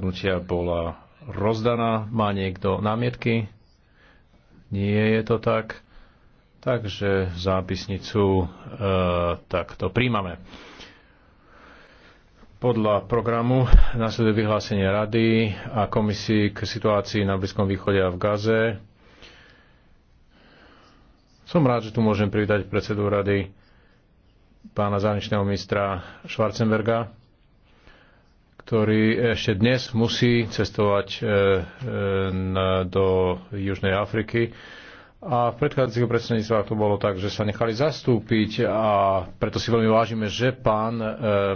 rozhodnutia bola rozdaná. Má niekto námietky? Nie je to tak. Takže zápisnicu e, takto príjmame. Podľa programu následuje vyhlásenie Rady a komisii k situácii na Blízkom východe a v Gaze. Som rád, že tu môžem privítať predsedu Rady pána zahraničného ministra Schwarzenberga ktorý ešte dnes musí cestovať e, e, do Južnej Afriky. A v predchádzajúcich predsedníctvách to bolo tak, že sa nechali zastúpiť a preto si veľmi vážime, že pán e,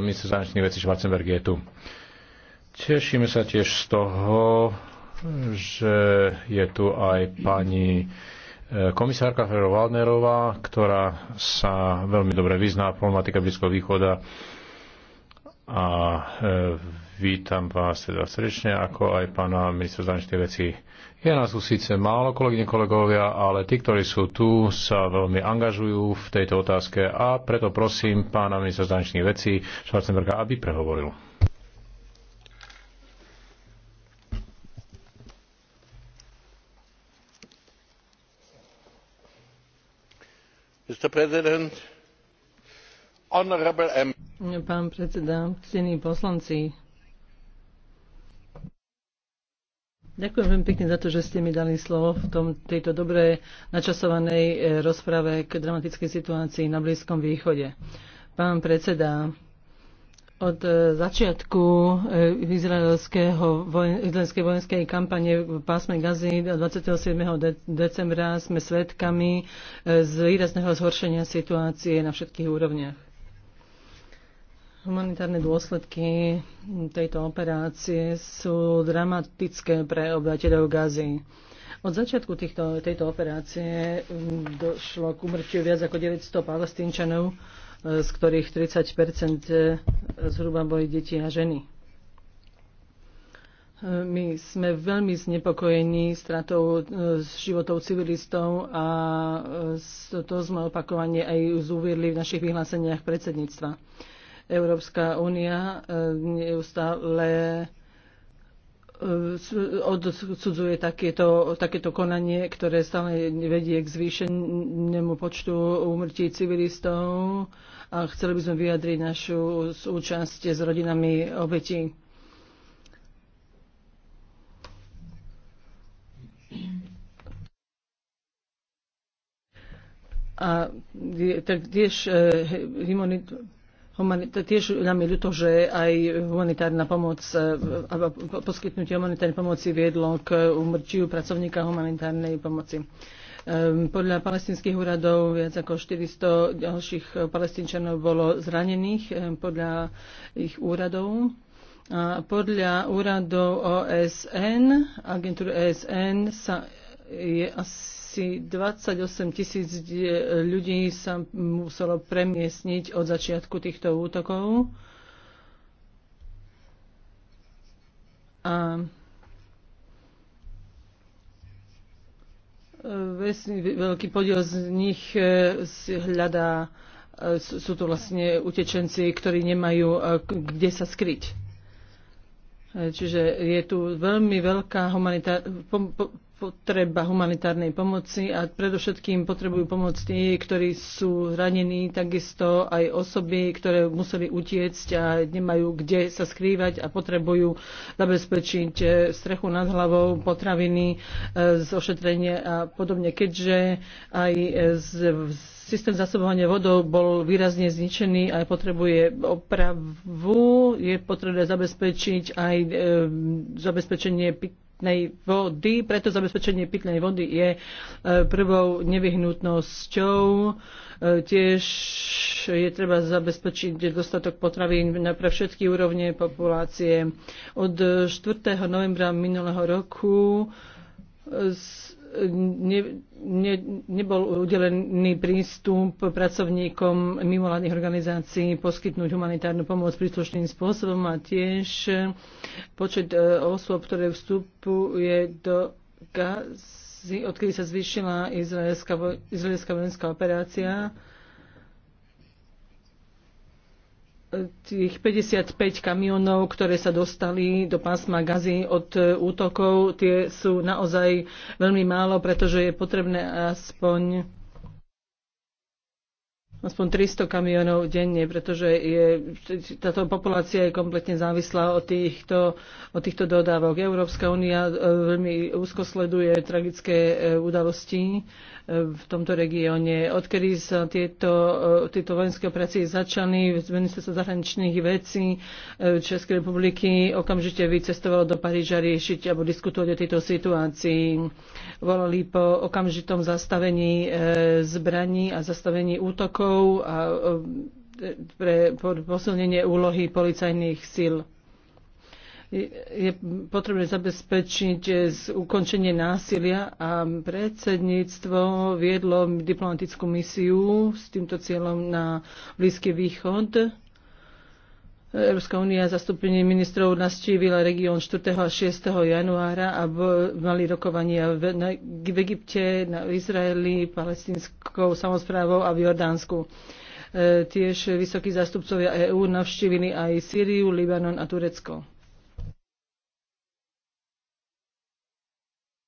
minister zahraničných vecí Schwarzenberg je tu. Tešíme sa tiež z toho, že je tu aj pani komisárka Ferro Waldnerová, ktorá sa veľmi dobre vyzná v problematike Blízkoho východa a e, vítam vás teda srdečne, ako aj pána ministra zahraničných vecí. Je nás tu síce málo, kolegyne, kolegovia, ale tí, ktorí sú tu, sa veľmi angažujú v tejto otázke a preto prosím pána ministra zahraničných vecí Schwarzenberga, aby prehovoril. Mr. President, Pán predseda, ctení poslanci, Ďakujem veľmi pekne za to, že ste mi dali slovo v tom, tejto dobre načasovanej e, rozprave k dramatickej situácii na Blízkom východe. Pán predseda, od e, začiatku e, izraelského izraelskej vojenskej kampane v pásme Gazy 27. De- decembra sme svedkami z výrazného zhoršenia situácie na všetkých úrovniach. Humanitárne dôsledky tejto operácie sú dramatické pre obyvateľov Gazy. Od začiatku týchto, tejto operácie um, došlo k umrčiu viac ako 900 palestínčanov, uh, z ktorých 30 uh, zhruba boli deti a ženy. Uh, my sme veľmi znepokojení stratou životov civilistov a to sme opakovane aj zúvierli v našich vyhláseniach predsedníctva. Európska únia e, neustále e, odsudzuje takéto, takéto konanie, ktoré stále vedie k zvýšenému počtu úmrtí civilistov a chceli by sme vyjadriť našu súčasť s rodinami obetí. A tak tiež e, Tiež nám je ľúto, že aj humanitárna pomoc, e, poskytnutie humanitárnej pomoci viedlo k umrčiu pracovníka humanitárnej pomoci. Ehm, podľa palestinských úradov viac ako 400 ďalších palestinčanov bolo zranených ehm, podľa ich úradov. A podľa úradov OSN, agentúry OSN, sa je asi asi 28 tisíc ľudí sa muselo premiesniť od začiatku týchto útokov. A veľký podiel z nich e, hľadá, e, sú to vlastne utečenci, ktorí nemajú e, kde sa skryť. Čiže je tu veľmi veľká humanitá, potreba humanitárnej pomoci a predovšetkým potrebujú pomoc tí, ktorí sú ranení, takisto aj osoby, ktoré museli utiecť a nemajú kde sa skrývať a potrebujú zabezpečiť eh, strechu nad hlavou, potraviny, eh, zošetrenie a podobne, keďže aj eh, z, systém zásobovania vodou bol výrazne zničený a potrebuje opravu. Je potrebné zabezpečiť aj e, zabezpečenie pit pitnej vody, preto zabezpečenie pitnej vody je e, prvou nevyhnutnosťou. E, tiež je treba zabezpečiť dostatok potravín pre všetky úrovne populácie. Od 4. novembra minulého roku ne, ne, nebol udelený prístup pracovníkom mimovládnych organizácií poskytnúť humanitárnu pomoc príslušným spôsobom a tiež počet e, osôb, ktoré vstupuje do Gazy, odkedy sa zvýšila izraelská, izraelská vojenská operácia, tých 55 kamionov, ktoré sa dostali do pásma gazy od e, útokov, tie sú naozaj veľmi málo, pretože je potrebné aspoň aspoň 300 kamionov denne, pretože je, táto populácia je kompletne závislá od týchto, od týchto dodávok. Európska únia e, veľmi úzko sleduje tragické e, udalosti v tomto regióne. Odkedy sa tieto, e, tieto vojenské operácie začali, z Ministerstva zahraničných vecí e, Českej republiky okamžite vycestovalo do Paríža riešiť alebo diskutovať o tejto situácii. Volali po okamžitom zastavení e, zbraní a zastavení útokov a pre posilnenie úlohy policajných síl je potrebné zabezpečiť ukončenie násilia a predsedníctvo viedlo diplomatickú misiu s týmto cieľom na Blízky východ. Európska únia zastúpenie ministrov nastívila región 4. a 6. januára a mali rokovania v, na, v Egypte, na Izraeli, palestinskou samozprávou a v Jordánsku. E, tiež vysokí zástupcovia EÚ navštívili aj Sýriu, Libanon a Turecko.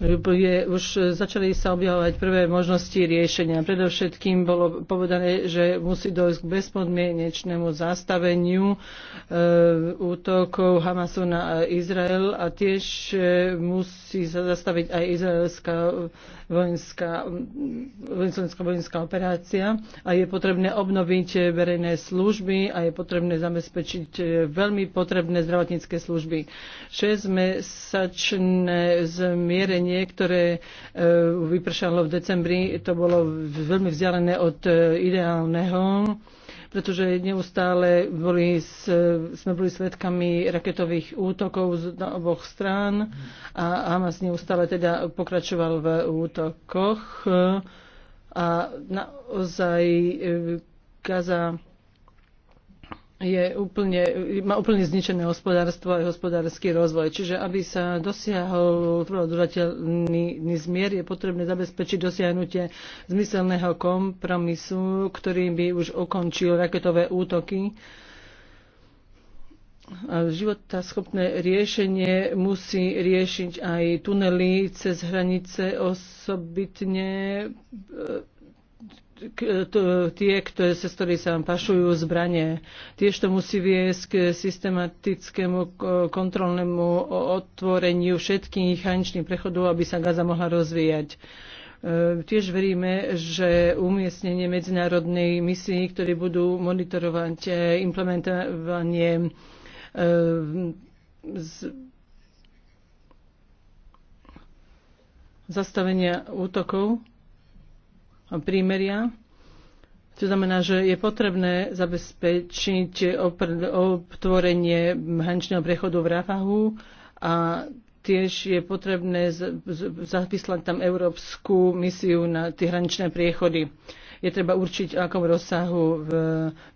je, už začali sa objavovať prvé možnosti riešenia. Predovšetkým bolo povedané, že musí dojsť k bezpodmienečnému zastaveniu e, útokov Hamasu na Izrael a tiež e, musí sa zastaviť aj izraelská vojenská, vojenská, vojenská operácia a je potrebné obnoviť verejné služby a je potrebné zabezpečiť e, veľmi potrebné zdravotnícke služby. Šesťmesačné zmierenie nariadenie, ktoré e, vypršalo v decembri, to bolo veľmi vzdialené od e, ideálneho pretože neustále boli, sme boli svedkami raketových útokov z oboch strán a Hamas neustále teda pokračoval v útokoch a naozaj e, Gaza je úplne, má úplne zničené hospodárstvo a hospodársky rozvoj. Čiže aby sa dosiahol udržateľný zmier, je potrebné zabezpečiť dosiahnutie zmyselného kompromisu, ktorý by už ukončil raketové útoky. Života schopné riešenie musí riešiť aj tunely cez hranice, osobitne tie, ktoré sa pašujú zbranie. Tiež to musí viesť k systematickému kontrolnému otvoreniu všetkých hraničných prechodov, aby sa Gaza mohla rozvíjať. E, tiež veríme, že umiestnenie medzinárodnej misií, ktoré budú monitorovať e, implementovanie e, z zastavenia útokov, prímeria. To znamená, že je potrebné zabezpečiť obtvorenie hraničného prechodu v Rafahu a tiež je potrebné vyslať tam európsku misiu na tie hraničné priechody je treba určiť, akom rozsahu. V,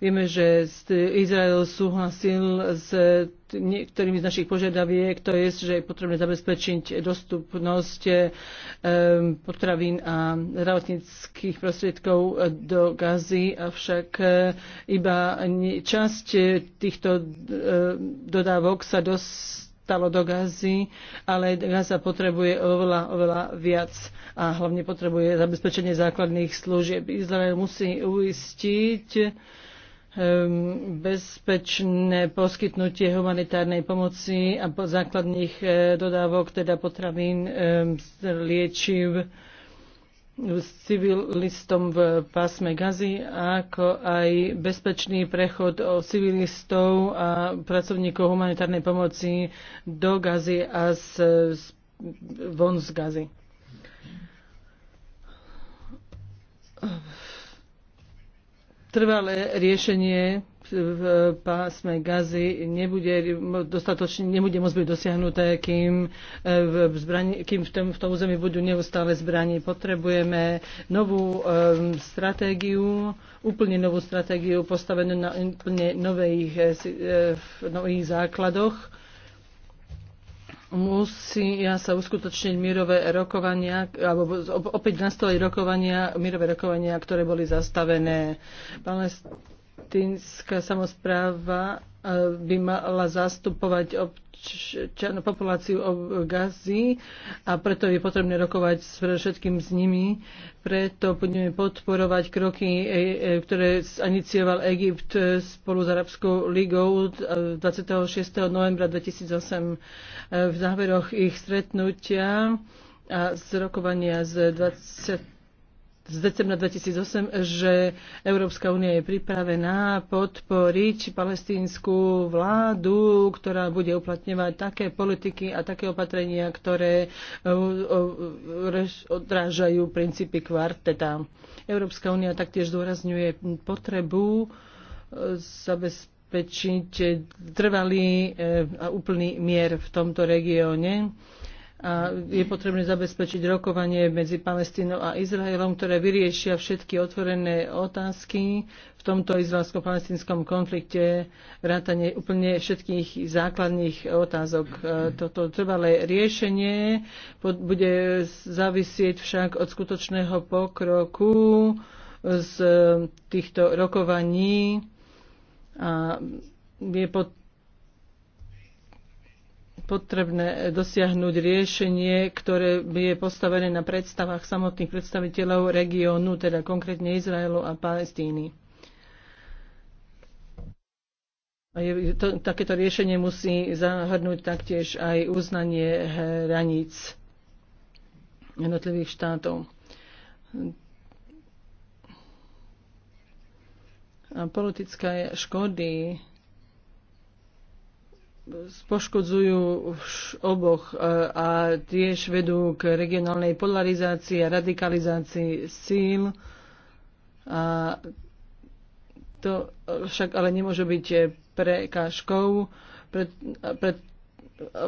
vieme, že Izrael súhlasil s niektorými z našich požiadaviek, to je, že je potrebné zabezpečiť dostupnosť eh, potravín a zdravotníckých prostriedkov do gazy, avšak eh, iba časť eh, týchto dodávok sa dosť dostalo do Gazy, ale Gaza potrebuje oveľa, oveľa viac a hlavne potrebuje zabezpečenie základných služieb. Izrael musí uistiť ehm, bezpečné poskytnutie humanitárnej pomoci a základných eh, dodávok, teda potravín, ehm, liečiv, s civilistom v pásme Gazy, ako aj bezpečný prechod o civilistov a pracovníkov humanitárnej pomoci do Gazy a z, z, von z Gazy. Trvalé riešenie v pásme Gazy nebude dostatočne, nebude môcť byť dosiahnuté, kým e, v, zbrani, kým v tom, v tom území budú neustále zbraní. Potrebujeme novú um, stratégiu, úplne novú stratégiu postavenú na úplne nových, e, nových základoch musia sa uskutočniť mírové rokovania, alebo opäť nastali rokovania, mírové rokovania, ktoré boli zastavené. Palestina palestínska samozpráva eh, by mala zastupovať občanú no, populáciu Gazi a preto je potrebné rokovať s všetkým s nimi. Preto budeme podporovať kroky, eh, eh, ktoré inicioval Egypt spolu s Arabskou ligou 26. novembra 2008 v záveroch ich stretnutia a z rokovania z 20 z decembra 2008, že Európska únia je pripravená podporiť palestínsku vládu, ktorá bude uplatňovať také politiky a také opatrenia, ktoré e, e, odrážajú princípy kvarteta. Európska únia taktiež zdôrazňuje potrebu e, zabezpečiť trvalý a úplný mier v tomto regióne a je potrebné zabezpečiť rokovanie medzi Palestínou a Izraelom, ktoré vyriešia všetky otvorené otázky v tomto izraelsko palestínskom konflikte, vrátanie úplne všetkých základných otázok. E, toto trvalé riešenie bude závisieť však od skutočného pokroku z týchto rokovaní a je pod potrebné dosiahnuť riešenie, ktoré je postavené na predstavách samotných predstaviteľov regiónu, teda konkrétne Izraelu a Palestíny. A je, to, takéto riešenie musí zahrnúť taktiež aj uznanie hraníc jednotlivých štátov. A politické škody poškodzujú oboch e, a tiež vedú k regionálnej polarizácii a radikalizácii síl. A to však ale nemôže byť prekážkou,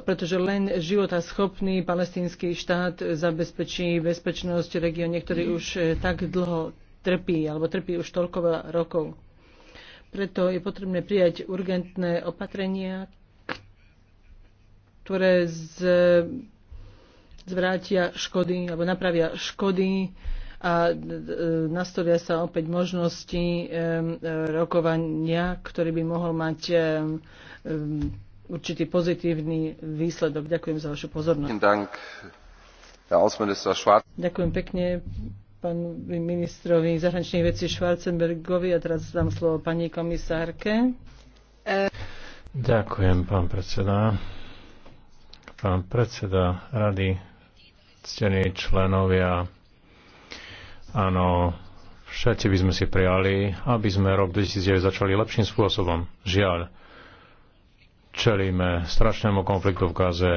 pretože len života schopný palestínsky štát zabezpečí bezpečnosť v regióne, ktorý už e, tak dlho trpí, alebo trpí už toľko rokov. Preto je potrebné prijať urgentné opatrenia, ktoré z, zvrátia škody alebo napravia škody a e, nastavia sa opäť možnosti e, e, rokovania, ktorý by mohol mať určitý pozitívny výsledok. Ďakujem za vašu pozornosť. Ďakujem pekne pánu ministrovi zahraničných vecí Schwarzenbergovi a teraz dám slovo pani komisárke. Ďakujem, pán predseda. Pán predseda rady, ctení členovia, áno, všetci by sme si prijali, aby sme rok 2009 začali lepším spôsobom. Žiaľ, čelíme strašnému konfliktu v Gaze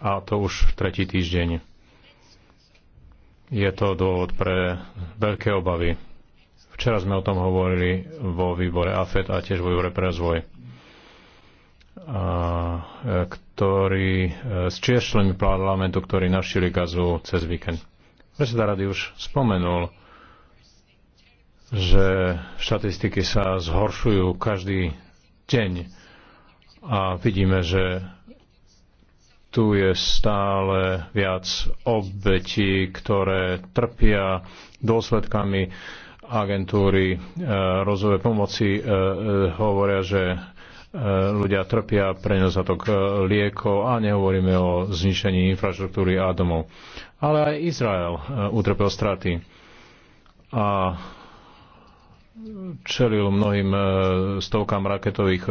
a to už v tretí týždeň. Je to dôvod pre veľké obavy. Včera sme o tom hovorili vo výbore AFED a tiež vo výbore pre rozvoj. A k e, ktorí e, s tiež členmi parlamentu, ktorí navštívili gazu cez víkend. Predseda rady už spomenul, že štatistiky sa zhoršujú každý deň a vidíme, že tu je stále viac obetí, ktoré trpia dôsledkami agentúry e, pomoci. E, e, hovoria, že E, ľudia trpia pre nedostatok e, liekov a nehovoríme o zničení infraštruktúry a domov. Ale aj Izrael e, utrpel straty a čelil mnohým stovkám raketových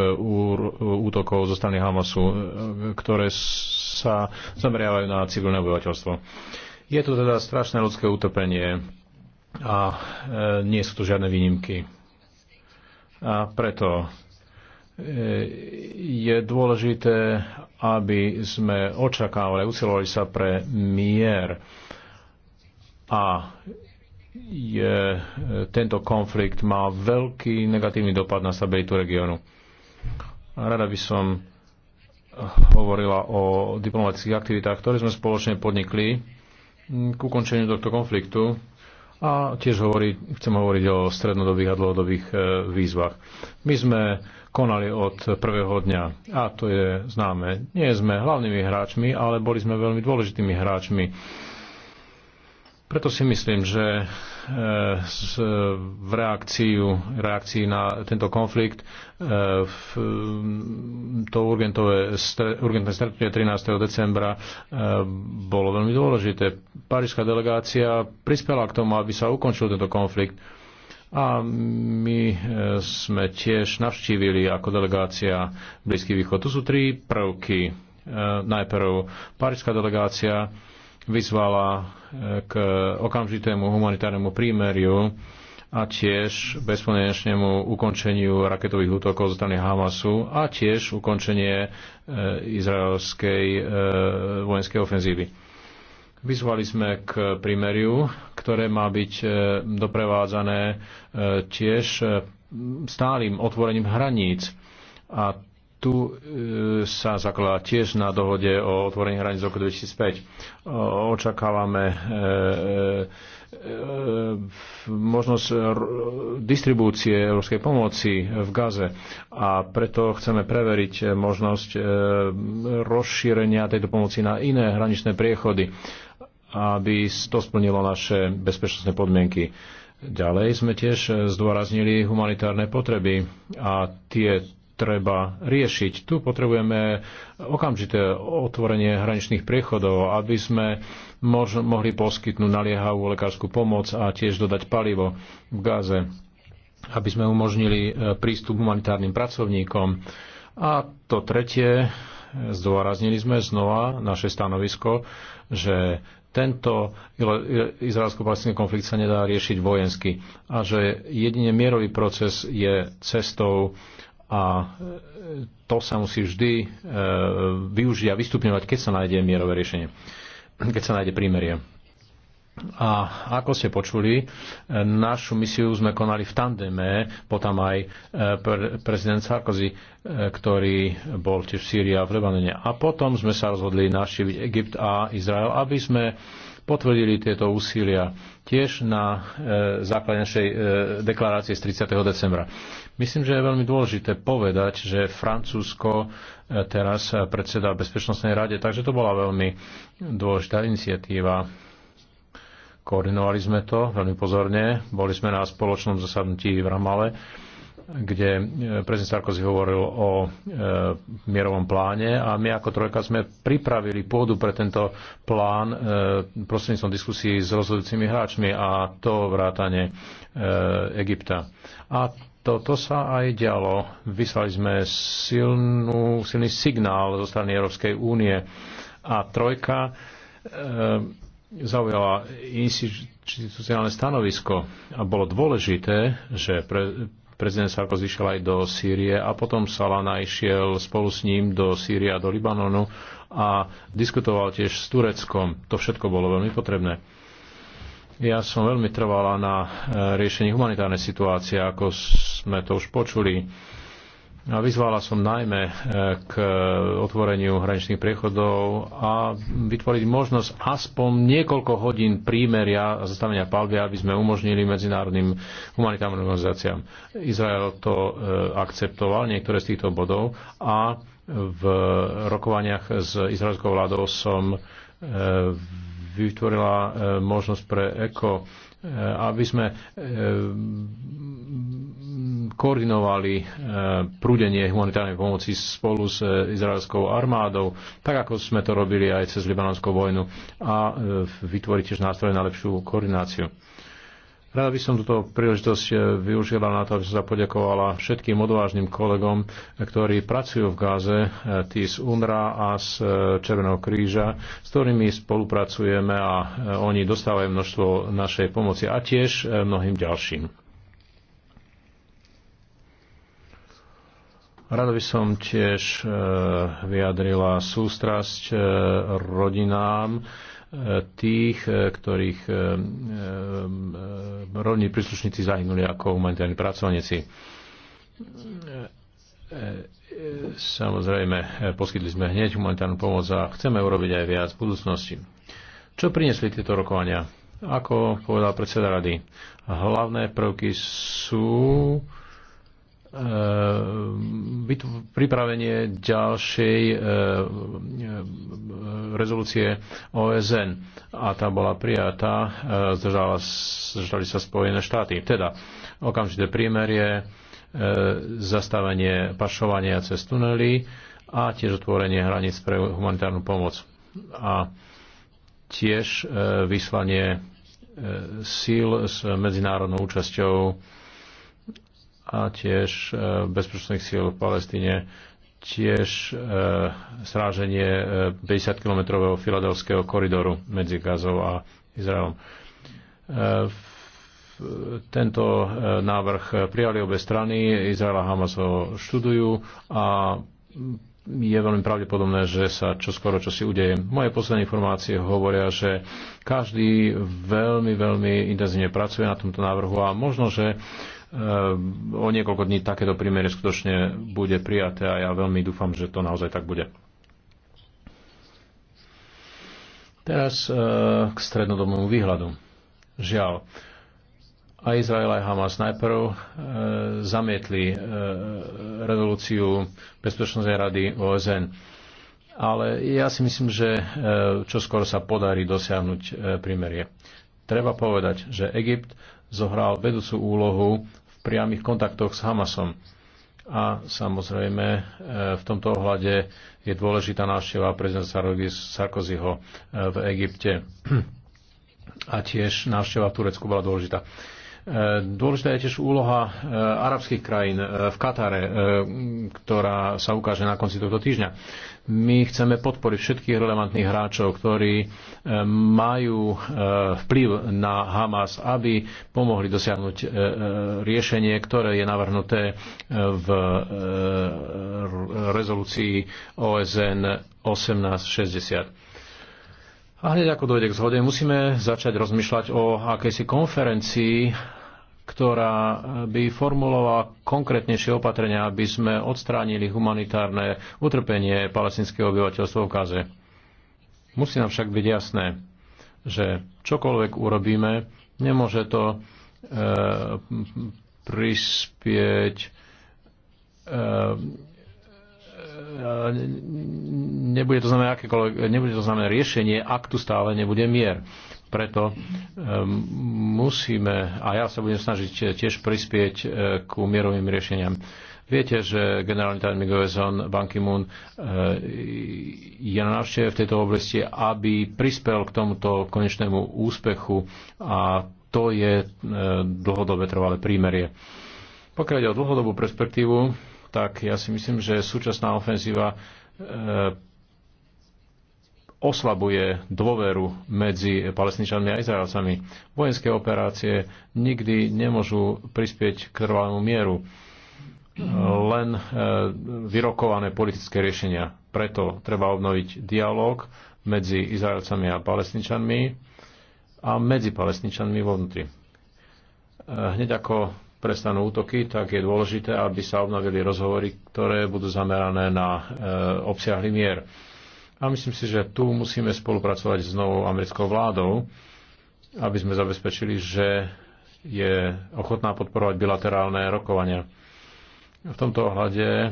útokov zo strany Hamasu, ktoré sa zameriavajú na civilné obyvateľstvo. Je to teda strašné ľudské utrpenie a nie sú tu žiadne výnimky. A preto je dôležité, aby sme očakávali, usilovali sa pre mier. A je, tento konflikt má veľký negatívny dopad na stabilitu regiónu. Rada by som hovorila o diplomatických aktivitách, ktoré sme spoločne podnikli k ukončeniu tohto konfliktu a tiež hovorí, chcem hovoriť o strednodobých a dlhodobých e, výzvach. My sme konali od prvého dňa a to je známe. Nie sme hlavnými hráčmi, ale boli sme veľmi dôležitými hráčmi. Preto si myslím, že v reakciu, reakcii na tento konflikt. E, to urgentové, urgentné stretnutie 13. decembra e, bolo veľmi dôležité. Parížská delegácia prispela k tomu, aby sa ukončil tento konflikt. A my e, sme tiež navštívili ako delegácia Blízky východ. Tu sú tri prvky. Najprv Parížská delegácia vyzvala e, k okamžitému humanitárnemu prímeriu a tiež bezpodmienečnému ukončeniu raketových útokov zo strany Hamasu a tiež ukončenie e, izraelskej e, vojenskej ofenzívy. Vyzvali sme k primeriu, ktoré má byť doprevádzané tiež stálym otvorením hraníc a tu e, sa zakladá tiež na dohode o otvorení hraníc roku 2005. Očakávame e, e, možnosť distribúcie európskej pomoci v Gaze a preto chceme preveriť možnosť rozšírenia tejto pomoci na iné hraničné priechody, aby to splnilo naše bezpečnostné podmienky. Ďalej sme tiež zdôraznili humanitárne potreby a tie treba riešiť. Tu potrebujeme okamžité otvorenie hraničných priechodov, aby sme mož- mohli poskytnúť naliehavú lekárskú pomoc a tiež dodať palivo v Gáze, aby sme umožnili e, prístup humanitárnym pracovníkom. A to tretie, zdôraznili sme znova naše stanovisko, že tento izraelsko-palestinský konflikt sa nedá riešiť vojensky a že jedine mierový proces je cestou a e, to sa musí vždy e, využiť a vystupňovať, keď sa nájde mierové riešenie, keď sa nájde prímerie. A ako ste počuli, e, našu misiu sme konali v tandeme, potom aj prezident Sarkozy, ktorý bol tiež v Sýrii a v Lebanene. A potom sme sa rozhodli navštíviť Egypt a Izrael, aby sme potvrdili tieto úsilia tiež na základe našej deklarácie z 30. decembra. Myslím, že je veľmi dôležité povedať, že Francúzsko e, teraz e, predseda Bezpečnostnej rade, takže to bola veľmi dôležitá iniciatíva. Koordinovali sme to veľmi pozorne. Boli sme na spoločnom zasadnutí v Ramale, kde e, prezident Sarkozy hovoril o e, mierovom pláne a my ako trojka sme pripravili pôdu pre tento plán e, prostredníctvom diskusí s rozhodujúcimi hráčmi a to vrátane e, Egypta. A toto sa aj dialo. Vyslali sme silnú, silný signál zo strany Európskej únie a trojka e, zaujala institucionálne stanovisko a bolo dôležité, že pre, prezident Sarkozy išiel aj do Sýrie a potom Salana išiel spolu s ním do Sýrie a do Libanonu a diskutoval tiež s Tureckom. To všetko bolo veľmi potrebné. Ja som veľmi trvala na eh, riešení humanitárnej situácie, ako sme to už počuli. A vyzvala som najmä e, k otvoreniu hraničných priechodov a vytvoriť možnosť aspoň niekoľko hodín prímeria a zastavenia palby, aby sme umožnili medzinárodným humanitárnym organizáciám. Izrael to e, akceptoval, niektoré z týchto bodov a v rokovaniach s izraelskou vládou som e, vytvorila možnosť pre ECO, aby sme koordinovali e, prúdenie humanitárnej pomoci spolu s e, izraelskou armádou, tak ako sme to robili aj cez libanonskú vojnu a e, vytvoriť tiež nástroje na lepšiu koordináciu. Rada by som túto príležitosť využila na to, aby som sa poďakovala všetkým odvážnym kolegom, ktorí pracujú v Gáze, tí z UNRA a z Červeného kríža, s ktorými spolupracujeme a oni dostávajú množstvo našej pomoci a tiež mnohým ďalším. Rada by som tiež e, vyjadrila sústrasť e, rodinám e, tých, ktorých rovní príslušníci zahynuli ako humanitárni pracovníci. Samozrejme, poskytli sme hneď humanitárnu pomoc a chceme urobiť aj viac v budúcnosti. Čo priniesli tieto rokovania? Ako povedal predseda rady, hlavné prvky sú Eh, pripravenie ďalšej eh, eh, rezolúcie OSN a tá bola prijatá, zdržala, zdržali sa Spojené štáty. Teda okamžité prímerie, zastavenie pašovania cez tunely a tiež otvorenie hraníc pre humanitárnu pomoc. A tiež vyslanie síl s medzinárodnou účasťou a tiež e, bezpečnostných síl v Palestíne, tiež e, sráženie 50-kilometrového e, filadelského koridoru medzi Gazou a Izraelom. Tento návrh prijali obe strany, Izrael a Hamas ho študujú a je veľmi pravdepodobné, že sa skoro čo si udeje. Moje posledné informácie hovoria, že každý veľmi, veľmi intenzívne pracuje na tomto návrhu a možno, že Ehm, o niekoľko dní takéto prímerie skutočne bude prijaté a ja veľmi dúfam, že to naozaj tak bude. Teraz e, k strednodobnému výhľadu. Žiaľ, a Izrael aj Hamas najprv e, zamietli e, rezolúciu Bezpečnostnej rady OSN. Ale ja si myslím, že e, skoro sa podarí dosiahnuť e, primerie. Treba povedať, že Egypt zohral vedúcu úlohu v priamých kontaktoch s Hamasom. A samozrejme e, v tomto ohľade je dôležitá návšteva prezidenta Sarkozyho e, v Egypte. A tiež návšteva v Turecku bola dôležitá. E, dôležitá je tiež úloha arabských krajín v Katare, ktorá sa ukáže na konci tohto týždňa. My chceme podporiť všetkých relevantných hráčov, ktorí e, majú e, vplyv na Hamas, aby pomohli dosiahnuť e, riešenie, ktoré je navrhnuté v rezolúcii OSN 1860. A hneď ako dojde k zhode, musíme začať rozmýšľať o akejsi konferencii ktorá eh, by formulovala konkrétnejšie opatrenia, aby sme odstránili humanitárne utrpenie palestinského obyvateľstva v Gaze. Musí nám však byť jasné, že čokoľvek urobíme, nemôže to e, prispieť e, nebude to znamená akékoľvek, nebude to znamená riešenie, ak tu stále nebude mier. Preto eh, musíme, a ja sa budem snažiť tiež prispieť eh, k mierovým riešeniam. Viete, že generálny tajomník OSN Ban Ki-moon eh, je na návšteve v tejto oblasti, aby prispel k tomuto konečnému úspechu a to je dlhodobé trvalé prímerie. Pokiaľ ide o dlhodobú perspektívu, tak ja si myslím, že súčasná ofenzíva oslabuje dôveru medzi palestinčanmi a Izraelcami. Vojenské operácie nikdy nemôžu prispieť k trvalému mieru. Len e, vyrokované politické riešenia. Preto treba obnoviť dialog medzi Izraelcami a palestinčanmi a medzi palestinčanmi vo vnútri. E, hneď ako prestanú útoky, tak je dôležité, aby sa obnovili rozhovory, ktoré budú zamerané na e, obsiahly mier a myslím si, že tu musíme spolupracovať s novou americkou vládou, aby sme zabezpečili, že je ochotná podporovať bilaterálne rokovania. V tomto ohľade e, e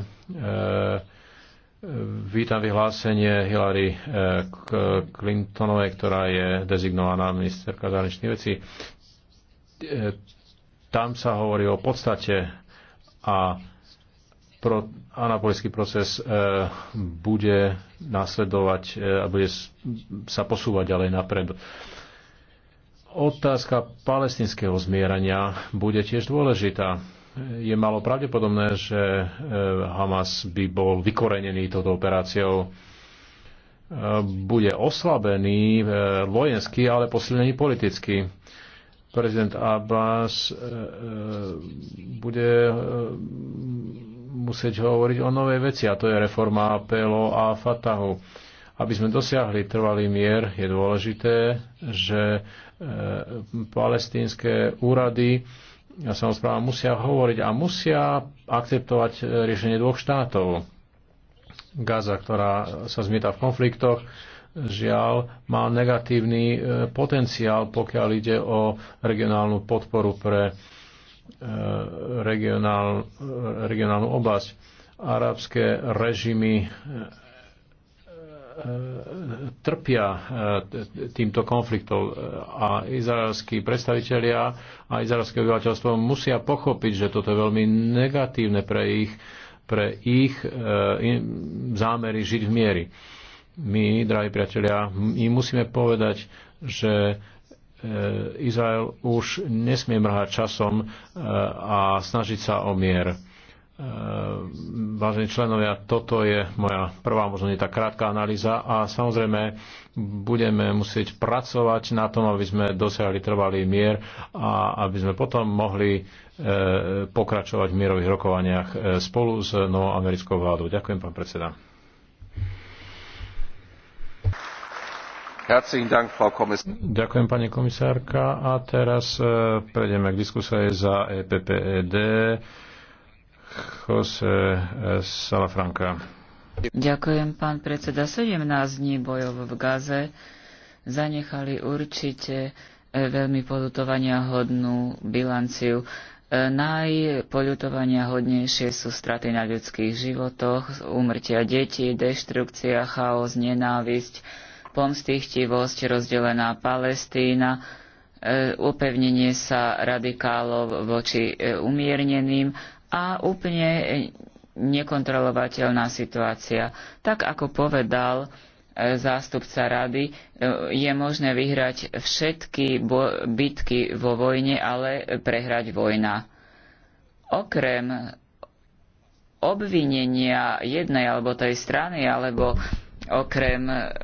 vítam vyhlásenie Hillary e, Clintonovej, ktorá je dezignovaná ministerka zahraničných vecí. E, tam sa hovorí o podstate a pro, anapolický proces e, bude nasledovať e, a bude sa posúvať ďalej napred. Otázka palestinského zmierania bude tiež dôležitá. Je malo pravdepodobné, že e, Hamas by bol vykorenený touto operáciou. E, bude oslabený vojensky, ale posilnený politicky prezident Abbas bude musieť hovoriť o novej veci, a to je reforma PLO a Fatahu. Aby sme dosiahli trvalý mier, je dôležité, že e, palestínske úrady a samozpráva musia hovoriť a musia akceptovať e, riešenie dvoch štátov. Gaza, ktorá sa zmieta v konfliktoch, žiaľ, má negatívny e, potenciál, pokiaľ ide o regionálnu podporu pre E, regionál, e, regionálnu oblasť. Arabské režimy e, trpia týmto konfliktom a izraelskí predstavitelia a izraelské obyvateľstvo musia pochopiť, že toto je veľmi negatívne pre ich, pre ich zámery žiť v miery. My, drahí priatelia, my musíme povedať, že E, Izrael už nesmie mrhať časom e, a snažiť sa o mier. E, vážení členovia, toto je moja prvá, možno nie tá krátka analýza a samozrejme budeme musieť pracovať na tom, aby sme dosiahli trvalý mier a aby sme potom mohli pokračovať v mierových rokovaniach spolu s novou americkou vládou. Ďakujem, pán predseda. Ďakujem, pani komisárka. A teraz e, prejdeme k diskusii za EPPED. Jose e, Salafranca. Ďakujem, pán predseda. 17 dní bojov v Gaze zanechali určite e, veľmi polutovania hodnú bilanciu. Najpolutovania hodnejšie sú straty na ľudských životoch, úmrtia detí, deštrukcia, chaos, nenávisť, pomstichtivosť, rozdelená Palestína, e, upevnenie sa radikálov voči e, umierneným a úplne e, nekontrolovateľná situácia. Tak ako povedal zástupca rady, je možné vyhrať všetky bitky vo vojne, ale prehrať vojna. Okrem obvinenia jednej alebo tej strany, alebo okrem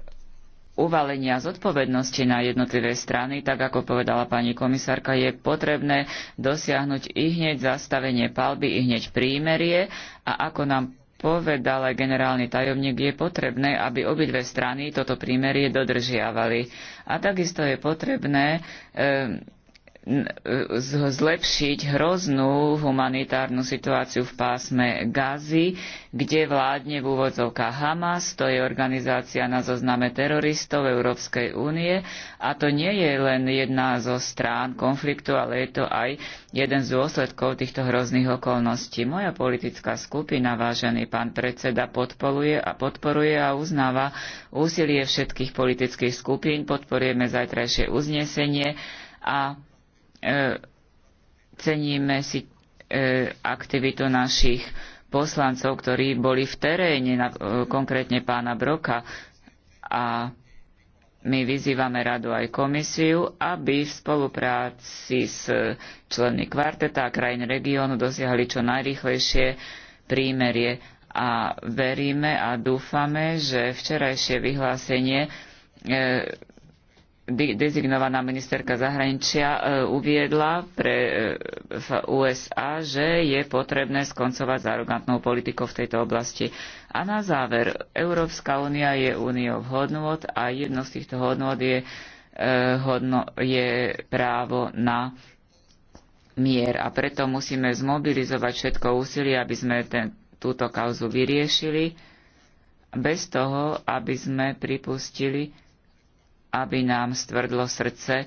uvalenia zodpovednosti na jednotlivé strany, tak ako povedala pani komisárka, je potrebné dosiahnuť i hneď zastavenie palby, i hneď prímerie a ako nám povedal aj generálny tajomník, je potrebné, aby obidve strany toto prímerie dodržiavali. A takisto je potrebné e, zlepšiť hroznú humanitárnu situáciu v pásme Gazy, kde vládne v úvodzovkách Hamas, to je organizácia na zozname teroristov Európskej únie a to nie je len jedna zo strán konfliktu, ale je to aj jeden z dôsledkov týchto hrozných okolností. Moja politická skupina, vážený pán predseda, podporuje a podporuje a uznáva úsilie všetkých politických skupín, podporujeme zajtrajšie uznesenie a E, ceníme si e, aktivitu našich poslancov, ktorí boli v teréne, e, konkrétne pána Broka. A my vyzývame radu aj komisiu, aby v spolupráci s členmi kvarteta a krajín regiónu dosiahli čo najrychlejšie prímerie. A veríme a dúfame, že včerajšie vyhlásenie dezignovaná ministerka zahraničia e, uviedla pre e, v USA, že je potrebné skoncovať s arogantnou politikou v tejto oblasti. A na záver, Európska únia je úniou hodnôt a jedno z týchto hodnôt je, e, hodno, je právo na mier. A preto musíme zmobilizovať všetko úsilie, aby sme ten, túto kauzu vyriešili, bez toho, aby sme pripustili aby nám stvrdlo srdce e,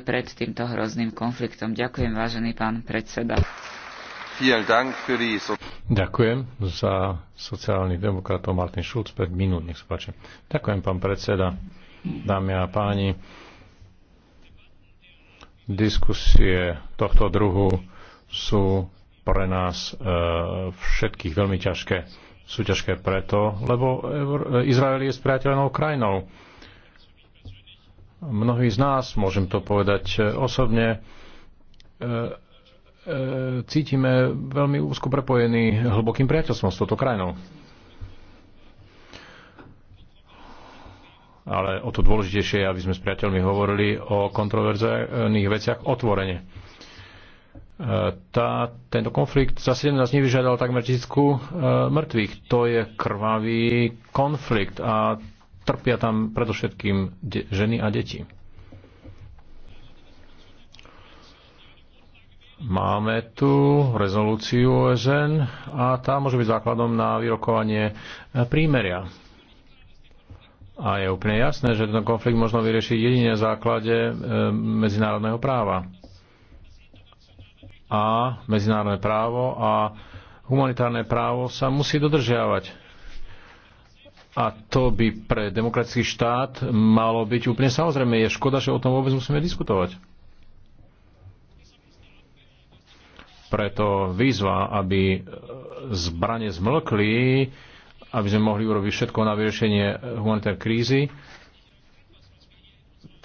pred týmto hrozným konfliktom. Ďakujem, vážený pán predseda. Ďakujem za sociálnych demokratov Martin Schulz 5 minút, nech sa páči. Ďakujem, pán predseda, dámy a páni. Diskusie tohto druhu sú pre nás e, všetkých veľmi ťažké. Sú ťažké preto, lebo Izrael je spriateľnou krajinou mnohí z nás, môžem to povedať e, osobne, e, e, cítime veľmi úzko prepojený hlbokým priateľstvom s touto krajinou. Ale o to dôležitejšie je, aby sme s priateľmi hovorili o kontroverzných veciach otvorene. Tá, tento konflikt za 17 dní vyžiadal takmer tisícku mŕtvych. To je krvavý konflikt a Trpia tam predovšetkým ženy a deti. Máme tu rezolúciu OSN a tá môže byť základom na vyrokovanie prímeria. A je úplne jasné, že ten konflikt možno vyriešiť jedine v základe e, medzinárodného práva. A medzinárodné právo a humanitárne právo sa musí dodržiavať. A to by pre demokratický štát malo byť úplne samozrejme. Je škoda, že o tom vôbec musíme diskutovať. Preto výzva, aby zbranie zmlkli, aby sme mohli urobiť všetko na vyriešenie humanitárnej krízy.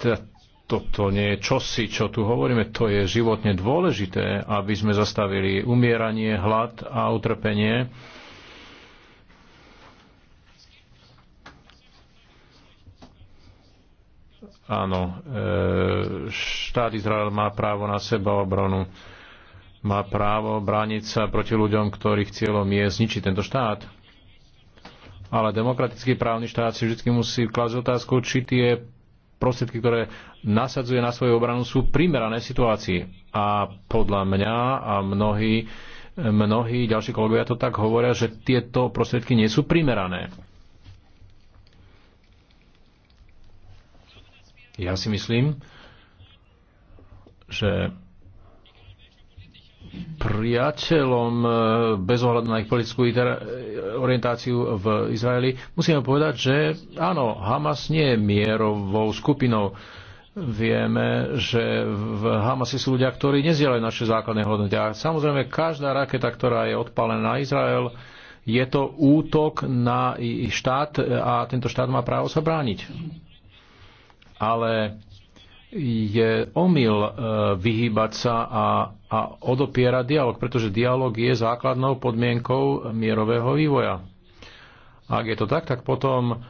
Teda toto nie je čosi, čo tu hovoríme, to je životne dôležité, aby sme zastavili umieranie, hlad a utrpenie Áno, e, štát Izrael má právo na seba obranu. Má právo brániť sa proti ľuďom, ktorých cieľom je zničiť tento štát. Ale demokratický právny štát si vždy musí klásť otázku, či tie prostriedky, ktoré nasadzuje na svoju obranu, sú primerané situácii. A podľa mňa a mnohí, mnohí ďalší kolegovia to tak hovoria, že tieto prostriedky nie sú primerané. Ja si myslím, že priateľom e, bez ohľadu na ich politickú orientáciu v Izraeli, musíme povedať, že áno, Hamas nie je mierovou skupinou. Vieme, že v Hamase sú ľudia, ktorí nezdielajú naše základné hodnoty. A samozrejme, každá raketa, ktorá je odpálená na Izrael, je to útok na štát a tento štát má právo sa brániť ale je omyl e, vyhýbať sa a, a odopierať dialog, pretože dialog je základnou podmienkou mierového vývoja. Ak je to tak, tak potom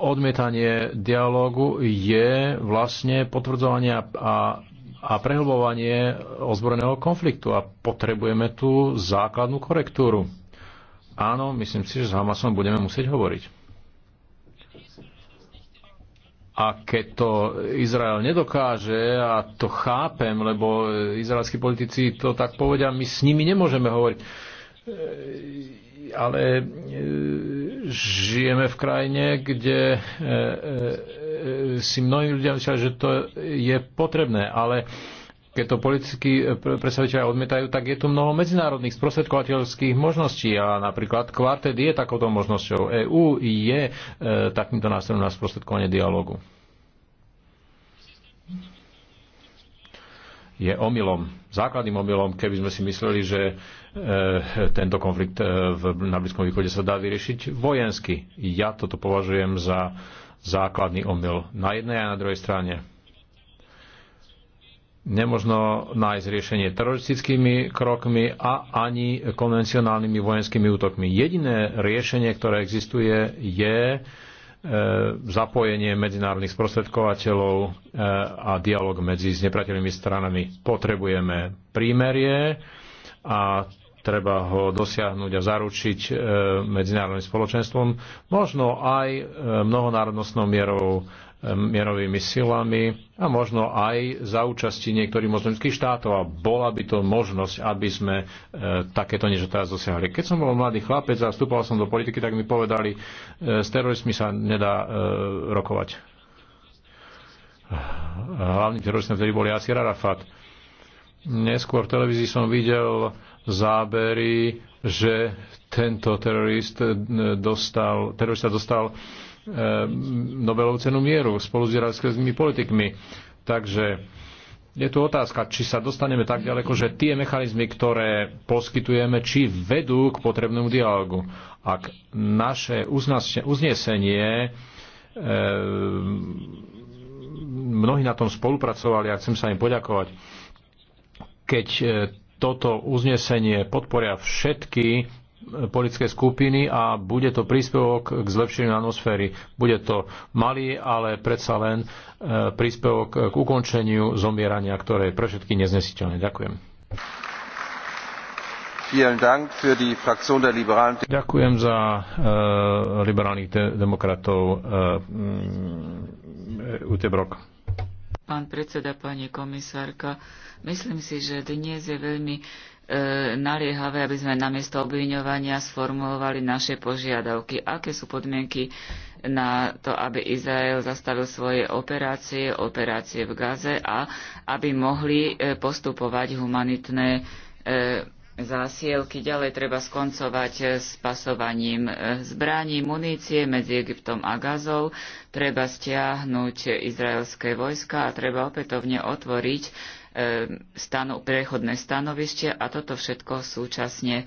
odmietanie dialógu je vlastne potvrdzovanie a, a prehlbovanie ozbrojeného konfliktu a potrebujeme tú základnú korektúru. Áno, myslím si, že s Hamasom budeme musieť hovoriť. A keď to Izrael nedokáže, a to chápem, lebo izraelskí politici to tak povedia, my s nimi nemôžeme hovoriť. E, ale e, žijeme v krajine, kde e, si mnohí ľudia myslia, že to je potrebné, ale keď to politickí e, predstaviteľe odmietajú, tak je tu mnoho medzinárodných sprostredkovateľských možností a napríklad kvartet je takouto možnosťou. EÚ je e, takýmto nástrojom na sprostredkovanie dialogu. Je omylom, základným omylom, keby sme si mysleli, že e, tento konflikt e, v, na Blízkom východe sa dá vyriešiť vojensky. Ja toto považujem za základný omyl na jednej a na druhej strane nemožno nájsť riešenie teroristickými krokmi a ani konvencionálnymi vojenskými útokmi. Jediné riešenie, ktoré existuje, je e, zapojenie medzinárodných sprostredkovateľov e, a dialog medzi znepratelými stranami. Potrebujeme prímerie a treba ho dosiahnuť a zaručiť e, medzinárodným spoločenstvom, možno aj mnohonárodnostnou mierou mierovými silami a možno aj za účasti niektorých moslimských štátov. A bola by to možnosť, aby sme e, takéto niečo teraz dosiahli. Keď som bol mladý chlapec a vstúpal som do politiky, tak mi povedali, e, s teroristmi sa nedá e, rokovať. Hlavným teroristom vtedy bol Jasir Arafat. Neskôr v televízii som videl zábery, že tento terorist e, dostal, terorista dostal Eh, Nobelovú cenu mieru spolu s izraelskými politikmi. Takže je tu otázka, či sa dostaneme tak ďaleko, že tie mechanizmy, ktoré poskytujeme, či vedú k potrebnému dialogu. Ak naše uznesenie, eh, mnohí na tom spolupracovali a chcem sa im poďakovať, keď eh, toto uznesenie podporia všetky politické skupiny a bude to príspevok k zlepšeniu atmosféry. Bude to malý, ale predsa len e, príspevok k ukončeniu zomierania, ktoré je pre všetky neznesiteľné. Ďakujem. Ďakujem za uh, liberálnych de- demokratov uh, Utebrok. Pán predseda, pani komisárka, myslím si, že dnes je veľmi E, naliehavé, aby sme namiesto obviňovania sformulovali naše požiadavky. Aké sú podmienky na to, aby Izrael zastavil svoje operácie, operácie v Gaze a aby mohli e, postupovať humanitné e, zásielky. Ďalej treba skoncovať s pasovaním zbraní, munície medzi Egyptom a Gazou. Treba stiahnuť izraelské vojska a treba opätovne otvoriť E, stano, prechodné stanovište a toto všetko súčasne.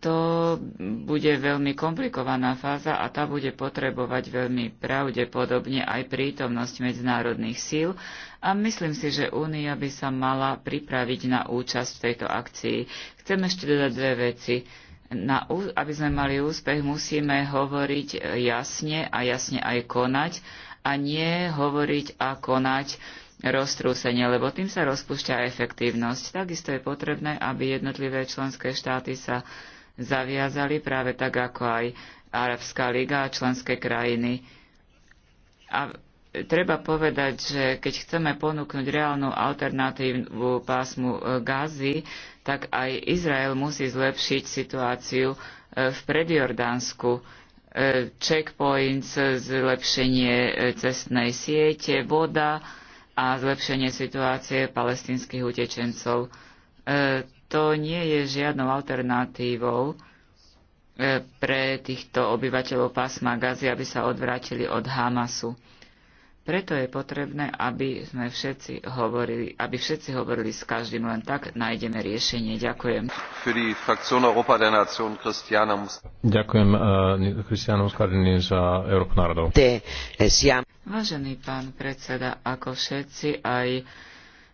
To bude veľmi komplikovaná fáza a tá bude potrebovať veľmi pravdepodobne aj prítomnosť medzinárodných síl a myslím si, že Únia by sa mala pripraviť na účasť v tejto akcii. Chcem ešte dodať dve veci. Na, aby sme mali úspech, musíme hovoriť jasne a jasne aj konať a nie hovoriť a konať roztrúsenie, lebo tým sa rozpúšťa efektívnosť. Takisto je potrebné, aby jednotlivé členské štáty sa zaviazali práve tak, ako aj Arabská liga a členské krajiny. A treba povedať, že keď chceme ponúknuť reálnu alternatívu pásmu e, Gazy, tak aj Izrael musí zlepšiť situáciu e, v predjordánsku. E, checkpoints, zlepšenie cestnej siete, voda, a zlepšenie situácie palestinských utečencov. E, to nie je žiadnou alternatívou e, pre týchto obyvateľov pásma Gazy, aby sa odvrátili od Hamasu. Preto je potrebné, aby sme všetci hovorili, aby všetci hovorili s každým, len tak nájdeme riešenie. Ďakujem. Ďakujem Kristianom e, uh, za Európu národov. E, Vážený pán predseda, ako všetci, aj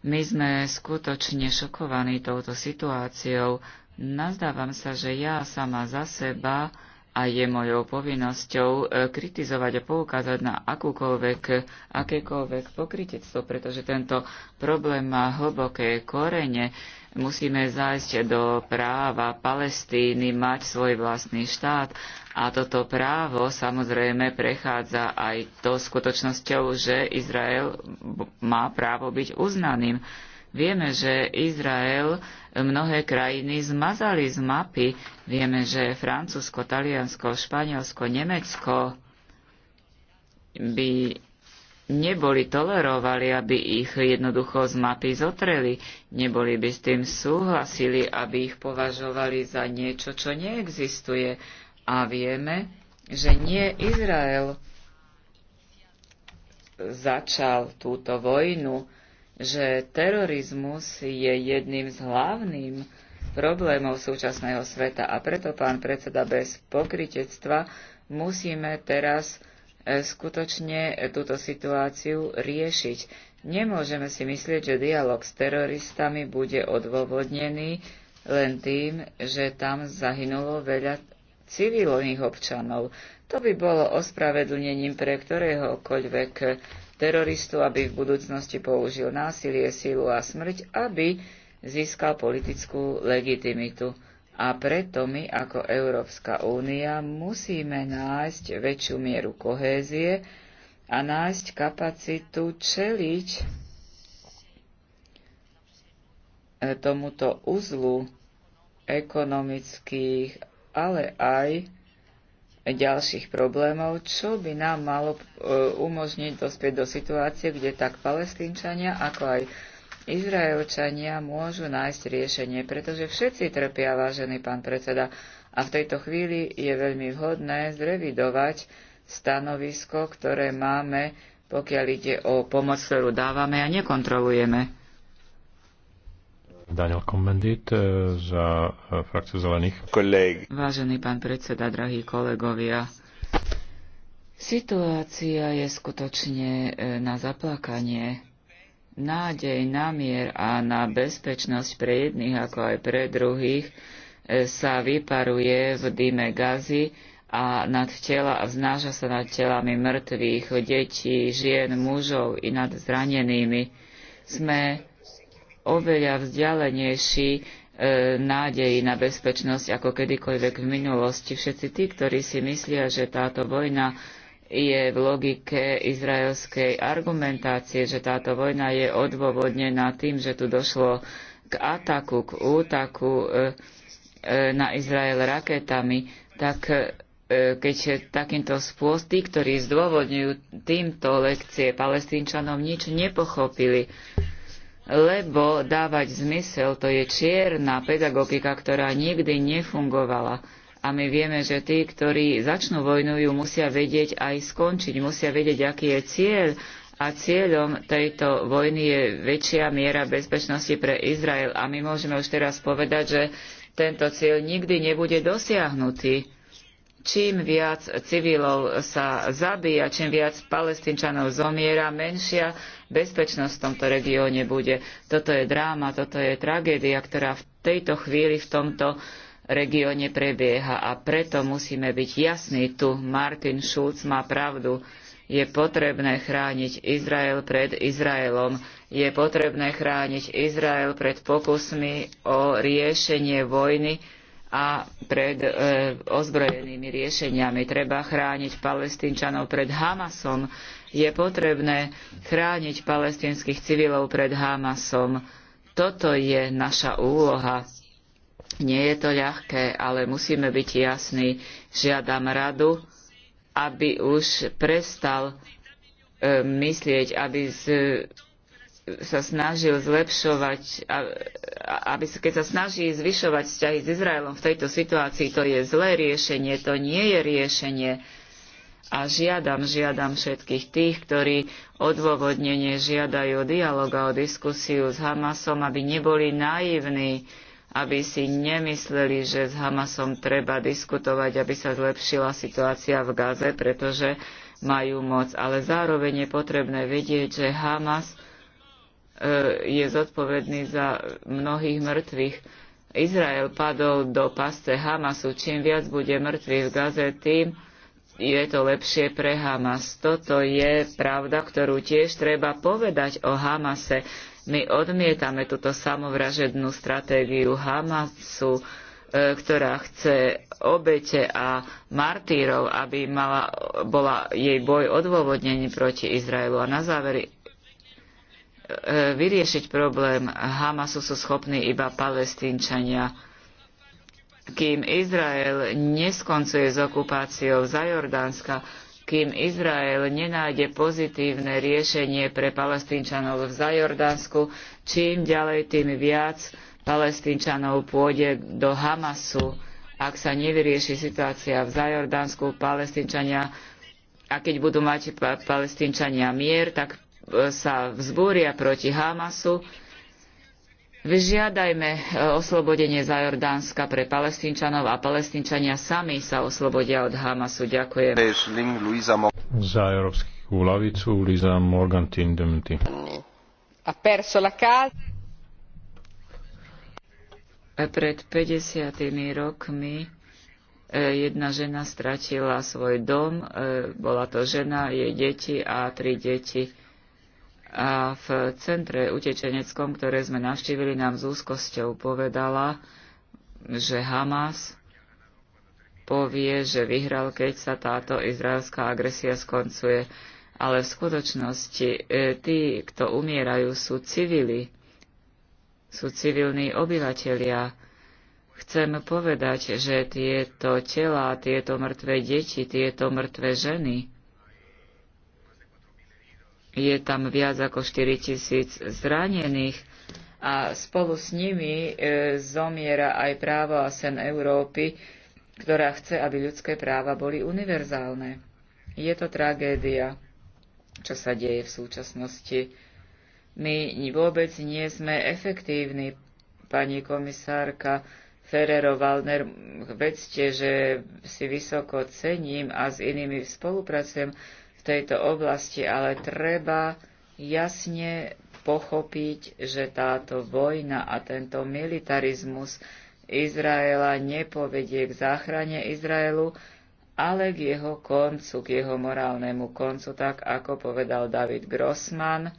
my sme skutočne šokovaní touto situáciou. Nazdávam sa, že ja sama za seba a je mojou povinnosťou e, kritizovať a poukázať na akúkoľvek, akékoľvek pokrytectvo, pretože tento problém má hlboké korene. Musíme zájsť do práva Palestíny mať svoj vlastný štát a toto právo samozrejme prechádza aj to skutočnosťou, že Izrael má právo byť uznaným. Vieme, že Izrael mnohé krajiny zmazali z mapy. Vieme, že Francúzsko, Taliansko, Španielsko, Nemecko by neboli tolerovali, aby ich jednoducho z mapy zotreli. Neboli by s tým súhlasili, aby ich považovali za niečo, čo neexistuje a vieme, že nie Izrael začal túto vojnu, že terorizmus je jedným z hlavným problémov súčasného sveta a preto, pán predseda, bez pokritectva musíme teraz e, skutočne túto situáciu riešiť. Nemôžeme si myslieť, že dialog s teroristami bude odôvodnený len tým, že tam zahynulo veľa civilných občanov. To by bolo ospravedlnením pre ktoréhokoľvek teroristu, aby v budúcnosti použil násilie, sílu a smrť, aby získal politickú legitimitu. A preto my ako Európska únia musíme nájsť väčšiu mieru kohézie a nájsť kapacitu čeliť e, tomuto uzlu ekonomických ale aj ďalších problémov, čo by nám malo e, umožniť dospieť do situácie, kde tak palestínčania, ako aj Izraelčania môžu nájsť riešenie, pretože všetci trpia, vážený pán predseda, a v tejto chvíli je veľmi vhodné zrevidovať stanovisko, ktoré máme, pokiaľ ide o pomoc, ktorú dávame a nekontrolujeme. Daniel Komendit e, za e, frakciu zelených. Koleg. Vážený pán predseda, drahí kolegovia, situácia je skutočne e, na zaplakanie. Nádej na mier a na bezpečnosť pre jedných ako aj pre druhých sa vyparuje v dime gazy a nad tela vznáža sa nad telami mŕtvych, detí, žien, mužov i nad zranenými. Sme oveľa vzdialenejší e, nádej na bezpečnosť ako kedykoľvek v minulosti. Všetci tí, ktorí si myslia, že táto vojna je v logike izraelskej argumentácie, že táto vojna je odôvodnená tým, že tu došlo k ataku, k útaku e, e, na Izrael raketami, tak keď takýmto spôsob, tí, ktorí zdôvodňujú týmto lekcie palestínčanom, nič nepochopili lebo dávať zmysel to je čierna pedagogika, ktorá nikdy nefungovala. A my vieme, že tí, ktorí začnú vojnu, ju musia vedieť aj skončiť, musia vedieť, aký je cieľ. A cieľom tejto vojny je väčšia miera bezpečnosti pre Izrael. A my môžeme už teraz povedať, že tento cieľ nikdy nebude dosiahnutý. Čím viac civilov sa zabíja, čím viac palestínčanov zomiera, menšia bezpečnosť v tomto regióne bude. Toto je dráma, toto je tragédia, ktorá v tejto chvíli v tomto regióne prebieha a preto musíme byť jasní tu. Martin Schulz má pravdu. Je potrebné chrániť Izrael pred Izraelom. Je potrebné chrániť Izrael pred pokusmi o riešenie vojny a pred e, ozbrojenými riešeniami. Treba chrániť palestínčanov pred Hamasom. Je potrebné chrániť palestinských civilov pred Hamasom. Toto je naša úloha. Nie je to ľahké, ale musíme byť jasní. Žiadam radu, aby už prestal e, myslieť, aby z, sa snažil zlepšovať, aby keď sa snaží zvyšovať vzťahy s Izraelom v tejto situácii, to je zlé riešenie, to nie je riešenie a žiadam, žiadam všetkých tých, ktorí odôvodnenie žiadajú o dialog a o diskusiu s Hamasom, aby neboli naivní, aby si nemysleli, že s Hamasom treba diskutovať, aby sa zlepšila situácia v Gaze, pretože majú moc. Ale zároveň je potrebné vedieť, že Hamas e, je zodpovedný za mnohých mŕtvych. Izrael padol do pasce Hamasu. Čím viac bude mŕtvych v Gaze, tým je to lepšie pre Hamas. Toto je pravda, ktorú tiež treba povedať o Hamase. My odmietame túto samovražednú stratégiu Hamasu, e, ktorá chce obete a martírov, aby mala, bola jej boj odôvodnený proti Izraelu. A na záver e, vyriešiť problém Hamasu sú schopní iba palestínčania kým Izrael neskoncuje s okupáciou za Jordánska, kým Izrael nenájde pozitívne riešenie pre palestínčanov v Zajordánsku, čím ďalej, tým viac palestínčanov pôjde do Hamasu. Ak sa nevyrieši situácia v Zajordánsku, palestínčania a keď budú mať palestínčania mier, tak e, sa vzbúria proti Hamasu Vyžiadajme e, oslobodenie za Jordánska pre palestínčanov a palestínčania sami sa oslobodia od Hamasu. Ďakujem. Za Európsku lavicu Liza Morgantin Demti. A perso la casa e, pred 50 rokmi e, jedna žena stratila svoj dom, bola to žena, jej deti a tri deti. A v centre utečeneckom, ktoré sme navštívili, nám s úzkosťou povedala, že Hamas povie, že vyhral, keď sa táto izraelská agresia skoncuje. Ale v skutočnosti e, tí, kto umierajú, sú civili, sú civilní obyvatelia. Chcem povedať, že tieto tela, tieto mŕtve deti, tieto mŕtve ženy, je tam viac ako 4 tisíc zranených a spolu s nimi e, zomiera aj právo a sen Európy, ktorá chce, aby ľudské práva boli univerzálne. Je to tragédia, čo sa deje v súčasnosti. My vôbec nie sme efektívni, pani komisárka Ferrero-Waldner, vedzte, že si vysoko cením a s inými spolupracujem, tejto oblasti, ale treba jasne pochopiť, že táto vojna a tento militarizmus Izraela nepovedie k záchrane Izraelu, ale k jeho koncu, k jeho morálnemu koncu, tak ako povedal David Grossman,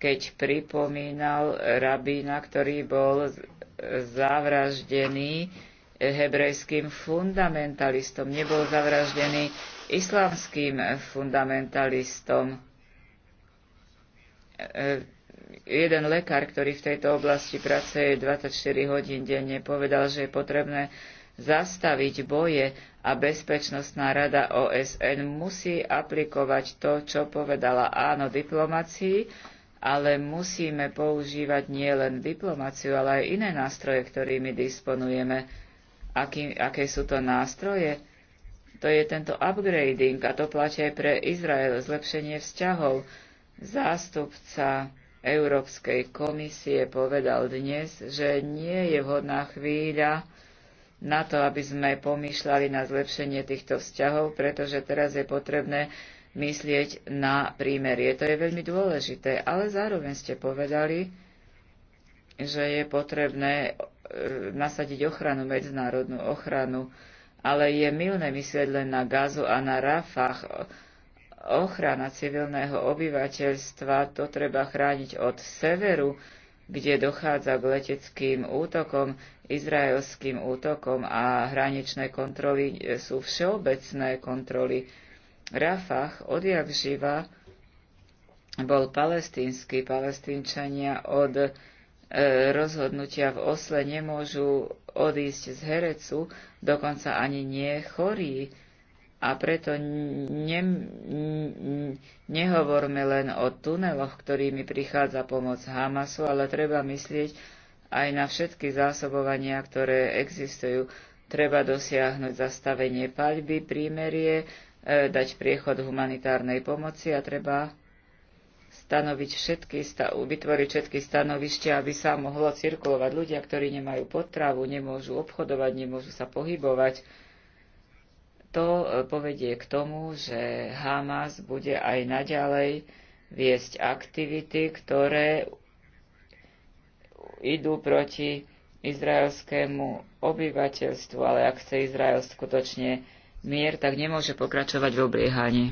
keď pripomínal rabína, ktorý bol zavraždený hebrejským fundamentalistom. Nebol zavraždený islamským fundamentalistom. E, jeden lekár, ktorý v tejto oblasti pracuje 24 hodín denne, povedal, že je potrebné zastaviť boje a Bezpečnostná rada OSN musí aplikovať to, čo povedala áno diplomácii, ale musíme používať nielen diplomáciu, ale aj iné nástroje, ktorými disponujeme. Aký, aké sú to nástroje? To je tento upgrading a to platí aj pre Izrael, zlepšenie vzťahov. Zástupca Európskej komisie povedal dnes, že nie je vhodná chvíľa na to, aby sme pomýšľali na zlepšenie týchto vzťahov, pretože teraz je potrebné myslieť na prímerie. To je veľmi dôležité, ale zároveň ste povedali, že je potrebné e, nasadiť ochranu, medzinárodnú ochranu ale je milné myslieť len na Gazu a na Rafach. Ochrana civilného obyvateľstva to treba chrániť od severu, kde dochádza k leteckým útokom, izraelským útokom a hraničné kontroly e, sú všeobecné kontroly. Rafah odjak živa bol palestínsky. Palestínčania od e, rozhodnutia v Osle nemôžu odísť z herecu, dokonca ani nie chorý. A preto ne, nehovorme len o tuneloch, ktorými prichádza pomoc Hamasu, ale treba myslieť aj na všetky zásobovania, ktoré existujú. Treba dosiahnuť zastavenie paľby, prímerie, e, dať priechod humanitárnej pomoci a treba stanoviť všetky, vytvoriť všetky stanovišťa, aby sa mohlo cirkulovať ľudia, ktorí nemajú potravu, nemôžu obchodovať, nemôžu sa pohybovať. To e, povedie k tomu, že Hamas bude aj naďalej viesť aktivity, ktoré idú proti izraelskému obyvateľstvu, ale ak chce Izrael skutočne mier, tak nemôže pokračovať v obliehaní.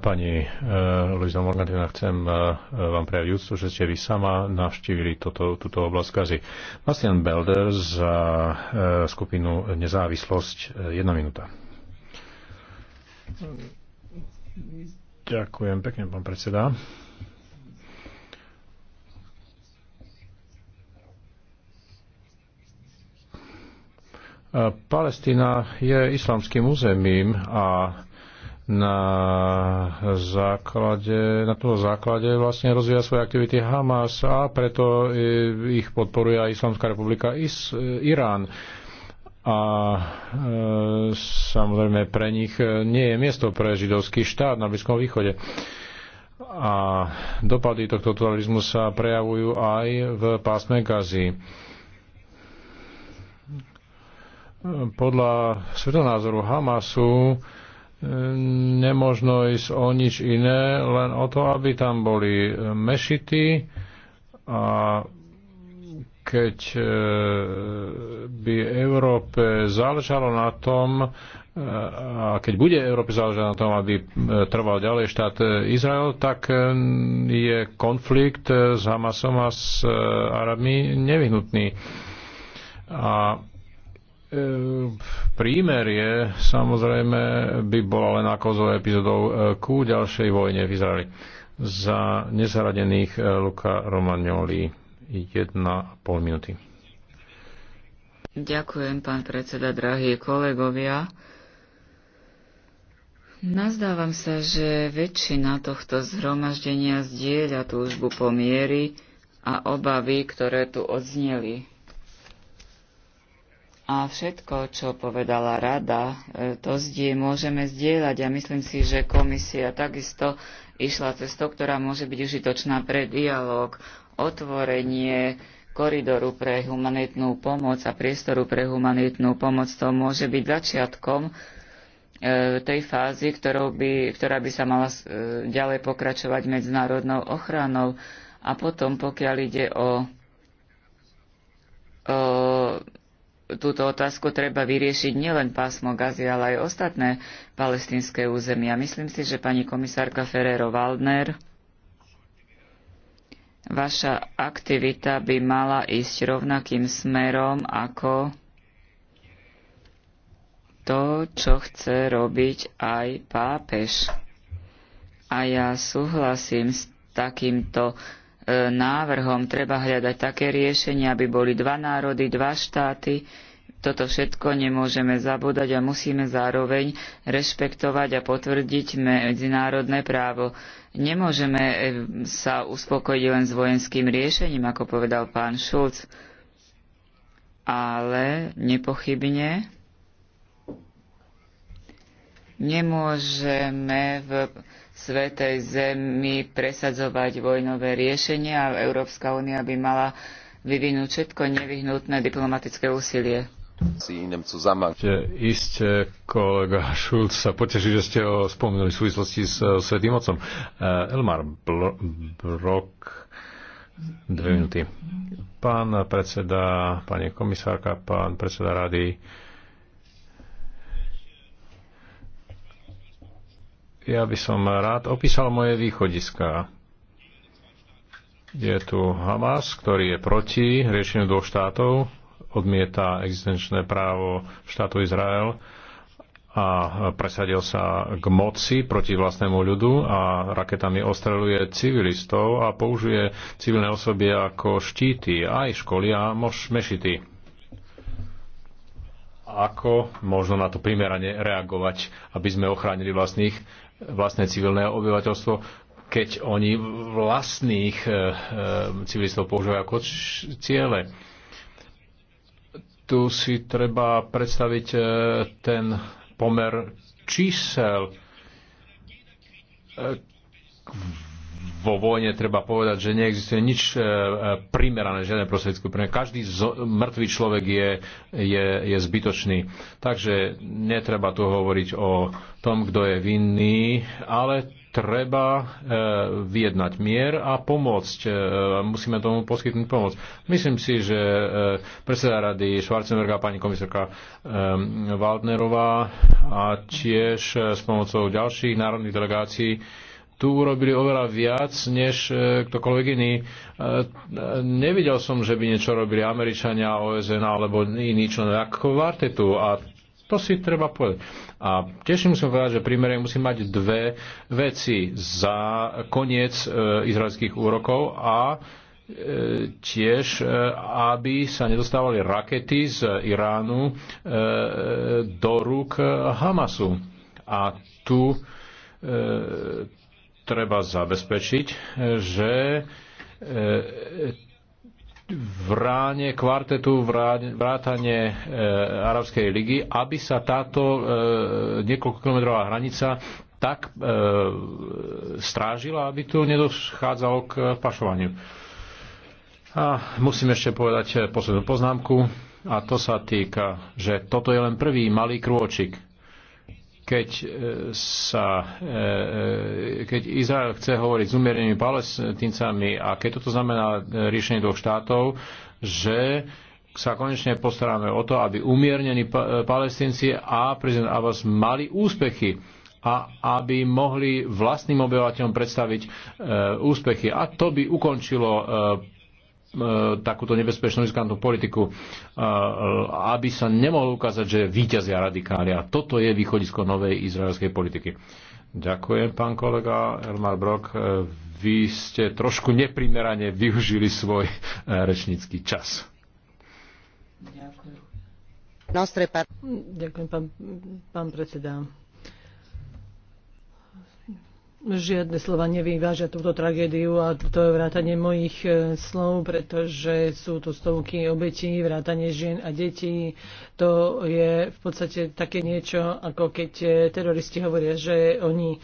Pani uh, Luisa Morgantina, chcem uh, vám prejaviť úctu, že ste vy sama navštívili toto, túto oblasť kazy. Bastian Belder za uh, skupinu Nezávislosť, uh, jedna minúta. Ďakujem pekne, pán predseda. Palestína je islamským územím a na základe, na tomto základe vlastne rozvíja svoje aktivity Hamas a preto ich podporuje aj Islamská republika Is, Irán. A e, samozrejme pre nich nie je miesto pre židovský štát na Blízkom východe. A dopady tohto terorizmu sa prejavujú aj v pásme Gazy. Podľa svetonázoru Hamasu e, nemožno ísť o nič iné, len o to, aby tam boli mešity a keď e, by Európe záležalo na tom, e, a keď bude Európe záležať na tom, aby e, trval ďalej štát Izrael, tak je konflikt s Hamasom a s Arabmi nevyhnutný. A E, prímer je samozrejme by bola len ako zo epizódou e, ku ďalšej vojne v Izraeli. Za nezaradených e, Luka Romagnoli 1,5 minúty. Ďakujem, pán predseda, drahí kolegovia. Nazdávam sa, že väčšina tohto zhromaždenia zdieľa túžbu po miery a obavy, ktoré tu odzneli. A všetko, čo povedala rada, e, to zdie, môžeme zdieľať. Ja myslím si, že komisia takisto išla cestou, ktorá môže byť užitočná pre dialog, otvorenie koridoru pre humanitnú pomoc a priestoru pre humanitnú pomoc. To môže byť začiatkom e, tej fázy, by, ktorá by sa mala e, ďalej pokračovať medzinárodnou ochranou. A potom, pokiaľ ide o, o túto otázku treba vyriešiť nielen pásmo Gazi, ale aj ostatné palestinské územia. Myslím si, že pani komisárka Ferrero-Waldner, vaša aktivita by mala ísť rovnakým smerom ako to, čo chce robiť aj pápež. A ja súhlasím s takýmto E, návrhom. Treba hľadať také riešenia, aby boli dva národy, dva štáty. Toto všetko nemôžeme zabúdať a musíme zároveň rešpektovať a potvrdiť medzinárodné právo. Nemôžeme e, sa uspokojiť len s vojenským riešením, ako povedal pán Šulc, ale nepochybne nemôžeme v Svetej Zemi presadzovať vojnové riešenia a Európska únia by mala vyvinúť všetko nevyhnutné diplomatické úsilie. Iste kolega Šulc sa poteší, že ste ho spomenuli v súvislosti s e, Svetým Otcom. E, Elmar Brok, dve minúty. Pán predseda, pani komisárka, pán predseda rady, Ja by som rád opísal moje východiska. Je tu Hamas, ktorý je proti riešeniu dvoch štátov, odmieta existenčné právo štátu Izrael a presadil sa k moci proti vlastnému ľudu a raketami ostreluje civilistov a použije civilné osoby ako štíty, aj školy a mož mešity. Ako možno na to primerane reagovať, aby sme ochránili vlastných vlastné civilné obyvateľstvo, keď oni vlastných e, e, civilistov používajú ako ciele. Tu si treba predstaviť e, ten pomer čísel vo vojne treba povedať, že neexistuje nič e, e, primerané, žiadne prostriedky primerané. Každý zo, mŕtvý človek je, je, je zbytočný. Takže netreba tu hovoriť o tom, kto je vinný, ale treba e, vyjednať mier a pomôcť. Musíme tomu poskytnúť pomoc. Myslím si, že predseda rady Schwarzenberga, pani komisárka Waldnerová a tiež s pomocou ďalších národných delegácií tu urobili oveľa viac než e, ktokoľvek iný. E, nevidel som, že by niečo robili Američania, OSN alebo iní členovia kvartetu a to si treba povedať. A tiež musím povedať, že primere musí mať dve veci za koniec e, izraelských úrokov a tiež, aby sa nedostávali rakety z Iránu do rúk Hamasu. A tu treba zabezpečiť, e, že e, vráne kvartetu, vrátane e, Arabskej ligy, aby sa táto niekoľkokilometrová hranica tak strážila, aby tu nedochádzalo k pašovaniu. A musím ešte povedať poslednú poznámku, a to sa týka, že toto je len prvý malý krôčik keď, e, sa, e, e, keď Izrael chce hovoriť s umiernými palestíncami a keď toto znamená riešenie dvoch štátov, že sa konečne postaráme o to, aby umiernení palestínci a prezident Abbas mali úspechy a aby mohli vlastným obyvateľom predstaviť úspechy. A to by ukončilo E, takúto nebezpečnú riskantnú politiku, e, e, aby sa nemohol ukázať, že víťazia radikáli. A toto je východisko novej izraelskej politiky. Ďakujem, pán kolega Elmar Brok. Vy ste trošku neprimerane využili svoj rečnícky čas. Ďakujem, pán, pán predseda žiadne slova nevyvážia túto tragédiu a to je vrátanie mojich e, slov, pretože sú tu stovky obetí, vrátanie žien a detí. To je v podstate také niečo, ako keď e, teroristi hovoria, že oni e,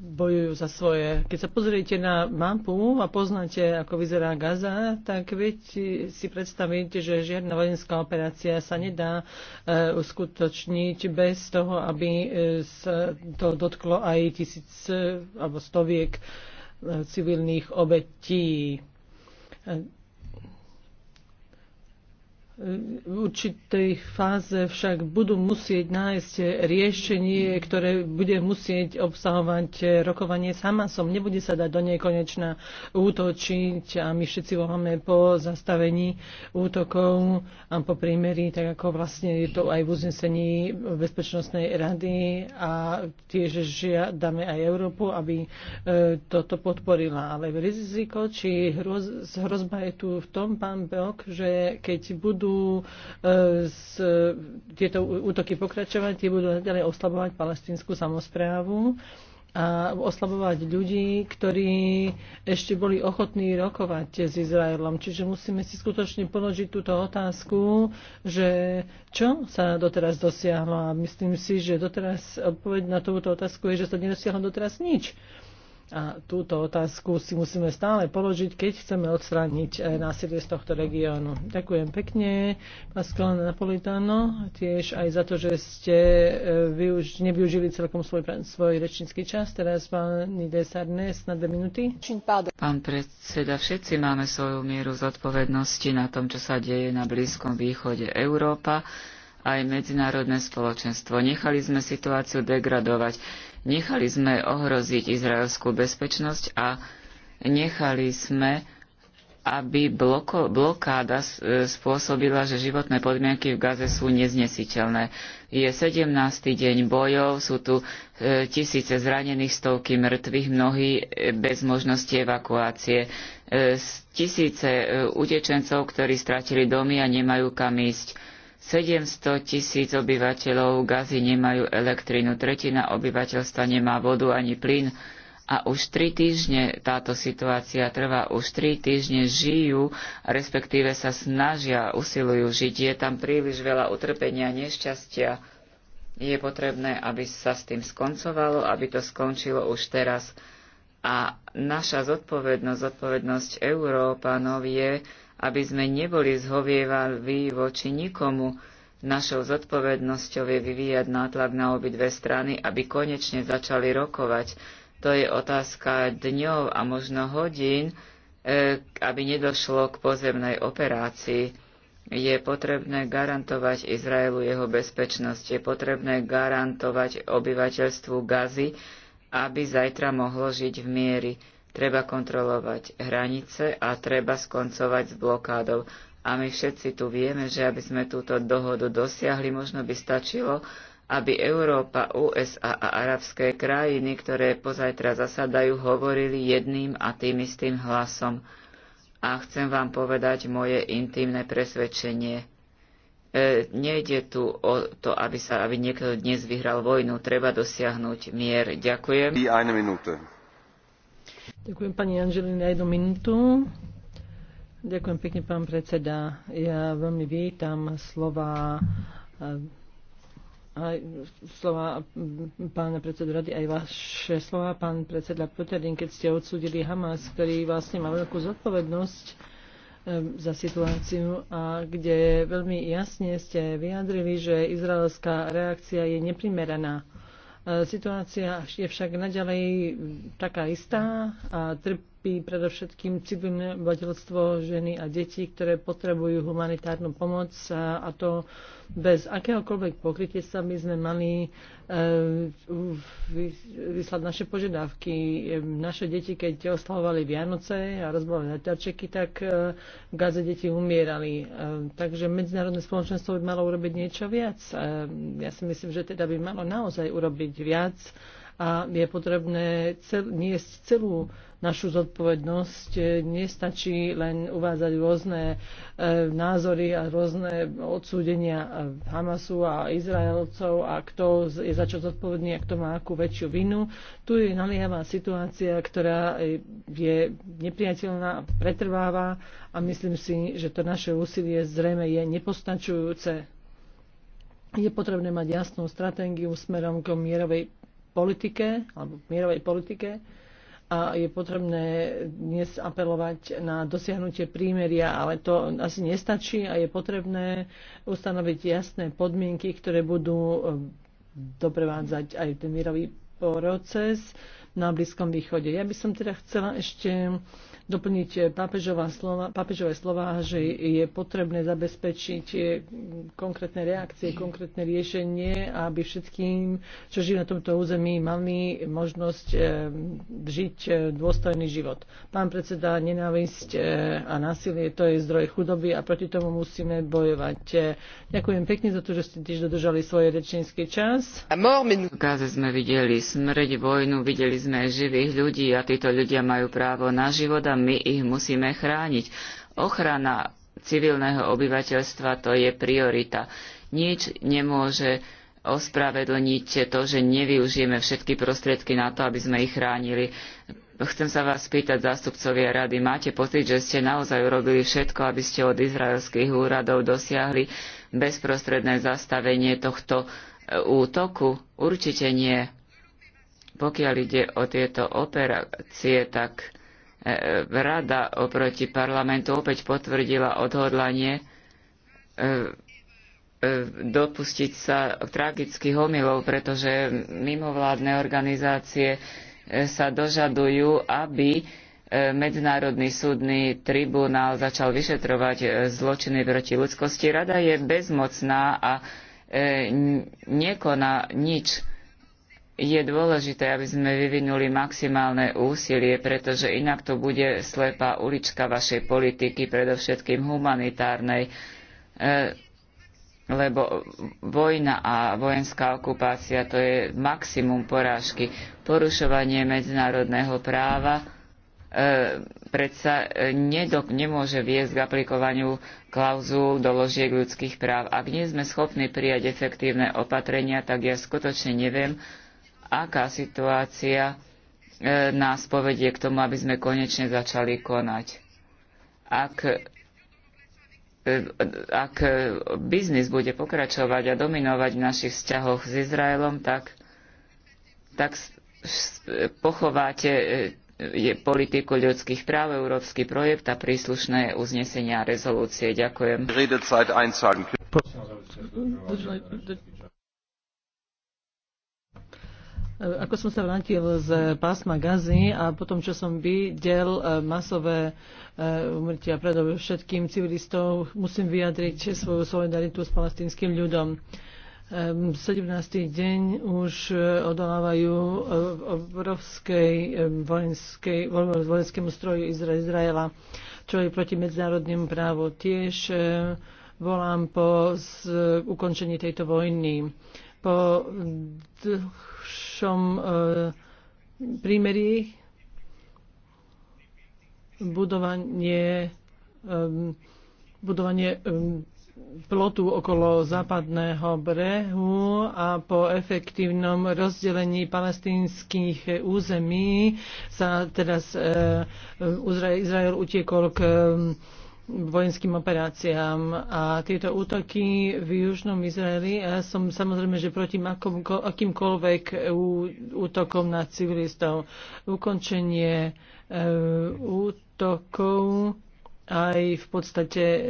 bojujú za svoje. Keď sa pozriete na mapu a poznáte, ako vyzerá Gaza, tak viete, si predstavíte, že žiadna vojenská operácia sa nedá uskutočniť bez toho, aby sa to dotklo aj tisíc tisíc alebo stoviek eh, civilných obetí v určitej fáze však budú musieť nájsť riešenie, ktoré bude musieť obsahovať rokovanie s Hamasom. Nebude sa dať do nej konečná útočiť a my všetci voláme po zastavení útokov a po prímeri, tak ako vlastne je to aj v uznesení Bezpečnostnej rady a tiež žiadame aj Európu, aby e, toto podporila. Ale riziko či hrozba je tu v tom, pán Belk, že keď budú E, s, tieto útoky pokračovať, tie budú ďalej oslabovať palestinskú samozprávu a oslabovať ľudí, ktorí ešte boli ochotní rokovať s Izraelom. Čiže musíme si skutočne položiť túto otázku, že čo sa doteraz dosiahlo. A myslím si, že doteraz odpoveď na túto otázku je, že sa nedosiahlo doteraz nič. A túto otázku si musíme stále položiť, keď chceme odstrániť eh, násilie z tohto regiónu. Ďakujem pekne, Pascal Napolitano, tiež aj za to, že ste eh, využ- nevyužili celkom svoj, svoj rečnícky čas. Teraz pán Desarnes na dve minúty. Pán predseda, všetci máme svoju mieru zodpovednosti na tom, čo sa deje na Blízkom východe Európa aj medzinárodné spoločenstvo. Nechali sme situáciu degradovať. Nechali sme ohroziť izraelskú bezpečnosť a nechali sme, aby bloko, blokáda e, spôsobila, že životné podmienky v Gaze sú neznesiteľné. Je 17. deň bojov, sú tu e, tisíce zranených, stovky mŕtvych, mnohí e, bez možnosti evakuácie. Tisíce utečencov, ktorí stratili domy a nemajú kam ísť 700 tisíc obyvateľov Gazy nemajú elektrínu, tretina obyvateľstva nemá vodu ani plyn a už tri týždne táto situácia trvá, už tri týždne žijú, respektíve sa snažia, usilujú žiť. Je tam príliš veľa utrpenia, nešťastia. Je potrebné, aby sa s tým skoncovalo, aby to skončilo už teraz. A naša zodpovednosť, zodpovednosť Európanov je, aby sme neboli zhovievaví voči nikomu. Našou zodpovednosťou je vyvíjať nátlak na obidve strany, aby konečne začali rokovať. To je otázka dňov a možno hodín, e, aby nedošlo k pozemnej operácii. Je potrebné garantovať Izraelu jeho bezpečnosť, je potrebné garantovať obyvateľstvu Gazy, aby zajtra mohlo žiť v miery. Treba kontrolovať hranice a treba skoncovať s blokádou. A my všetci tu vieme, že aby sme túto dohodu dosiahli, možno by stačilo, aby Európa, USA a arabské krajiny, ktoré pozajtra zasadajú, hovorili jedným a tým istým hlasom. A chcem vám povedať moje intimné presvedčenie. E, nejde tu o to, aby sa aby niekto dnes vyhral vojnu. Treba dosiahnuť mier. Ďakujem. I eine minute. Ďakujem pani Anželi na jednu minútu. Ďakujem pekne, pán predseda. Ja veľmi vítam slova eh, aj slova pána predsedu rady, aj vaše slova, pán predseda Puterin, keď ste odsúdili Hamas, ktorý vlastne má veľkú zodpovednosť eh, za situáciu a kde veľmi jasne ste vyjadrili, že izraelská reakcia je neprimeraná. E, situácia je však naďalej taká istá a trp trpí predovšetkým civilné obyvateľstvo, ženy a deti, ktoré potrebujú humanitárnu pomoc a, a to bez akéhokoľvek sa by sme mali e, vyslať naše požiadavky. E, naše deti, keď oslavovali Vianoce a rozbali naťačeky, tak e, v Gaze deti umierali. E, takže medzinárodné spoločenstvo by malo urobiť niečo viac. E, ja si myslím, že teda by malo naozaj urobiť viac a je potrebné cel, niesť celú našu zodpovednosť. E, nestačí len uvádzať rôzne e, názory a rôzne odsúdenia Hamasu a Izraelcov a kto je za čo zodpovedný a kto má akú väčšiu vinu. Tu je naliehavá situácia, ktorá e, je nepriateľná a pretrváva a myslím si, že to naše úsilie zrejme je nepostačujúce. Je potrebné mať jasnú stratégiu smerom k mierovej politike alebo mierovej politike a je potrebné dnes apelovať na dosiahnutie prímeria, ale to asi nestačí a je potrebné ustanoviť jasné podmienky, ktoré budú eh, doprevádzať aj ten mirový proces na Blízkom východe. Ja by som teda chcela ešte doplniť eh, pápežová slova, pápežové slova, že je potrebné zabezpečiť eh, konkrétne reakcie, konkrétne riešenie, aby všetkým, čo žijú na tomto území, mali možnosť eh, žiť dôstojný život. Pán predseda, nenávisť a násilie to je zdroj chudoby a proti tomu musíme bojovať. Ďakujem pekne za to, že ste tiež dodržali svoj rečnícky čas. V Gáze sme videli smrť, vojnu, videli sme živých ľudí a títo ľudia majú právo na život a my ich musíme chrániť. Ochrana civilného obyvateľstva to je priorita. Nič nemôže ospravedlniť to, že nevyužijeme všetky prostriedky na to, aby sme ich chránili. Chcem sa vás spýtať, zástupcovia rady, máte pocit, že ste naozaj urobili všetko, aby ste od izraelských úradov dosiahli bezprostredné zastavenie tohto e, útoku? Určite nie. Pokiaľ ide o tieto operácie, tak E, rada oproti parlamentu opäť potvrdila odhodlanie e, e, dopustiť sa tragických omylov, pretože mimovládne organizácie sa dožadujú, aby Medzinárodný súdny tribunál začal vyšetrovať zločiny proti ľudskosti. Rada je bezmocná a nekoná nič je dôležité, aby sme vyvinuli maximálne úsilie, pretože inak to bude slepá ulička vašej politiky, predovšetkým humanitárnej, eh, lebo vojna a vojenská okupácia to je maximum porážky. Porušovanie medzinárodného práva eh, predsa eh, nedok, nemôže viesť k aplikovaniu klauzúl doložiek ľudských práv. Ak nie sme schopní prijať efektívne opatrenia, tak ja skutočne neviem, aká situácia e, nás povedie k tomu, aby sme konečne začali konať. Ak, e, ak biznis bude pokračovať a dominovať v našich vzťahoch s Izraelom, tak, tak pochováte e, je politiku ľudských práv, európsky projekt a príslušné uznesenia a rezolúcie. Ďakujem. Ako som sa vrátil z pásma Gazy a potom, čo som videl e, masové e, umrtia predovšetkým civilistov, musím vyjadriť svoju solidaritu s palestinským ľudom. 17. deň už e, odolávajú obrovskej vojenskej, vojenskému stroju Izra Izraela, čo je proti medzinárodnému právu. Tiež volám po ukončení tejto vojny. Po e, prímerí budovanie, e, budovanie e, plotu okolo západného brehu a po efektívnom rozdelení palestínskych území sa teraz e, e Izrael utiekol k e, vojenským operáciám. A tieto útoky v južnom Izraeli, ja som samozrejme, že proti akýmkoľvek útokom na civilistov. Ukončenie e, útokov aj v podstate e,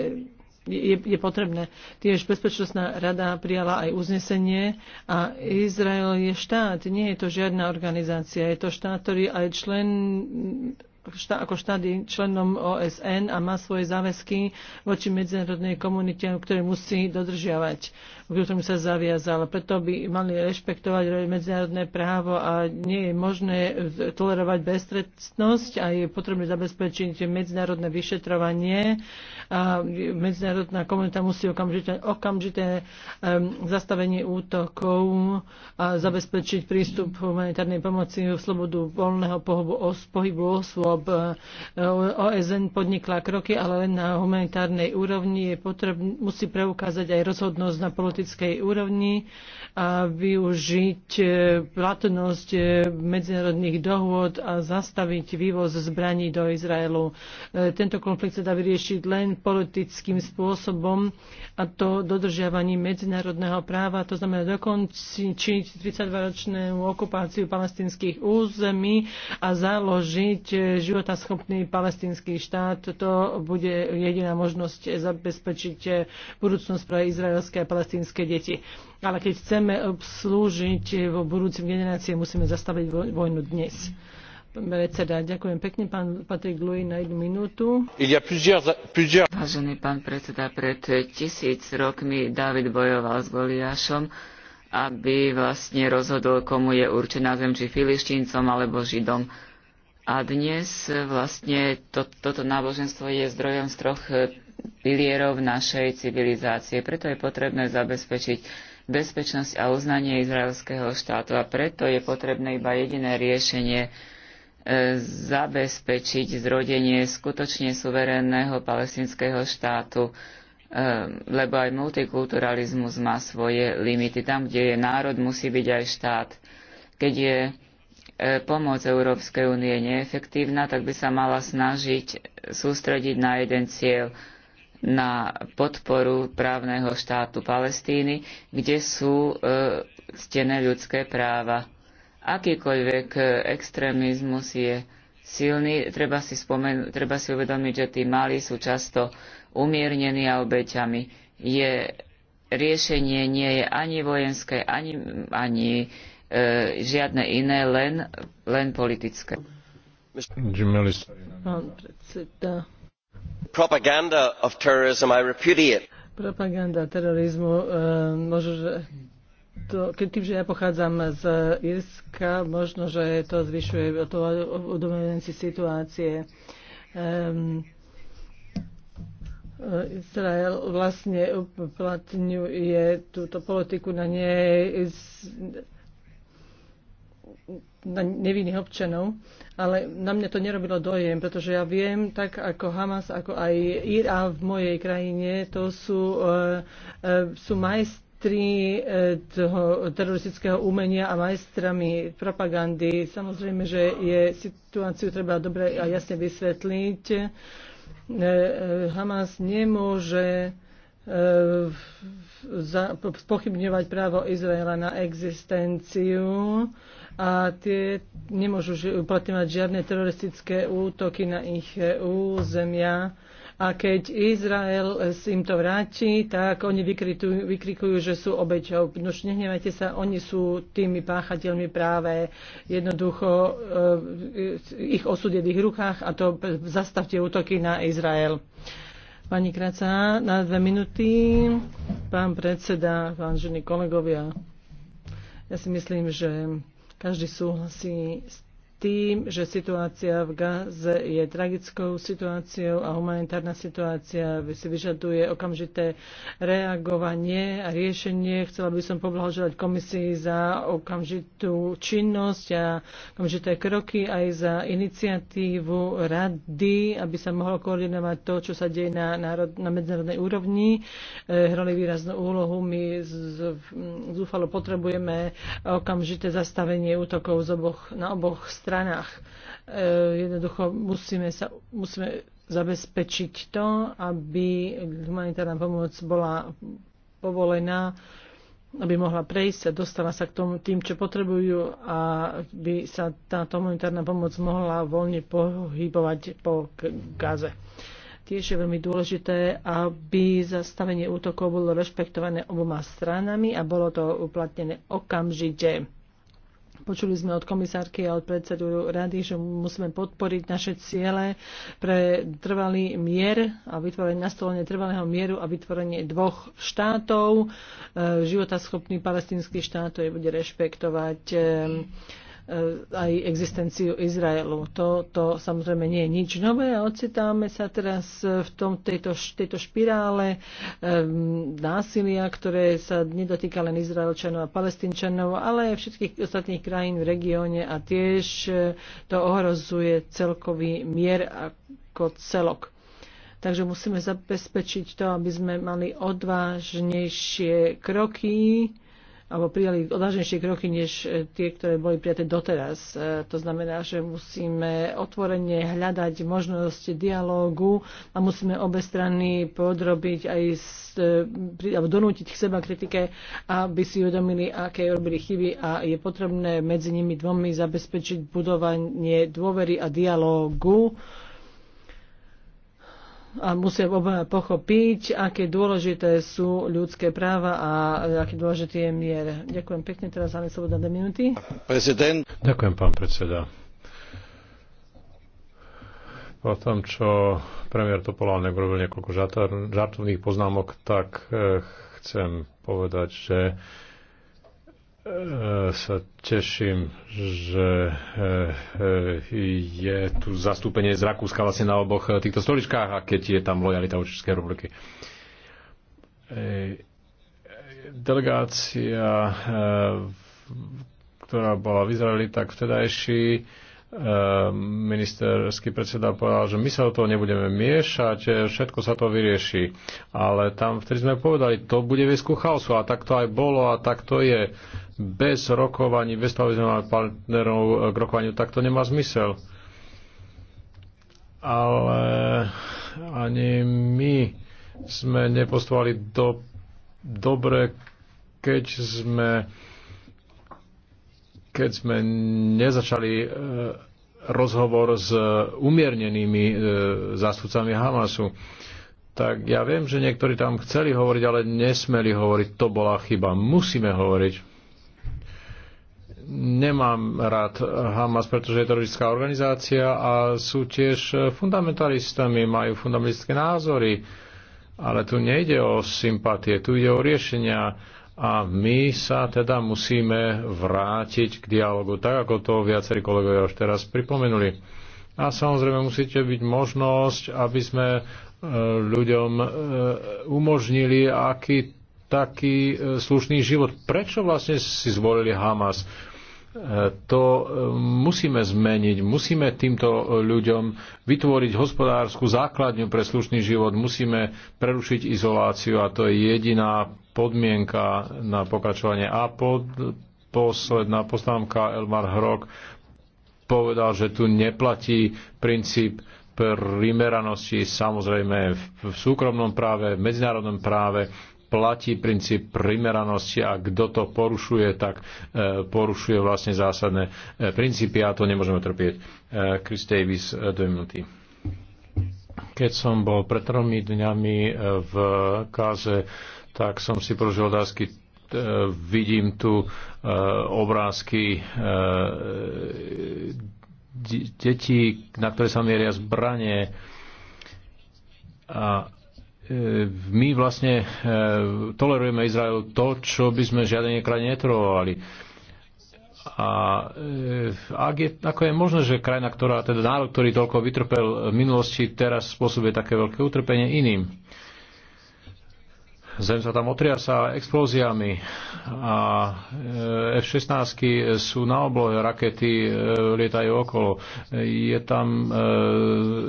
je, je potrebné. Tiež Bezpečnostná rada prijala aj uznesenie a Izrael je štát, nie je to žiadna organizácia, je to štát, ktorý aj člen štá, ako štát je členom OSN a má svoje záväzky voči medzinárodnej komunite, ktoré musí dodržiavať ktorým sa zaviazal. Preto by mali rešpektovať medzinárodné právo a nie je možné tolerovať beztrestnosť a je potrebné zabezpečiť medzinárodné vyšetrovanie a medzinárodná komunita musí okamžite, okamžité um, zastavenie útokov a zabezpečiť prístup humanitárnej pomoci v slobodu voľného pohybu, os, pohybu osôb. OSN podnikla kroky, ale len na humanitárnej úrovni je potrebné, musí preukázať aj rozhodnosť na politi- diplomatickej úrovni a využiť e, platnosť e, medzinárodných dohôd a zastaviť vývoz zbraní do Izraelu. E, tento konflikt sa dá vyriešiť len politickým spôsobom a to dodržiavaním medzinárodného práva, to znamená dokončiť 32-ročnú okupáciu palestinských území a založiť životaschopný palestinský štát. To bude jediná možnosť zabezpečiť budúcnosť pre izraelské a palestinské palestínske deti. Ale keď chceme slúžiť vo budúcim generácie, musíme zastaviť vojnu dnes. Predseda, ďakujem pekne, pán Patrik Lui, na jednu minútu. Vážený pán predseda, pred tisíc rokmi David bojoval s Goliášom, aby vlastne rozhodol, komu je určená zem, či filištíncom alebo židom. A dnes vlastne to, toto náboženstvo je zdrojom z troch pilierov našej civilizácie. Preto je potrebné zabezpečiť bezpečnosť a uznanie izraelského štátu. A preto je potrebné iba jediné riešenie e, zabezpečiť zrodenie skutočne suverénneho palestinského štátu, e, lebo aj multikulturalizmus má svoje limity. Tam, kde je národ, musí byť aj štát. Keď je e, pomoc Európskej únie neefektívna, tak by sa mala snažiť sústrediť na jeden cieľ – na podporu právneho štátu Palestíny, kde sú e, stené ľudské práva. Akýkoľvek e, extrémizmus je silný, treba si, spomen- treba si uvedomiť, že tí malí sú často umiernení a obeťami. Je, riešenie nie je ani vojenské, ani, ani e, žiadne iné, len, len politické. Pán predseda, propaganda of terrorism I repudiate. Propaganda terorizmu, e, možno, že to, keď tým, že ja pochádzam z Irska, možno, že to zvyšuje to odomenenci situácie. Um, Izrael vlastne uplatňuje túto politiku na nie na nevinných občanov, ale na mňa to nerobilo dojem, pretože ja viem, tak ako Hamas, ako aj IRA v mojej krajine, to sú, uh, uh, sú majstri majstri eh, toho teroristického umenia a majstrami propagandy. Samozrejme, že je situáciu treba dobre a jasne vysvetliť. Hamas nemôže pochybňovať právo Izraela na existenciu a tie nemôžu uplatňovať žiadne teroristické útoky na ich e, územia. A keď Izrael e, s im to vráti, tak oni vykrikujú, že sú obeťou. No už nehnevajte sa, oni sú tými páchateľmi práve jednoducho e, ich osud je v ich rukách a to zastavte útoky na Izrael. Pani Kraca, na dve minúty. Pán predseda, vážení kolegovia, ja si myslím, že každý súhlasí s tým, že situácia v Gaze je tragickou situáciou a humanitárna situácia si vyžaduje okamžité reagovanie a riešenie. Chcela by som poblahoželať komisii za okamžitú činnosť a okamžité kroky aj za iniciatívu rady, aby sa mohlo koordinovať to, čo sa deje na, národ, na medzinárodnej úrovni. E, hrali výraznú úlohu. My zúfalo potrebujeme okamžité zastavenie útokov z oboch, na oboch stranách stranách. E, jednoducho musíme, sa, musíme zabezpečiť to, aby humanitárna pomoc bola povolená, aby mohla prejsť a dostala sa k tomu tým, čo potrebujú a by sa táto humanitárna pomoc mohla voľne pohybovať po Gaze. Tiež je veľmi dôležité, aby zastavenie útokov bolo rešpektované oboma stranami a bolo to uplatnené okamžite Počuli sme od komisárky a od predsedu rady, že musíme podporiť naše ciele pre trvalý mier a vytvorenie nastolenie trvalého mieru a vytvorenie dvoch štátov. E, životaschopný palestínsky štát to je bude rešpektovať e, E, aj existenciu Izraelu. To, to samozrejme nie je nič nové a ocitáme sa teraz e, v tom, tejto, tejto špirále um, násilia, ktoré sa nedotýka len Izraelčanov a Palestínčanov, ale aj všetkých ostatných krajín v regióne a tiež to ohrozuje celkový mier ako celok. Takže musíme zabezpečiť to, aby sme mali odvážnejšie kroky, alebo prijali odvážnejšie kroky než e, tie, ktoré boli prijaté doteraz. E, to znamená, že musíme otvorene hľadať možnosť dialógu a musíme obe strany podrobiť aj e, alebo donútiť k seba kritike, aby si uvedomili, aké robili chyby a je potrebné medzi nimi dvomi zabezpečiť budovanie dôvery a dialógu a musia obaja pochopiť, aké dôležité sú ľudské práva a aký dôležitý je mier. Ďakujem pekne, teraz máme sloboda dve minúty. Prezident. Ďakujem, pán predseda. Po tom, čo premiér Topolánek nebrobil niekoľko žartovných poznámok, tak eh, chcem povedať, že E, sa teším, že e, e, je tu zastúpenie z Rakúska vlastne na oboch týchto stoličkách a keď je tam lojalita Českej republiky. Delegácia, ktorá bola v Izraeli, tak vtedajší Ehm, ministerský predseda povedal, že my sa do toho nebudeme miešať, e, všetko sa to vyrieši. Ale tam vtedy sme povedali, to bude viesť ku chaosu a tak to aj bolo a tak to je. Bez rokovaní, bez toho, aby sme mali partnerov e, k rokovaniu, tak to nemá zmysel. Ale ani my sme nepostovali do, dobre, keď sme keď sme nezačali e, rozhovor s umiernenými e, zástupcami Hamasu, tak ja viem, že niektorí tam chceli hovoriť, ale nesmeli hovoriť. To bola chyba. Musíme hovoriť. Nemám rád Hamas, pretože je teroristická organizácia a sú tiež fundamentalistami, majú fundamentalistické názory. Ale tu nejde o sympatie, tu ide o riešenia a my sa teda musíme vrátiť k dialogu, tak ako to viacerí kolegovia už teraz pripomenuli. A samozrejme musíte byť možnosť, aby sme e, ľuďom e, umožnili aký taký e, slušný život. Prečo vlastne si zvolili Hamas? to e, musíme zmeniť, musíme týmto ľuďom vytvoriť hospodárskú základňu pre slušný život, musíme prerušiť izoláciu a to je jediná podmienka na pokračovanie. A pod, posledná poznámka Elmar Hrok povedal, že tu neplatí princíp primeranosti samozrejme v súkromnom práve, v medzinárodnom práve platí princíp primeranosti a kto to porušuje, tak e, porušuje vlastne zásadné e, princípy a to nemôžeme trpieť. E, Chris Davis, dve minúty. Keď som bol pred tromi dňami v káze, tak som si položil otázky vidím tu obrázky detí, na ktoré sa mieria zbranie a E, my vlastne e, tolerujeme Izrael to, čo by sme žiadne krajine netolerovali. A e, ak je, ako je možné, že krajina, ktorá, teda národ, ktorý toľko vytrpel v minulosti, teraz spôsobuje také veľké utrpenie iným. Zem sa tam otriasa explóziami a F-16 sú na oblohe, rakety lietajú okolo. Je tam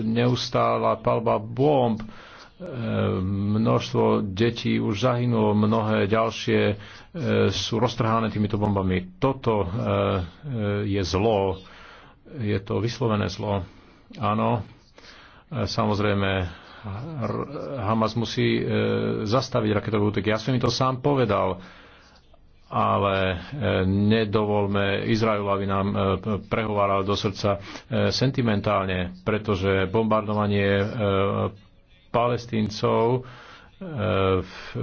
neustála palba bomb Ehm, množstvo detí už zahynulo, mnohé ďalšie e, sú roztrhané týmito bombami. Toto e, e, je zlo, je to vyslovené zlo. Áno, samozrejme, Hamas musí zastaviť raketový útok. Ja som mi to sám povedal, ale nedovolme Izraelu, aby nám prehováral do srdca sentimentálne, pretože bombardovanie palestíncov e, v, e,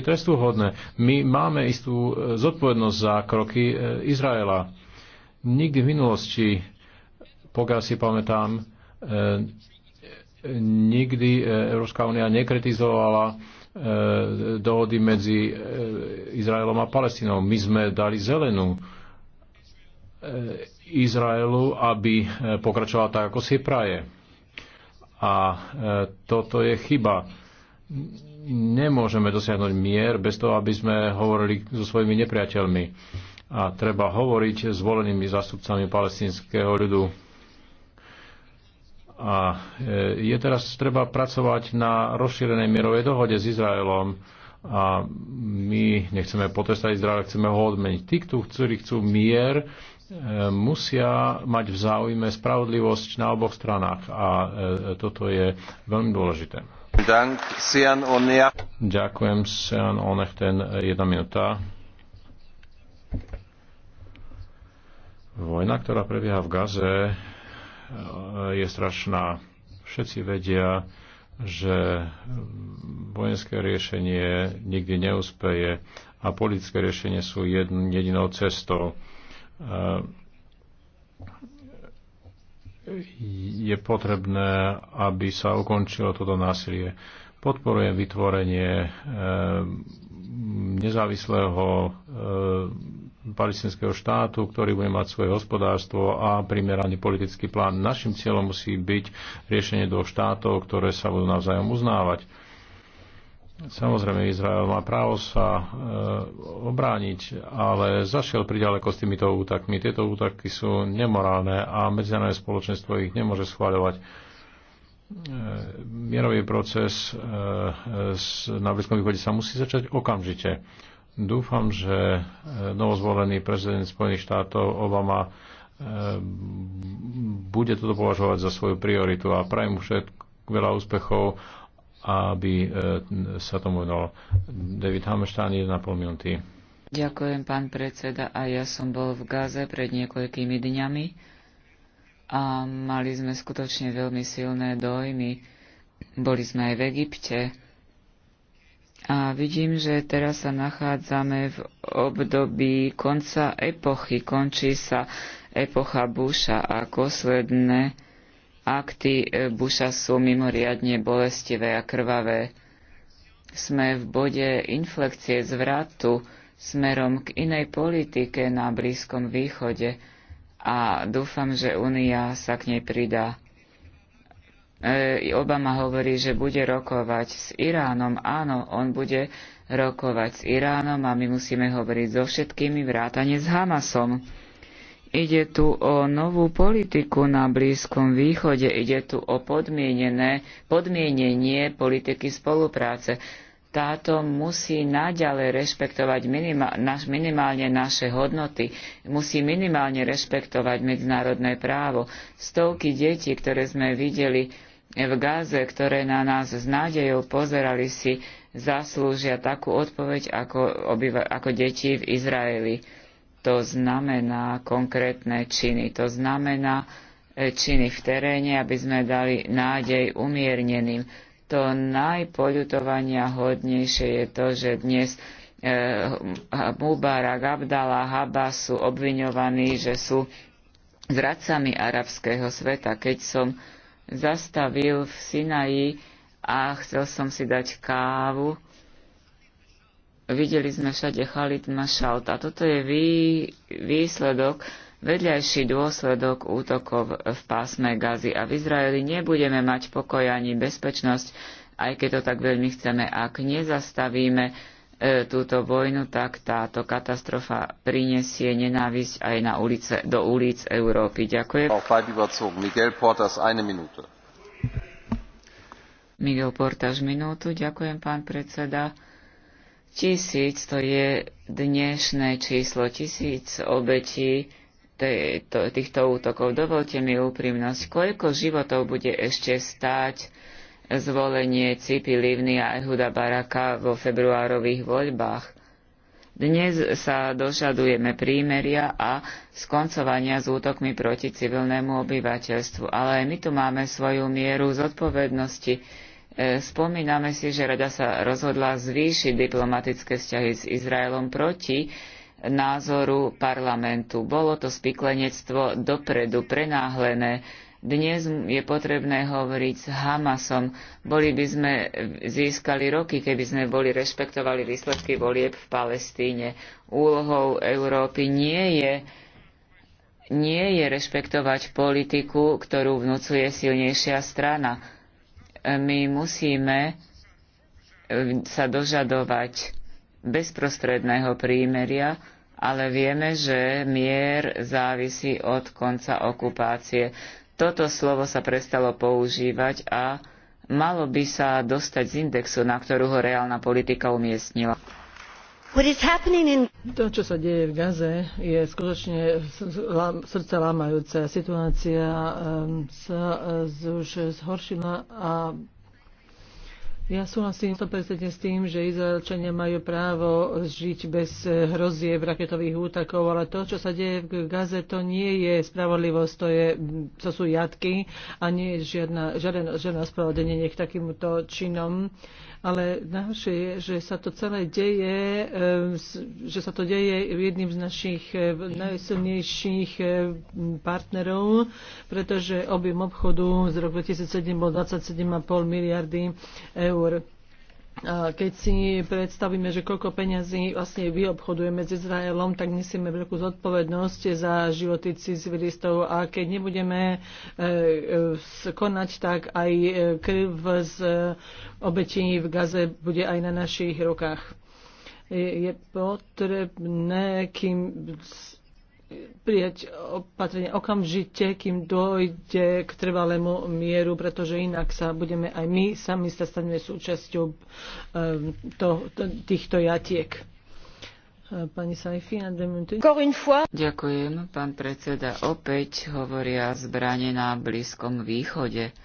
je trestúhodné. My máme istú e, zodpovednosť za kroky Izraela. Nikdy v minulosti, pokiaľ si pamätám, nikdy Európska únia nekritizovala dohody medzi Izraelom a Palestínou. My sme dali zelenú Izraelu, aby e, pokračovala tak, ako si praje. A e, toto je chyba. Nemôžeme dosiahnuť mier bez toho, aby sme hovorili so svojimi nepriateľmi. A treba hovoriť s volenými zástupcami palestinského ľudu. A e, je teraz treba pracovať na rozšírenej mierovej dohode s Izraelom a my nechceme potestať Izrael, chceme ho odmeniť. Tí, ktorí chcú mier, musia mať v záujme spravodlivosť na oboch stranách a e, toto je veľmi dôležité. Ďakujem, Sian Onechten, e, jedna minúta. Vojna, ktorá prebieha v Gaze, e, je strašná. Všetci vedia, že vojenské riešenie nikdy neúspeje a politické riešenie sú jedinou cestou E, je potrebné, aby sa ukončilo toto násilie. Podporujem vytvorenie e, nezávislého e, palestinského štátu, ktorý bude mať svoje hospodárstvo a primeraný politický plán. Našim cieľom musí byť riešenie dvoch štátov, ktoré sa budú navzájom uznávať Samozrejme, Izrael má právo sa e, obrániť, ale zašiel priďaleko s týmito útakmi. Tieto útaky sú nemorálne a medzinárodné spoločenstvo ich nemôže schváľovať. E, mierový proces e, s, na Blízkom východe sa musí začať okamžite. Dúfam, že e, novozvolený prezident Spojených štátov Obama e, bude toto považovať za svoju prioritu a prajem všetko veľa úspechov aby e, sa tomu venoval. David Hammerstein, 1,5 minúty. Ďakujem, pán predseda. A ja som bol v Gaze pred niekoľkými dňami a mali sme skutočne veľmi silné dojmy. Boli sme aj v Egypte. A vidím, že teraz sa nachádzame v období konca epochy. Končí sa epocha Busha a posledné Akty e, Buša sú mimoriadne bolestivé a krvavé. Sme v bode inflekcie zvratu smerom k inej politike na Blízkom východe a dúfam, že Únia sa k nej pridá. E, Obama hovorí, že bude rokovať s Iránom. Áno, on bude rokovať s Iránom a my musíme hovoriť so všetkými vrátane s Hamasom. Ide tu o novú politiku na Blízkom východe, ide tu o podmienené, podmienenie politiky spolupráce. Táto musí naďalej rešpektovať minima, naš, minimálne naše hodnoty, musí minimálne rešpektovať medzinárodné právo. Stovky detí, ktoré sme videli v Gáze, ktoré na nás s nádejou pozerali si, zaslúžia takú odpoveď ako, obyva, ako deti v Izraeli to znamená konkrétne činy. To znamená e, činy v teréne, aby sme dali nádej umierneným. To najpoľutovania hodnejšie je to, že dnes e, Mubarak, Abdala, Haba sú obviňovaní, že sú zradcami arabského sveta. Keď som zastavil v Sinaji a chcel som si dať kávu, Videli sme všade Khalid Mashaut a toto je vý, výsledok, vedľajší dôsledok útokov v pásme Gazy a v Izraeli nebudeme mať pokoj ani bezpečnosť, aj keď to tak veľmi chceme. Ak nezastavíme e, túto vojnu, tak táto katastrofa prinesie nenávisť aj na ulice, do ulic Európy. Ďakujem. Miguel Portas, eine Minute. Miguel minútu. Ďakujem, pán predseda. Tisíc to je dnešné číslo, tisíc obetí tejto, týchto útokov. Dovolte mi úprimnosť, koľko životov bude ešte stáť zvolenie Cipy Livny a Ehuda Baraka vo februárových voľbách. Dnes sa dožadujeme prímeria a skoncovania s útokmi proti civilnému obyvateľstvu, ale my tu máme svoju mieru zodpovednosti E, spomíname si, že rada sa rozhodla zvýšiť diplomatické vzťahy s Izraelom proti názoru parlamentu. Bolo to spiklenectvo dopredu prenáhlené. Dnes je potrebné hovoriť s Hamasom. Boli by sme získali roky, keby sme boli rešpektovali výsledky volieb v Palestíne. Úlohou Európy nie je nie je rešpektovať politiku, ktorú vnúcuje silnejšia strana my musíme e, sa dožadovať bezprostredného prímeria, ale vieme, že mier závisí od konca okupácie. Toto slovo sa prestalo používať a malo by sa dostať z indexu, na ktorú ho reálna politika umiestnila. To, čo sa deje v Gaze, je skutočne srdce lámajúce. Situácia ehm, sa eh, už zhoršila a ja súhlasím 100% s tým, že Izraelčania majú právo žiť bez eh, hrozie v raketových útakov, ale to, čo sa deje v Gaze, to nie je spravodlivosť, to, je, mm, to sú jatky a nie je žiadna, žiadne, žiadne ospravedlenie k takýmto činom ale najhoršie je, že sa to celé deje, že sa to deje jedným z našich e, najsilnejších e, partnerov, pretože objem obchodu z roku 2007 bol 27,5 miliardy eur keď si predstavíme, že koľko peňazí vlastne vyobchodujeme s Izraelom, tak nesieme veľkú zodpovednosť za životy civilistov a keď nebudeme e, e, konať, tak aj e, krv z obetí v Gaze bude aj na našich rukách. Je potrebné, kým prijať opatrenie okamžite, kým dojde k trvalému mieru, pretože inak sa budeme aj my sami sa staneme súčasťou ehm, to, to, týchto jatiek. E, pani Saifi, Ďakujem, pán predseda. Opäť hovoria zbranie na Blízkom východe.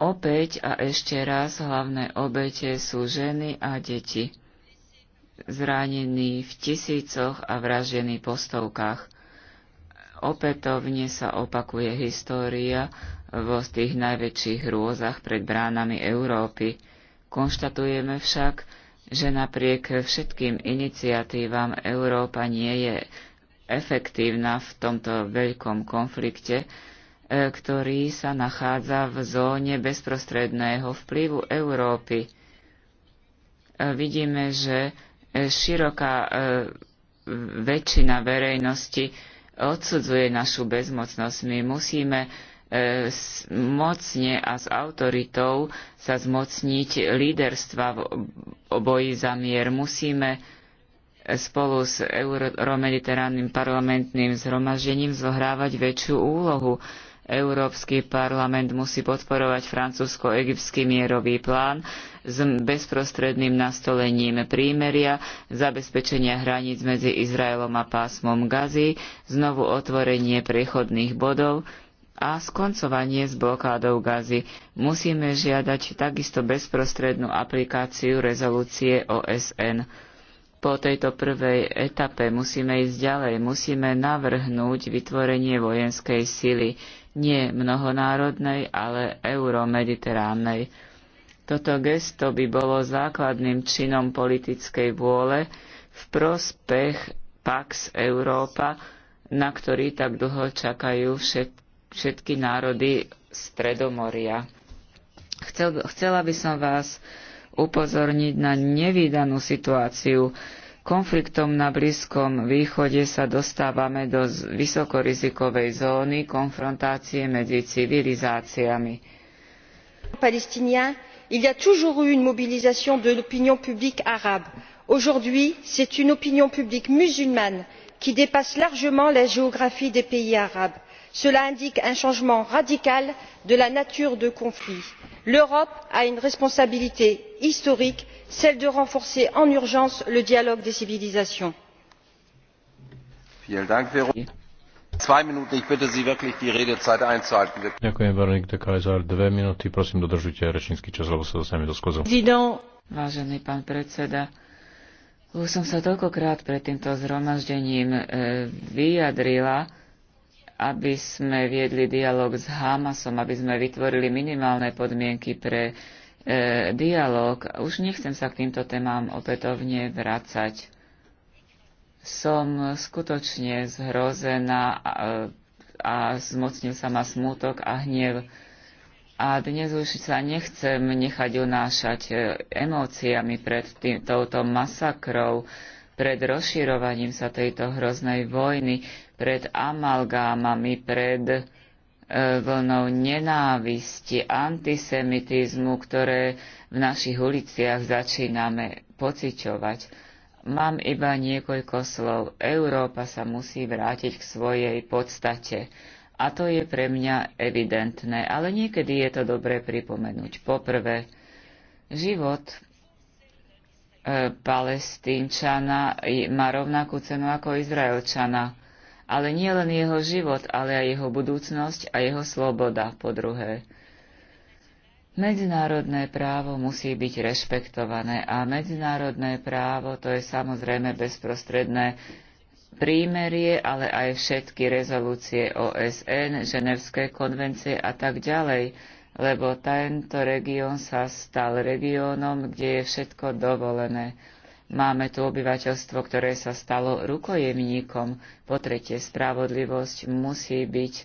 Opäť a ešte raz hlavné obete sú ženy a deti zranení v tisícoch a vraždení po stovkách. Opätovne sa opakuje história vo tých najväčších hrôzach pred bránami Európy. Konštatujeme však, že napriek všetkým iniciatívam Európa nie je efektívna v tomto veľkom konflikte, e, ktorý sa nachádza v zóne bezprostredného vplyvu Európy. E, vidíme, že E, široká e, väčšina verejnosti odsudzuje našu bezmocnosť. My musíme e, mocne a s autoritou sa zmocniť líderstva v boji za mier. Musíme spolu s Euromediteránnym parlamentným zhromaždením zohrávať väčšiu úlohu. Európsky parlament musí podporovať francúzsko-egyptský mierový plán s bezprostredným nastolením prímeria, zabezpečenia hraníc medzi Izraelom a pásmom Gazy, znovu otvorenie prechodných bodov a skoncovanie s blokádou Gazy. Musíme žiadať takisto bezprostrednú aplikáciu rezolúcie OSN po tejto prvej etape musíme ísť ďalej, musíme navrhnúť vytvorenie vojenskej sily nie mnohonárodnej, ale euromediteránnej. Toto gesto by bolo základným činom politickej vôle v prospech Pax Európa, na ktorý tak dlho čakajú všetky národy Stredomoria. Chcel, chcela by som vás upozorniť na nevýdanú situáciu, Konfliktom na Blízkom východe sa dostávame do vysokorizikovej zóny konfrontácie medzi civilizáciami. Palestinien, il y a toujours eu une mobilisation de l'opinion publique arabe. Aujourd'hui, c'est une opinion publique musulmane qui dépasse largement la géographie des pays arabes cela indique un changement radical de la nature du conflit. l'europe a une responsabilité historique celle de renforcer en urgence le dialogue des civilisations. monsieur le président Vážený pán predseda, už som sa toľkokrát pred týmto zhromaždením eh, vyjadrila, aby sme viedli dialog s Hamasom, aby sme vytvorili minimálne podmienky pre e, dialog. Už nechcem sa k týmto témam opätovne vracať. Som skutočne zhrozená a, a zmocnil sa ma smútok a hnev. A dnes už sa nechcem nechať unášať e, emóciami pred tým, touto masakrou, pred rozširovaním sa tejto hroznej vojny, pred amalgámami, pred e, vlnou nenávisti, antisemitizmu, ktoré v našich uliciach začíname pociťovať. Mám iba niekoľko slov. Európa sa musí vrátiť k svojej podstate. A to je pre mňa evidentné, ale niekedy je to dobré pripomenúť. Poprvé, život e, palestínčana má rovnakú cenu ako izraelčana ale nie len jeho život, ale aj jeho budúcnosť a jeho sloboda po druhé. Medzinárodné právo musí byť rešpektované a medzinárodné právo to je samozrejme bezprostredné prímerie, ale aj všetky rezolúcie OSN, ženevské konvencie a tak ďalej, lebo tento región sa stal regiónom, kde je všetko dovolené. Máme tu obyvateľstvo, ktoré sa stalo rukojemníkom. Po tretie, spravodlivosť musí byť e,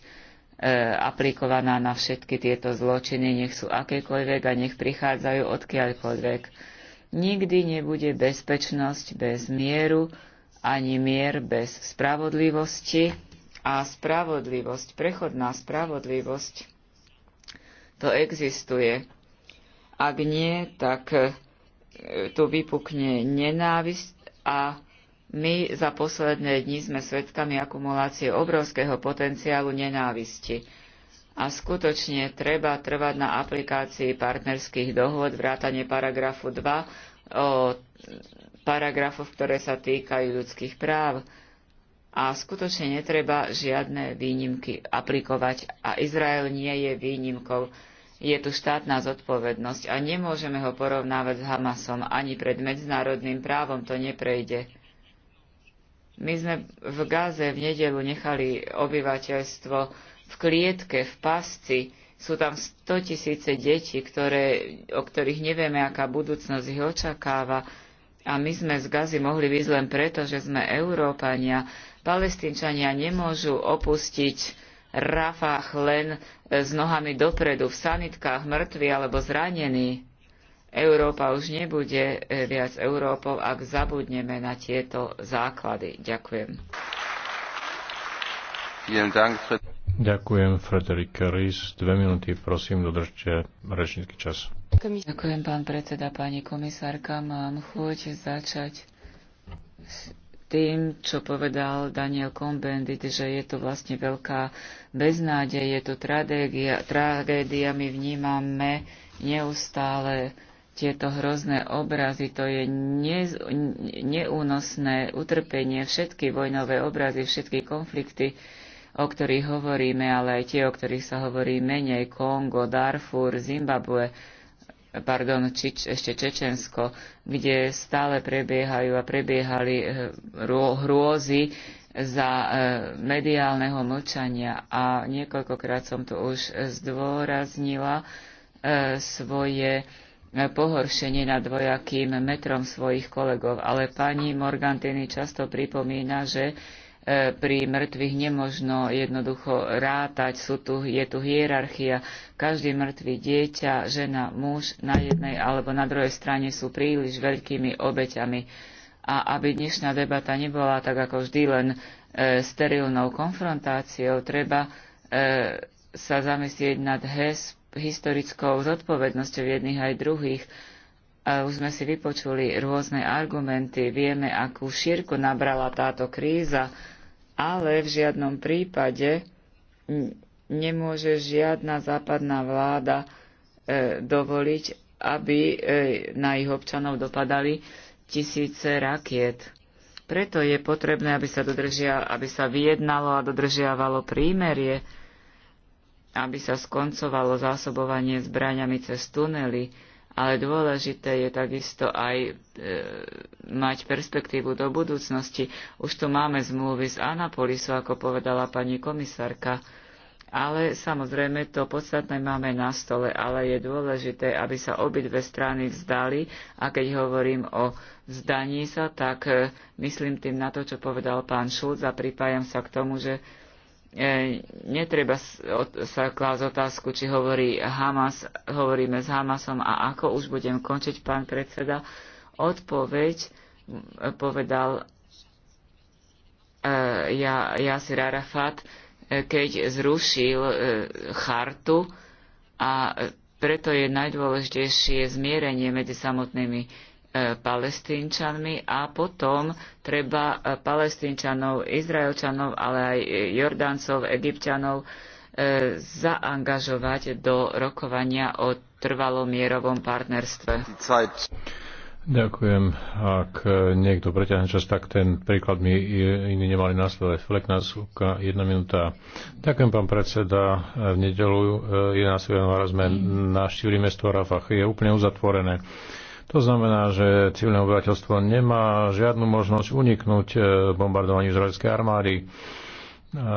aplikovaná na všetky tieto zločiny, nech sú akékoľvek a nech prichádzajú odkiaľkoľvek. Nikdy nebude bezpečnosť bez mieru, ani mier bez spravodlivosti a spravodlivosť, prechodná spravodlivosť, to existuje. Ak nie, tak tu vypukne nenávisť a my za posledné dni sme svedkami akumulácie obrovského potenciálu nenávisti. A skutočne treba trvať na aplikácii partnerských dohod, vrátane paragrafu 2 o paragrafov, ktoré sa týkajú ľudských práv. A skutočne netreba žiadne výnimky aplikovať. A Izrael nie je výnimkou je tu štátna zodpovednosť a nemôžeme ho porovnávať s Hamasom ani pred medzinárodným právom to neprejde. My sme v Gaze v nedelu nechali obyvateľstvo v klietke, v pasci. Sú tam 100 tisíce detí, ktoré, o ktorých nevieme, aká budúcnosť ich očakáva. A my sme z Gazy mohli výsť len preto, že sme Európania. Palestínčania nemôžu opustiť Rafah len s nohami dopredu, v sanitkách, mŕtvi alebo zranení. Európa už nebude e, viac Európou, ak zabudneme na tieto základy. Ďakujem. Ďakujem, Frederik Ries. Dve minúty, prosím, dodržte rečnícky čas. Ďakujem, pán predseda, pani komisárka. Mám chuť začať tým, čo povedal Daniel Kombendit, že je to vlastne veľká beznádej, je to tragédia, tragédia my vnímame neustále tieto hrozné obrazy, to je ne, neúnosné utrpenie, všetky vojnové obrazy, všetky konflikty, o ktorých hovoríme, ale aj tie, o ktorých sa hovorí menej, Kongo, Darfur, Zimbabwe, pardon, či, ešte Čečensko, kde stále prebiehajú a prebiehali eh, hrôzy za eh, mediálneho mlčania. A niekoľkokrát som to už zdôraznila eh, svoje pohoršenie nad dvojakým metrom svojich kolegov. Ale pani Morgantini často pripomína, že pri mŕtvych nemožno jednoducho rátať, sú tu, je tu hierarchia. Každý mŕtvy dieťa, žena, muž na jednej alebo na druhej strane sú príliš veľkými obeťami. A aby dnešná debata nebola tak ako vždy len e, sterilnou konfrontáciou, treba e, sa zamyslieť nad hes, historickou zodpovednosťou jedných aj druhých. E, už sme si vypočuli rôzne argumenty, vieme, akú šírku nabrala táto kríza, ale v žiadnom prípade nemôže žiadna západná vláda e, dovoliť, aby e, na ich občanov dopadali tisíce rakiet. Preto je potrebné, aby sa, dodržia, aby sa vyjednalo a dodržiavalo prímerie, aby sa skoncovalo zásobovanie zbraňami cez tunely, ale dôležité je takisto aj e, mať perspektívu do budúcnosti. Už tu máme zmluvy z Anapolisu, ako povedala pani komisárka, ale samozrejme to podstatné máme na stole, ale je dôležité, aby sa obidve strany vzdali a keď hovorím o vzdaní sa, tak e, myslím tým na to, čo povedal pán Šulc a pripájam sa k tomu, že E, netreba sa klásť otázku, či hovorí Hamas, hovoríme s Hamasom a ako už budem končiť, pán predseda. Odpoveď povedal e, Jasir Arafat, e, keď zrušil chartu a preto je najdôležitejšie zmierenie medzi samotnými E, palestínčanmi a potom treba e, palestínčanov, izraelčanov, ale aj jordáncov, egyptianov e, zaangažovať do rokovania o trvalom mierovom partnerstve. Ďakujem. Ak niekto preťahne čas, tak ten príklad mi iní nemali nasledovať. Flekná súka, jedna minúta. Ďakujem, pán predseda. V nedelu 11. januára sme navštívili mesto Rafach, Je úplne uzatvorené to znamená, že civilné obyvateľstvo nemá žiadnu možnosť uniknúť e, bombardovaniu izraelskej armády. E, e,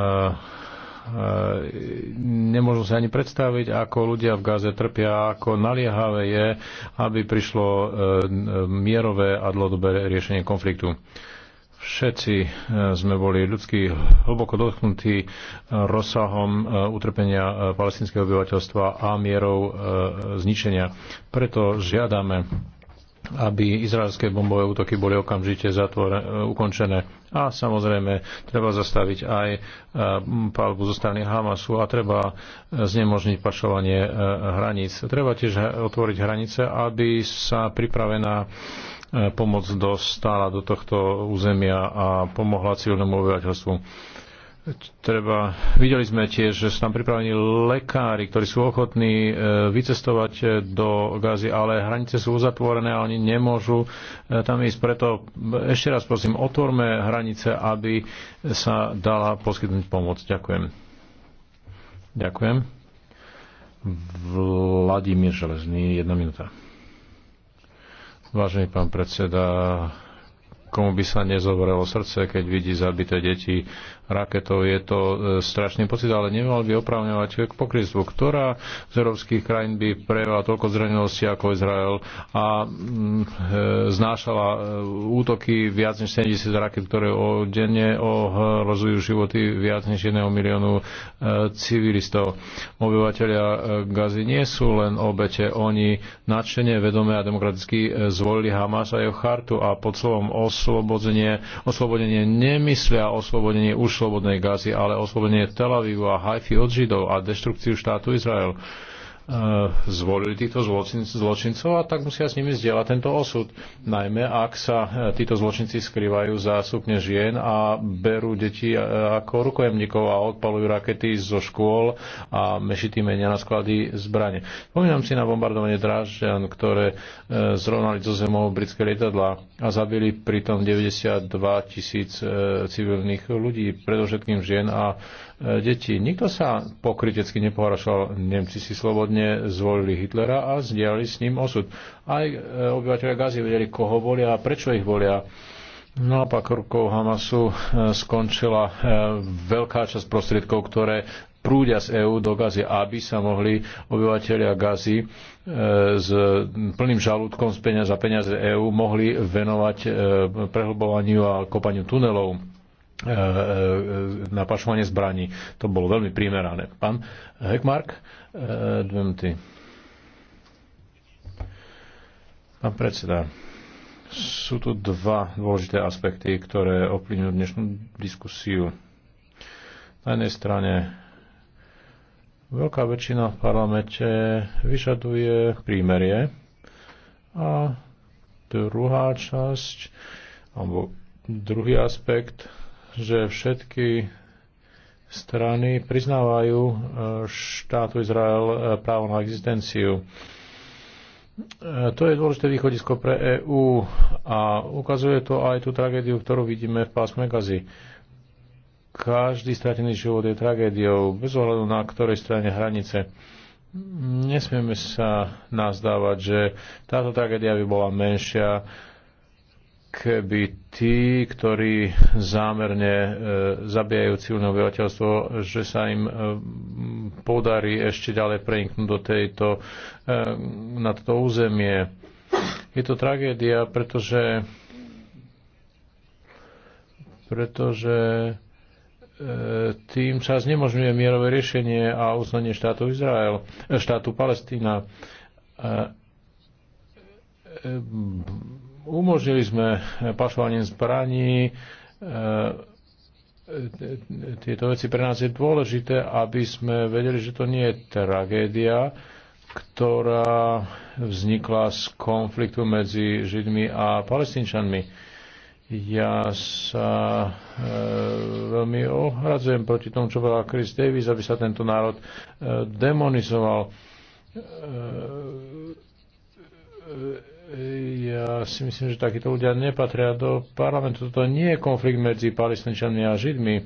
nemôžu si ani predstaviť, ako ľudia v Gaze trpia, ako naliehavé je, aby prišlo mierové a dlhodobé riešenie konfliktu všetci sme boli ľudsky hlboko dotknutí rozsahom utrpenia palestinského obyvateľstva a mierou zničenia. Preto žiadame aby izraelské bombové útoky boli okamžite zatvore, ukončené. A samozrejme, treba zastaviť aj e, palbu zo strany Hamasu a treba znemožniť pašovanie e, hraníc. Treba tiež otvoriť hranice, aby sa pripravená e, pomoc dostala do tohto územia a pomohla civilnému obyvateľstvu Treba, videli sme tiež, že sú tam pripravení lekári, ktorí sú ochotní e, vycestovať e, do Gazy, ale hranice sú uzatvorené a oni nemôžu e, tam ísť. Preto ešte raz prosím, otvorme hranice, aby sa dala poskytnúť pomoc. Ďakujem. Ďakujem. Vladimír Železný, jedna minúta. Vážený pán predseda, komu by sa nezovrelo srdce, keď vidí zabité deti raketov. Je to e, strašný pocit, ale nemal by opravňovať k pokrytstvu. Ktorá z európskych krajín by prejavila toľko zranilosti ako Izrael a mm, e, znášala e, útoky viac než 70 raket, ktoré o denne ohrozujú životy viac než jedného miliónu civilistov. Obyvateľia Gazy nie sú len obete, oni nadšene, vedomé a demokraticky zvolili Hamas a jeho chartu a pod slovom oslobodenie, oslobodenie nemyslia oslobodenie už slobodnej Gazy, ale oslobodenie Tel Avivu a Hajfi od Židov a deštrukciu štátu Izrael. E, zvolili týchto zločincov a tak musia s nimi zdieľať tento osud. Najmä ak sa e, títo zločinci skrývajú za súpne žien a berú deti e, ako rukojemníkov a odpalujú rakety zo škôl a mešity menia na sklady zbrane. Pomínam si na bombardovanie Drážďan, ktoré zrovnali zo zemou britské lietadla a zabili pritom 92 tisíc civilných ľudí, predovšetkým žien a E, detí. Nikto sa pokrytecky nepohrašoval. Nemci si slobodne zvolili Hitlera a zdiali s ním osud. Aj e, obyvateľe Gazy vedeli, koho volia a prečo ich volia. No a pak rukou Hamasu e, skončila veľká časť prostriedkov, ktoré prúdia z EÚ do Gazy, aby sa mohli obyvateľia Gazy s plným žalúdkom z peniaza, peniaze EÚ mohli venovať prehlbovaniu a kopaniu tunelov E, e, na pašovanie zbraní. To bolo veľmi primerané. Pán Hekmark, e, dve minuty. Pán predseda, sú tu dva dôležité aspekty, ktoré ovplyvňujú dnešnú diskusiu. Na jednej strane veľká väčšina v parlamente vyžaduje prímerie a druhá časť, alebo druhý aspekt že všetky strany priznávajú e, štátu Izrael e, právo na existenciu. E, to je dôležité východisko pre EÚ a ukazuje to aj tú tragédiu, ktorú vidíme v pásme Gazy. Každý stratený život je tragédiou, bez ohľadu na ktorej strane hranice. Nesmieme sa nazdávať, že táto tragédia by bola menšia, keby tí, ktorí zámerne e, zabijajú civilné obyvateľstvo, že sa im e, podarí ešte ďalej preniknúť do tejto, e, na toto územie. Je to tragédia, pretože pretože e, tým sa znemožňuje mierové riešenie a uznanie štátu Izrael, e, štátu Palestína. E, Umožnili sme eh, pašovaním zbraní. Eh, eh, tieto veci pre nás je dôležité, aby sme vedeli, že to nie je tragédia, ktorá vznikla z konfliktu medzi Židmi a Palestínčanmi. Ja sa e, veľmi ohradzujem proti tomu, čo povedal Chris Davis, aby sa tento národ e, demonizoval. E, e, ja si myslím, že takíto ľudia nepatria do parlamentu. Toto nie je konflikt medzi palestinčanmi a židmi,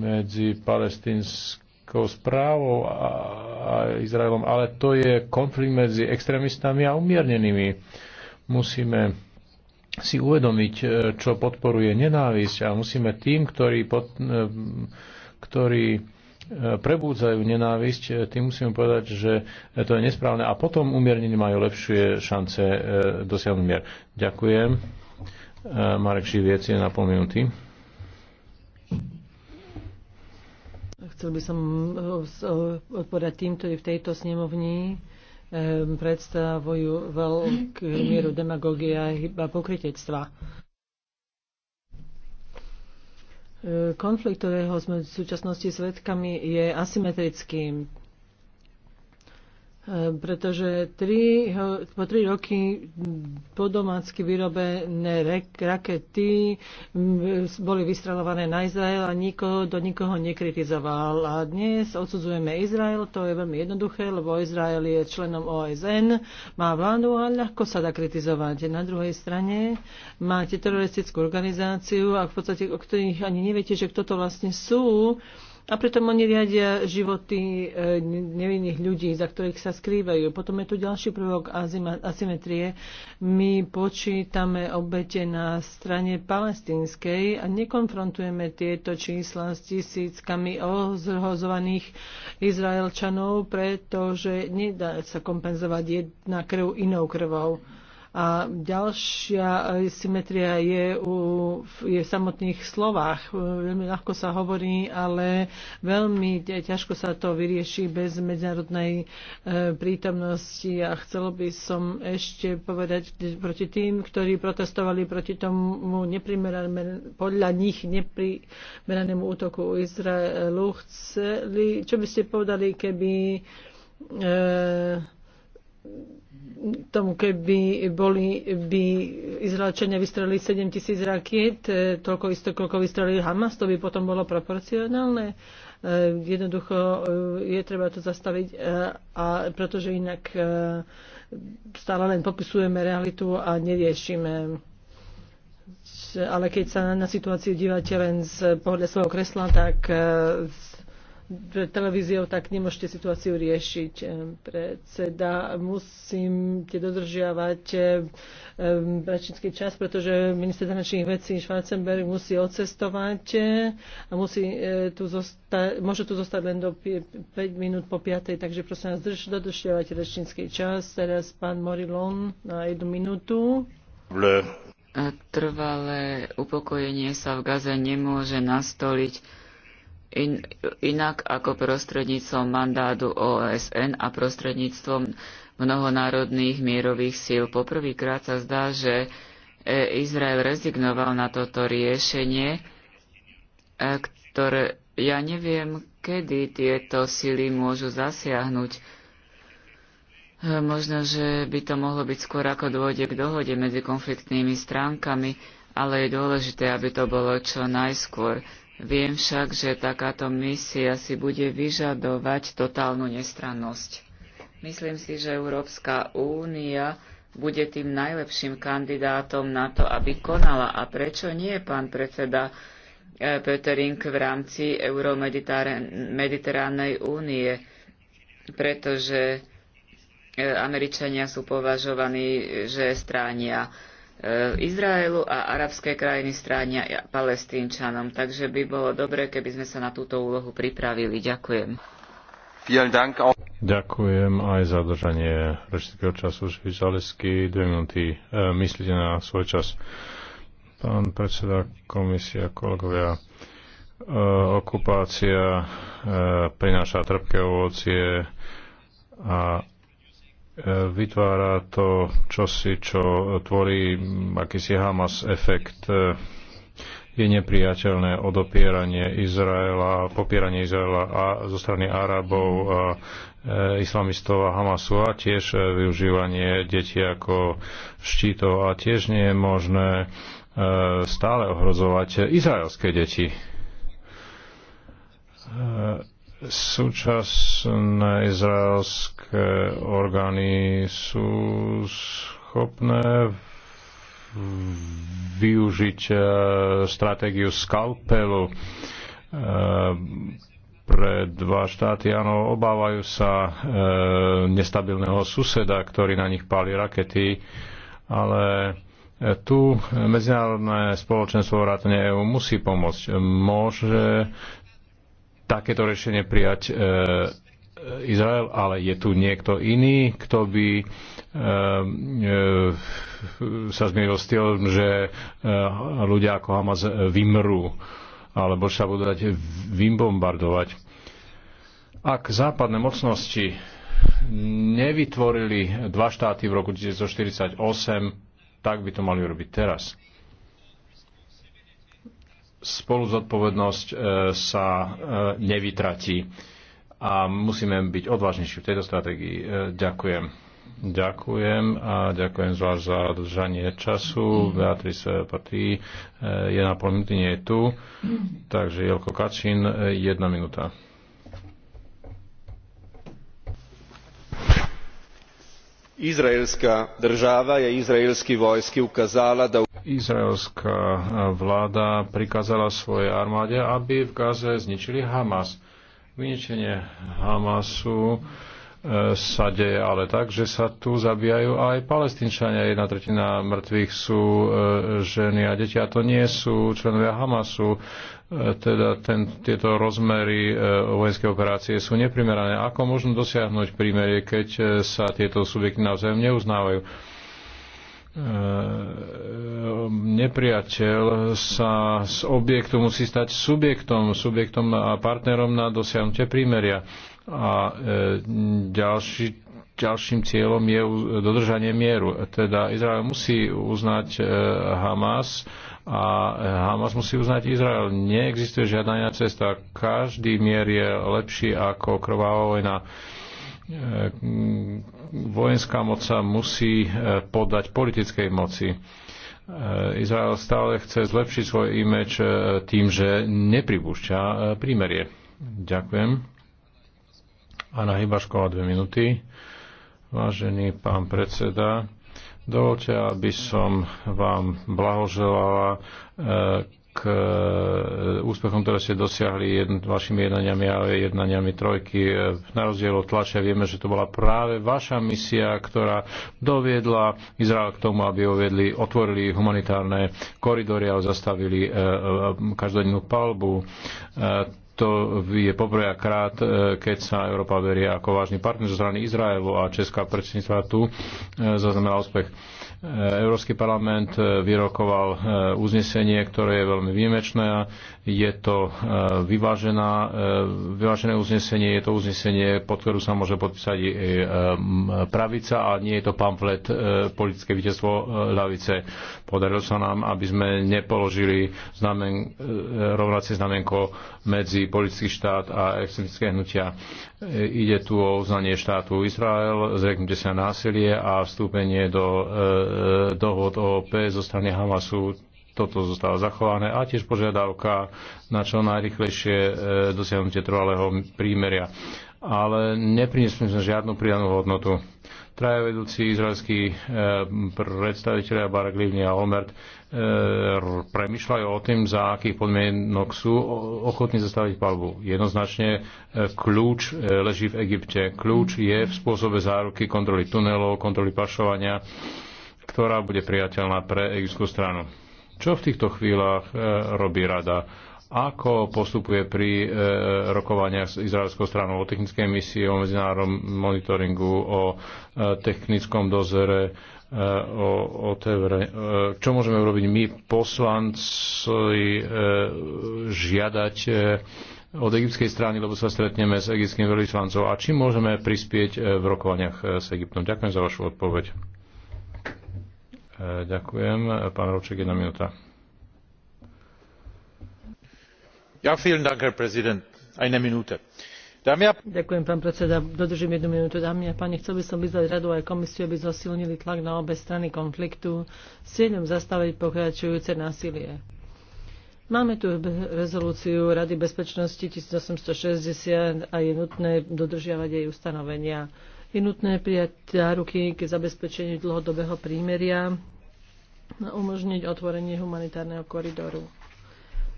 medzi palestinskou správou a, a Izraelom, ale to je konflikt medzi extrémistami a umiernenými. Musíme si uvedomiť, e, čo podporuje nenávisť a musíme tým, ktorí, pod, e, ktorí prebúdzajú nenávisť, eh, tým musíme povedať, že eh, to je nesprávne a potom umiernení majú lepšie šance eh, dosiahnuť mier. Ďakujem. Marek Živiec je na pol minúty. Chcel by som odpovedať tým, ktorí v tejto snemovni predstavujú veľkú mieru demagógie a pokritectva. Konflikt, ktorého sme v súčasnosti svedkami, je asymetrickým pretože tri, po tri roky po domácky vyrobené rakety boli vystrelované na Izrael a nikoho, do nikoho nekritizoval. A dnes odsudzujeme Izrael, to je veľmi jednoduché, lebo Izrael je členom OSN, má vládu a ľahko sa dá kritizovať. Na druhej strane máte teroristickú organizáciu a v podstate o ktorých ani neviete, že kto to vlastne sú a pritom oni riadia životy e, nevinných ľudí, za ktorých sa skrývajú. Potom je tu ďalší prvok asymetrie. My počítame obete na strane palestinskej a nekonfrontujeme tieto čísla s tisíckami ozrhozovaných Izraelčanov, pretože nedá sa kompenzovať jedna krv inou krvou. A ďalšia e, symetria je, u, je v samotných slovách. E, veľmi ľahko sa hovorí, ale veľmi ťažko sa to vyrieši bez medzinárodnej e, prítomnosti. A chcelo by som ešte povedať proti tým, ktorí protestovali proti tomu podľa nich neprimeranému útoku u Izraelu. Chceli, čo by ste povedali, keby e, tomu, keby boli, by Izraelčania vystrelili 7 tisíc rakiet, e, toľko isto, koľko vystrelili Hamas, to by potom bolo proporcionálne. E, jednoducho e, je treba to zastaviť, a, pretože inak stále len popisujeme realitu a neriešime ale keď sa na situáciu dívate len z pohľadu svojho kresla, tak televíziou, tak nemôžete situáciu riešiť. Predseda, tie dodržiavať bračinský čas, pretože minister zahraničných vecí Schwarzenberg musí odcestovať a musí e, tu zostať, môže tu zostať len do 5 minút po 5. Takže prosím vás, drž, dodržiavajte čas. Teraz pán Morilon na jednu minútu. Trvalé upokojenie sa v Gaze nemôže nastoliť in, inak ako prostredníctvom mandádu OSN a prostredníctvom mnohonárodných mierových síl. Poprvýkrát sa zdá, že e, Izrael rezignoval na toto riešenie, e, ktoré ja neviem, kedy tieto síly môžu zasiahnuť. E, možno, že by to mohlo byť skôr ako dôjde k dohode medzi konfliktnými stránkami, ale je dôležité, aby to bolo čo najskôr. Viem však, že takáto misia si bude vyžadovať totálnu nestrannosť. Myslím si, že Európska únia bude tým najlepším kandidátom na to, aby konala. A prečo nie, pán predseda eh, Petering v rámci Euromediteránnej únie? Pretože eh, Američania sú považovaní, že stránia E, Izraelu a arabské krajiny stránia palestínčanom. Takže by bolo dobré, keby sme sa na túto úlohu pripravili. Ďakujem. Ďakujem aj za držanie rečnického času. Žalesky, dve minúty. E, myslíte na svoj čas. Pán predseda komisia, kolegovia, e, okupácia prináša trpké ovocie a E, vytvára to čosi, čo tvorí akýsi Hamas efekt. E, je nepriateľné odopieranie Izraela, popieranie Izraela a zo strany Arabov, a e, islamistov a Hamasu a tiež využívanie detí ako štítov a tiež nie je možné stále ohrozovať izraelské deti Súčasné izraelské orgány sú schopné využiť e, stratégiu skalpelu e, pre dva štáty. Áno, obávajú sa e, nestabilného suseda, ktorý na nich páli rakety, ale tu medzinárodné spoločenstvo vrátane EU musí pomôcť. Môže takéto riešenie prijať e, e, Izrael, ale je tu niekto iný, kto by e, e, sa zmieril s tým, že e, ľudia ako Hamas vymrú alebo sa budú dať vymbombardovať. Ak západné mocnosti nevytvorili dva štáty v roku 1948, tak by to mali robiť teraz spolu zodpovednosť e, sa e, nevytratí a musíme byť odvážnejší v tejto stratégii. E, ďakujem. Ďakujem a ďakujem zvlášť za dodržanie času. Beatrice jedna pol minúty nie je tu, takže Jelko Kačín, jedna minúta. država je da Izraelská vláda prikázala svojej armáde, aby v Gaze zničili Hamas. Vyničenie Hamasu e, sa deje ale tak, že sa tu zabíjajú aj palestinčania. Jedna tretina mŕtvych sú e, ženy a deti a to nie sú členovia Hamasu. E, teda ten, tieto rozmery e, vojenskej operácie sú neprimerané. Ako možno dosiahnuť prímerie, keď e, sa tieto subjekty navzájom neuznávajú? nepriateľ sa z objektu musí stať subjektom, subjektom a partnerom na dosiahnutie prímeria. A ďalší, ďalším cieľom je dodržanie mieru. Teda Izrael musí uznať Hamas a e, Hamas musí uznať Izrael. Neexistuje žiadna iná cesta. Každý mier je lepší ako krvavá vojna. E, vojenská moc sa musí e, podať politickej moci. Izrael stále chce zlepšiť svoj imeč tým, že nepripúšťa prímerie. Ďakujem. Anna Hybašková, dve minúty. Vážený pán predseda, Dovolte, aby som vám blahoželala e, k e, úspechom, ktoré ste dosiahli jedn, vašimi jednaniami a jednaniami trojky. E, na rozdiel od tlače vieme, že to bola práve vaša misia, ktorá doviedla Izrael k tomu, aby uvedli, otvorili humanitárne koridory a zastavili každodennú palbu to je krát, e, keď sa Európa verie ako vážny partner zo strany Izraelu a Česká predsedníctva tu e, zaznamená úspech. E, Európsky parlament vyrokoval uznesenie, ktoré je veľmi výjimečné je to e, vyvážená, e, vyvážené uznesenie, je to uznesenie, pod ktorú sa môže podpísať e, pravica a nie je to pamflet politické víťazstvo ľavice. Podarilo sa nám, aby sme nepoložili znamen, rovnacie znamenko medzi politický štát a extremistické hnutia. Ide tu o uznanie štátu Izrael, zreknutie sa násilie a vstúpenie do dohod o OP zo strany Hamasu toto zostáva zachované a tiež požiadavka na čo najrychlejšie e, dosiahnutie trvalého prímeria. Ale neprinesli sme žiadnu pridanú hodnotu. Traja vedúci izraelskí e, predstaviteľia Barak Livni a Olmert e, premyšľajú o tým, za akých podmienok sú ochotní zastaviť palbu. Jednoznačne e, kľúč leží v Egypte. Kľúč je v spôsobe záruky kontroly tunelov, kontroly pašovania, ktorá bude priateľná pre egyptskú stranu čo v týchto chvíľach e, robí rada? Ako postupuje pri e, rokovaniach s izraelskou stranou o technickej misii, o medzinárodnom monitoringu, o e, technickom dozere, o, o tevre. Čo môžeme urobiť my, poslanci, žiadať od egyptskej strany, lebo sa stretneme s egyptským veľvyslancom a či môžeme prispieť v rokovaniach s Egyptom. Ďakujem za vašu odpoveď. E, ďakujem. Pán Rovček, jedna minúta. Ja, vielen Dank, Herr Präsident. Eine Minute. Dámy a... Ďakujem, pán predseda. Dodržím jednu minútu. Dámy a páni, chcel by som vyzvať radu aj komisiu, aby zosilnili tlak na obe strany konfliktu s cieľom zastaviť pokračujúce násilie. Máme tu rezolúciu Rady bezpečnosti 1860 a je nutné dodržiavať jej ustanovenia. Je nutné prijať záruky k zabezpečeniu dlhodobého prímeria a umožniť otvorenie humanitárneho koridoru.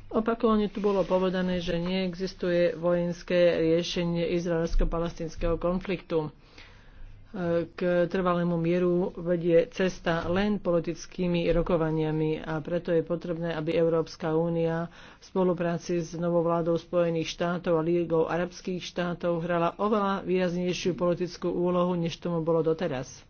Opakovane tu bolo povedané, že neexistuje vojenské riešenie izraelsko-palestinského konfliktu k trvalému mieru vedie cesta len politickými rokovaniami a preto je potrebné, aby Európska únia v spolupráci s novou vládou Spojených štátov a Lígou arabských štátov hrala oveľa výraznejšiu politickú úlohu, než tomu bolo doteraz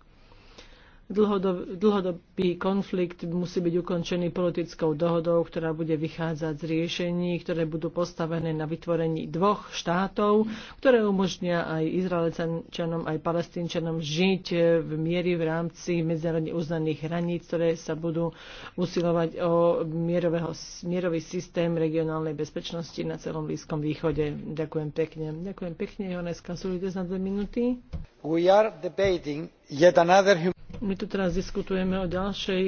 dlhodobý konflikt musí byť ukončený politickou dohodou, ktorá bude vychádzať z riešení, ktoré budú postavené na vytvorení dvoch štátov, ktoré umožnia aj Izraelčanom, aj Palestínčanom žiť v miery v rámci medzinárodne uznaných hraníc, ktoré sa budú usilovať o mierového, mierový systém regionálnej bezpečnosti na celom Blízkom východe. Ďakujem pekne. Ďakujem pekne, Joneska. Sú na dve minúty. We are debating yet another my tu teraz diskutujeme o ďalšej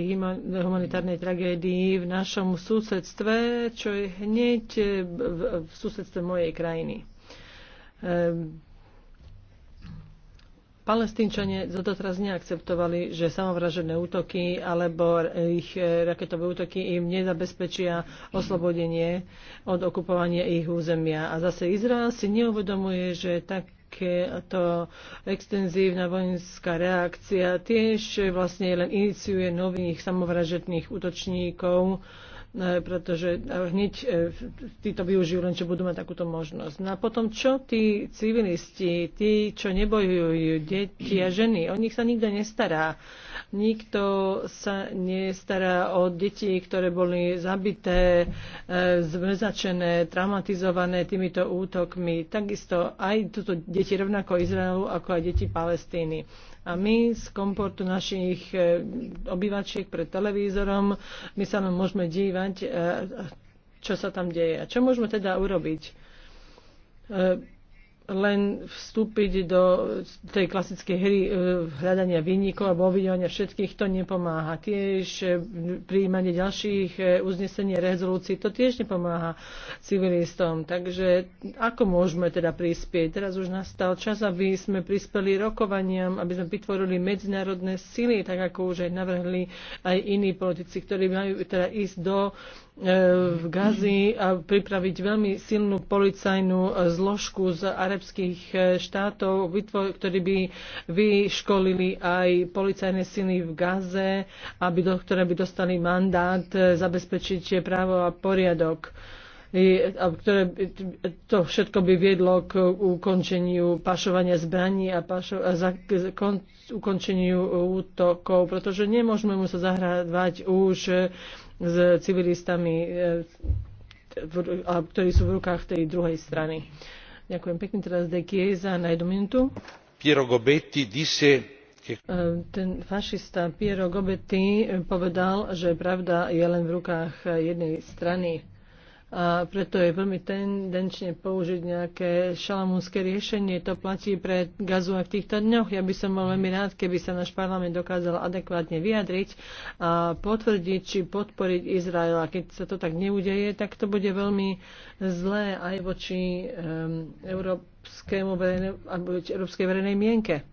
humanitárnej tragédii v našom susedstve, čo je hneď v, susedstve mojej krajiny. Ehm, Palestínčania to teraz neakceptovali, že samovražené útoky alebo ich eh, raketové útoky im nezabezpečia oslobodenie od okupovania ich územia. A zase Izrael si neuvedomuje, že tak takéto extenzívna vojenská reakcia tiež vlastne len iniciuje nových samovražedných útočníkov, No, pretože hneď e, títo využijú len, čo budú mať takúto možnosť. No a potom čo tí civilisti, tí, čo nebojujú, deti a ženy, o nich sa nikto nestará. Nikto sa nestará o deti, ktoré boli zabité, e, zmrzačené, traumatizované týmito útokmi. Takisto aj tuto deti rovnako Izraelu, ako aj deti Palestíny a my z komportu našich e, obyvačiek pred televízorom, my sa len môžeme dívať, e, čo sa tam deje. A čo môžeme teda urobiť? E, len vstúpiť do tej klasickej hry e, hľadania výnikov alebo obviňovania všetkých, to nepomáha. Tiež e, príjmanie ďalších e, uznesení rezolúcií, to tiež nepomáha civilistom. Takže ako môžeme teda prispieť? Teraz už nastal čas, aby sme prispeli rokovaniam, aby sme vytvorili medzinárodné sily, tak ako už aj navrhli aj iní politici, ktorí majú teda ísť do E, v Gazi a pripraviť veľmi silnú policajnú zložku z arabských e, štátov, ktorí by vyškolili aj policajné sily v Gaze, aby, do, ktoré by dostali mandát e, zabezpečiť právo a poriadok ktoré, to všetko by viedlo k ukončeniu pašovania zbraní a, pašo, a za, k k, ukončeniu útokov, pretože nemôžeme mu sa zahrávať už s civilistami, e, ktorí sú v rukách tej druhej strany. Ďakujem pekne teraz De Chiesa na jednu minútu. Piero Gobetti disse e, ten fašista Piero Gobetti povedal, že pravda je len v rukách jednej strany a preto je veľmi tendenčne použiť nejaké šalamúnske riešenie. To platí pre gazu aj v týchto dňoch. Ja by som bol veľmi rád, keby sa náš parlament dokázal adekvátne vyjadriť a potvrdiť či podporiť Izraela. Keď sa to tak neudeje, tak to bude veľmi zlé aj voči um, európskemu verejne, európskej verejnej mienke.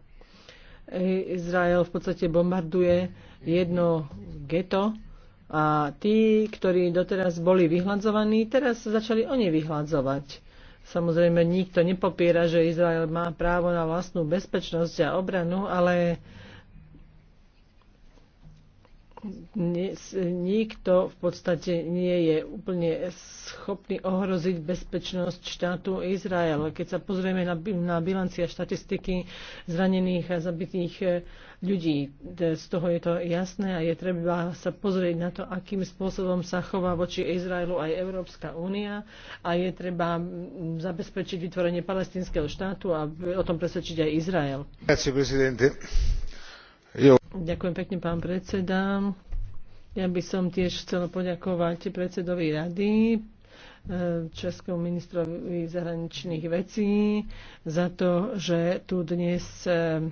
Izrael v podstate bombarduje jedno geto, a tí, ktorí doteraz boli vyhľadzovaní, teraz začali oni vyhľadzovať. Samozrejme, nikto nepopiera, že Izrael má právo na vlastnú bezpečnosť a obranu, ale E, nikto v podstate nie je úplne schopný ohroziť bezpečnosť štátu Izrael. Keď sa pozrieme na, na bilancia štatistiky zranených a zabitých e, ľudí, e, z toho je to jasné a je treba sa pozrieť na to, akým spôsobom sa chová voči Izraelu aj Európska únia a je treba zabezpečiť vytvorenie palestinského štátu a o tom presvedčiť aj Izrael. Ďakujem, Ďakujem pekne, pán predseda. Ja by som tiež chcela poďakovať predsedovi rady, eh, českému ministrovi zahraničných vecí za to, že tu dnes eh,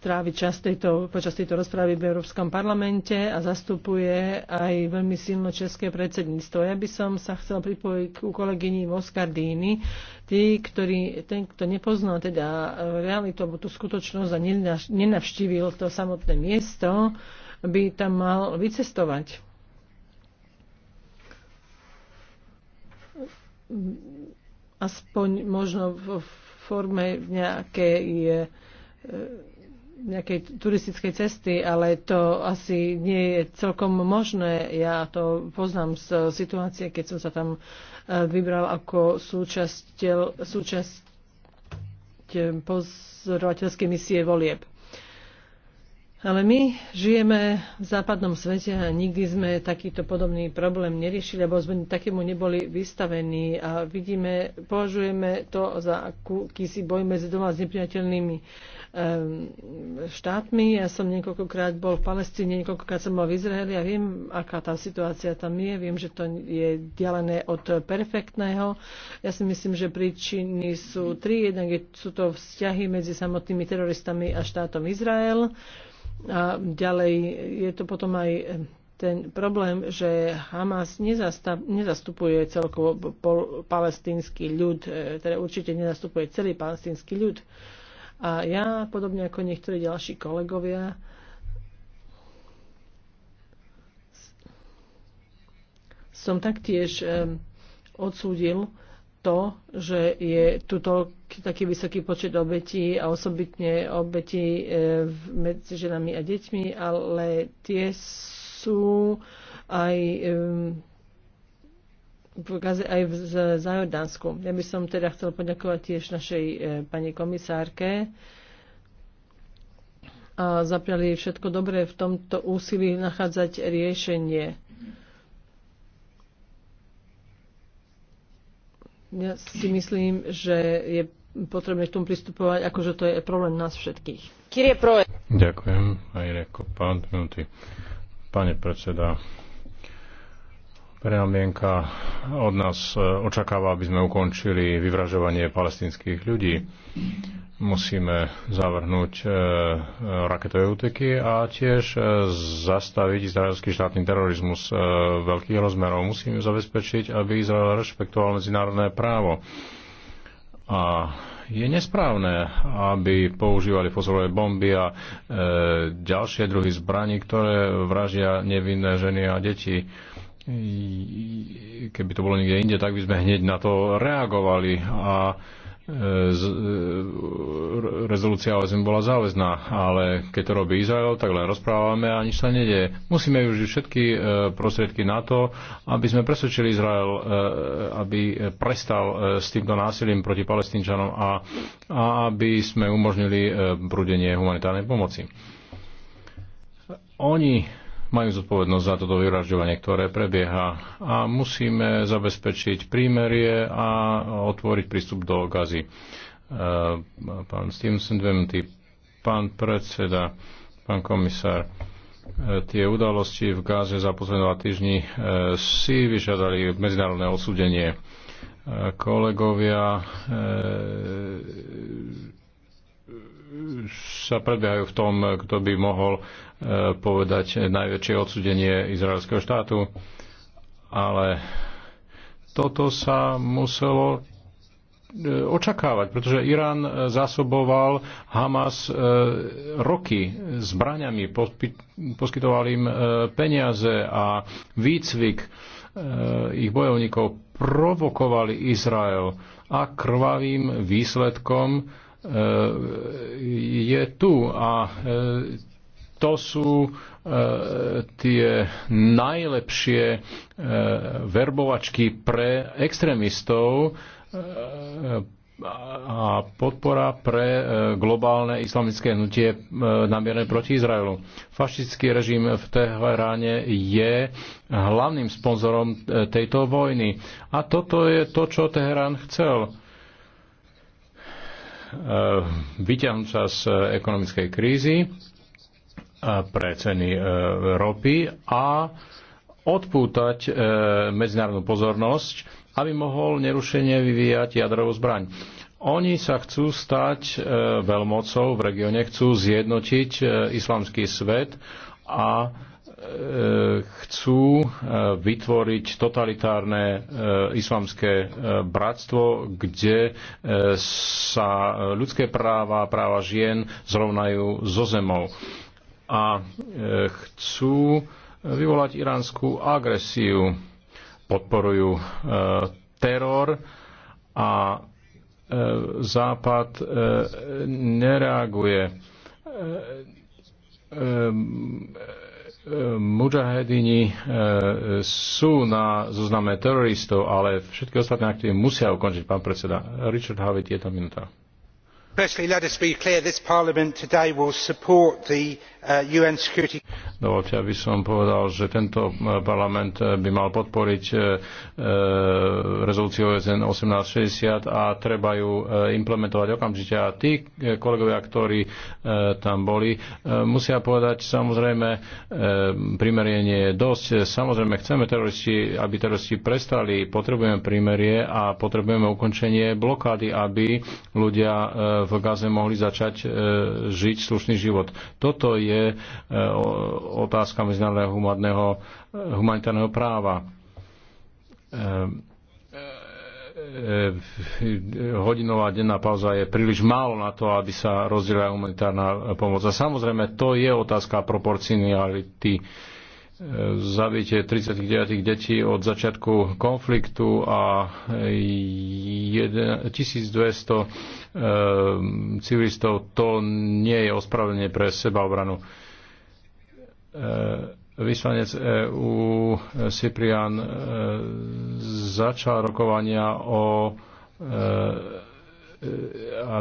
strávi čas tejto, počas tejto rozprávy v Európskom parlamente a zastupuje aj veľmi silno české predsedníctvo. Ja by som sa chcel pripojiť k kolegyni Moscardini. Tí, ktorí, ten, kto nepoznal teda eh, realitu alebo tú skutočnosť a nenavštívil to samotné miesto, by tam mal vycestovať. Aspoň možno v, v forme nejakej e, nejakej turistickej cesty, ale to asi nie je celkom možné. Ja to poznám z situácie, keď som sa tam e, vybral ako súčasť, súčasť e, pozorovateľskej misie volieb. Ale my žijeme v západnom svete a nikdy sme takýto podobný problém neriešili, lebo sme takému neboli vystavení a vidíme, považujeme to za akýsi boj medzi doma s nepriateľnými um, štátmi. Ja som niekoľkokrát bol v Palestíne, niekoľkokrát som bol v Izraeli a viem, aká tá situácia tam je. Viem, že to je dialené od perfektného. Ja si myslím, že príčiny sú tri. Jednak sú to vzťahy medzi samotnými teroristami a štátom Izrael a ďalej je to potom aj ten problém, že Hamas nezastupuje celkovo palestínsky ľud, e, teda určite nezastupuje celý palestínsky ľud. A ja, podobne ako niektorí ďalší kolegovia, som taktiež e, odsúdil to, že je tu taký vysoký počet obetí a osobitne obetí e, medzi ženami a deťmi, ale tie sú aj v e, Gaze aj v Zajordánsku. Ja by som teda chcel poďakovať tiež našej e, pani komisárke a zapriali všetko dobré v tomto úsilí nachádzať riešenie Ja si myslím, že je potrebné k tomu pristupovať, akože to je problém nás všetkých. Ďakujem. Aj reko, pán minúty. Pane predseda, Verejná mienka od nás e, očakáva, aby sme ukončili vyvražovanie palestinských ľudí. Musíme zavrhnúť e, e, raketové úteky a tiež zastaviť izraelský štátny terorizmus veľkých rozmerov. Musíme zabezpečiť, aby Izrael rešpektoval medzinárodné právo. A je nesprávne, aby používali fosforové bomby a e, ďalšie druhy zbraní, ktoré vražia nevinné ženy a deti. E, keby to bolo niekde inde, tak by sme hneď na to reagovali a e, e, rezolúcia OSN bola záväzná, ale keď to robí Izrael, tak len rozprávame a nič sa nedieje. Musíme využiť všetky e, prostriedky na to, aby sme presvedčili Izrael, aby prestal s týmto násilím proti palestínčanom a, a aby sme umožnili brudenie humanitárnej pomoci. Oni majú zodpovednosť za toto vyvražďovanie, ktoré prebieha. A musíme zabezpečiť prímerie a otvoriť prístup do gazy. E, pán Stevenson, dve minúty. Pán predseda, pán komisár, e, tie udalosti v Gáze za posledné dva týždni e, si vyžadali medzinárodné odsúdenie. Kolegovia sa predbiehajú v tom, kto by mohol e, povedať najväčšie odsudenie izraelského štátu. Ale toto sa muselo e, očakávať, pretože Irán e, zásoboval Hamas roky zbraňami, poskytoval im peniaze a výcvik ich bojovníkov, provokovali Izrael a krvavým výsledkom Eh, je tu a eh, to sú eh, tie najlepšie verbovačky pre extrémistov a podpora pre globálne islamické hnutie namierené proti Izraelu. Fašistický režim v Teheráne je hlavným sponzorom tejto vojny. A toto je to, čo Teherán chcel vyťahnuť sa z ekonomickej krízy eh, pre ceny eh, ropy a odpútať eh, medzinárodnú pozornosť, aby mohol nerušene vyvíjať jadrovú zbraň. Oni sa chcú stať veľmocou v regióne, chcú zjednotiť islamský svet a chcú e, vytvoriť totalitárne e, islamské e, bratstvo, kde sa ľudské práva, práva žien zrovnajú so zemou. A chcú vyvolať iránskú agresiu, podporujú teror a Západ nereaguje mužahedini e, sú na zozname teroristov, ale všetky ostatné aktivity musia ukončiť, pán predseda. Richard Havit, jedna minúta. Firstly, let us be clear, this Parliament today will support the UN uh, Security. Dovolte, aby som povedal, že tento uh, parlament uh, by mal podporiť rezolúciu OSN 1860 a treba ju implementovať okamžite. A tí kolegovia, ktorí tam boli, musia povedať, samozrejme, primerenie je dosť. Samozrejme, chceme teroristi, aby teroristi prestali, potrebujeme primerie a potrebujeme ukončenie blokády, aby ľudia v Gaze mohli začať žiť slušný život. Toto je je e, otázka medzinárodného e, humanitárneho práva e, hodinová denná pauza je príliš málo na to, aby sa rozdielala humanitárna pomoc. A samozrejme, to je otázka proporcionality zabitie 39 detí od začiatku konfliktu a 1200 e, civilistov, to nie je ospravedlenie pre sebaobranu. E, vyslanec EU Cyprian e, začal rokovania o a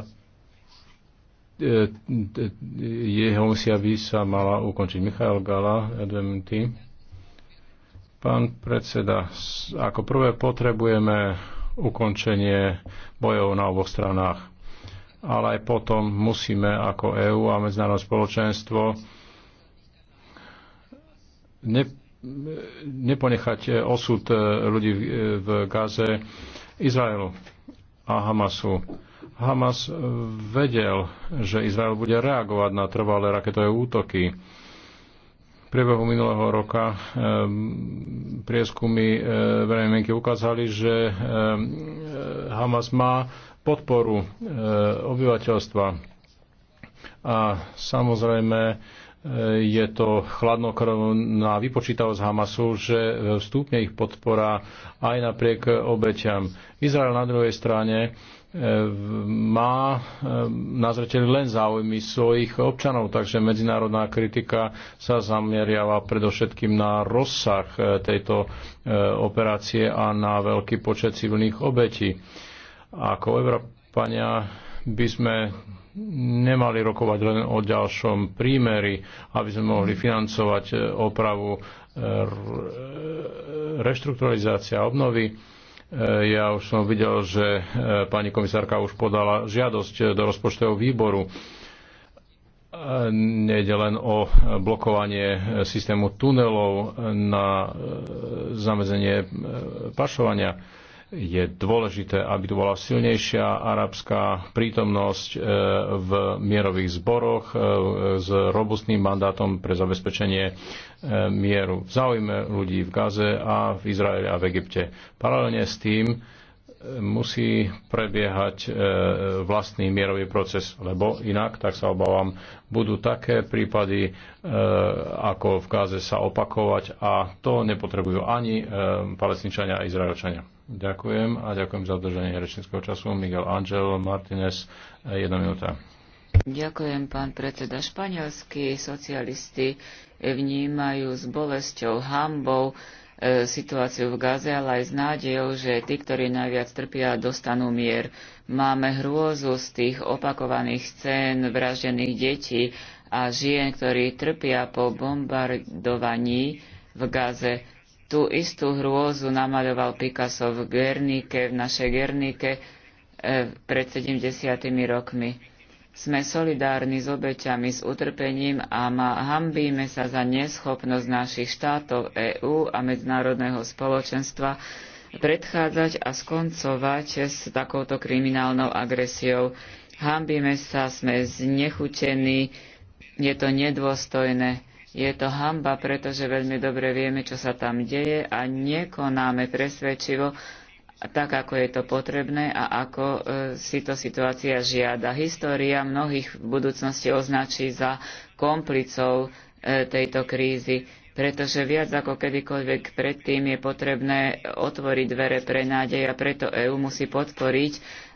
jeho musia by sa mala ukončiť. Michal Gala, dve minúty. Pán predseda, ako prvé potrebujeme ukončenie bojov na oboch stranách. Ale aj potom musíme ako EÚ a medzinárodné spoločenstvo ne, neponechať osud e, ľudí e, v Gaze Izraelu a Hamasu Hamas e, vedel, že Izrael bude reagovať na trvalé raketové útoky. V priebehu minulého roka e, prieskumy e, verejnej mienky ukázali, že Hamas má podporu obyvateľstva. A samozrejme je to chladnokrvná vypočítavosť Hamasu, že vstúpne ich podpora aj napriek obeťam. Izrael na druhej strane má eh, na zreteli len záujmy svojich občanov, takže medzinárodná kritika sa zameriava predovšetkým na rozsah eh, tejto eh, operácie a na veľký počet civilných obetí. Ako Európania by sme nemali rokovať len o ďalšom prímeri, aby sme mohli financovať opravu reštrukturalizácia obnovy E, ja už som videl, že e, pani komisárka už podala žiadosť do rozpočtového výboru. E, nejde len o blokovanie systému tunelov na zamedzenie pašovania je dôležité, aby tu bola silnejšia arabská prítomnosť e, v mierových zboroch e, s robustným mandátom pre zabezpečenie e, mieru v záujme ľudí v Gaze a v Izraeli a v Egypte. Paralelne s tým musí prebiehať vlastný mierový proces, lebo inak, tak sa obávam, budú také prípady, ako v Gáze sa opakovať a to nepotrebujú ani palestinčania a izraelčania. Ďakujem a ďakujem za udržanie rečníckého času. Miguel Angel Martinez, jedna minúta. Ďakujem, pán predseda. Španielskí socialisti vnímajú s bolesťou, hambou e, situáciu v Gaze, ale aj s nádejou, že tí, ktorí najviac trpia, dostanú mier. Máme hrôzu z tých opakovaných scén vraždených detí a žien, ktorí trpia po bombardovaní v Gaze tú istú hrôzu namaľoval Picasso v Guernike, v našej Guernike e, pred 70 rokmi. Sme solidárni s obeťami, s utrpením a ma, hambíme sa za neschopnosť našich štátov EÚ a medzinárodného spoločenstva predchádzať a skoncovať s takouto kriminálnou agresiou. Hambíme sa, sme znechutení, je to nedôstojné je to hamba, pretože veľmi dobre vieme, čo sa tam deje a nekonáme presvedčivo tak, ako je to potrebné a ako e, si to situácia žiada. História mnohých v budúcnosti označí za komplicov e, tejto krízy, pretože viac ako kedykoľvek predtým je potrebné otvoriť dvere pre nádej a preto EÚ musí podporiť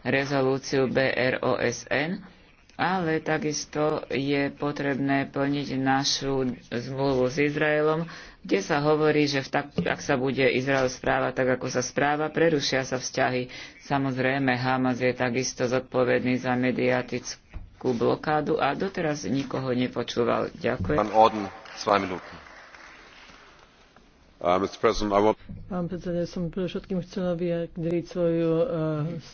rezolúciu BROSN ale takisto je potrebné plniť našu zmluvu s Izraelom, kde sa hovorí, že tak, ak sa bude Izrael správať tak, ako sa správa, prerušia sa vzťahy. Samozrejme, Hamas je takisto zodpovedný za mediatickú blokádu a doteraz nikoho nepočúval. Ďakujem. Pán Orden, 2 minúty. Uh, Pán predseda, ja som predovšetkým chcela vyjadriť svoju uh,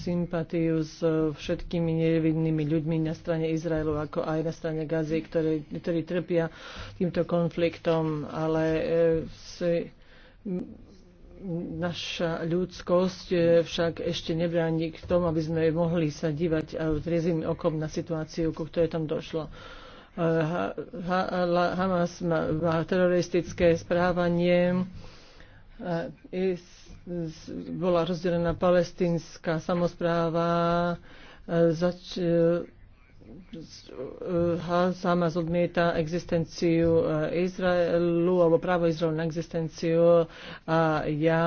sympatiu s uh, všetkými nevinnými ľuďmi na strane Izraelu, ako aj na strane Gazy, ktorí trpia týmto konfliktom, ale si, naša ľudskosť však ešte nebráni k tomu, aby sme mohli sa dívať a okom na situáciu, ku ktorej tam došlo. Hamas má teroristické správanie, bola rozdelená palestínska samozpráva, zač- Hamas eh, odmieta existenciu eh, Izraelu alebo právo Izraelu na existenciu a ja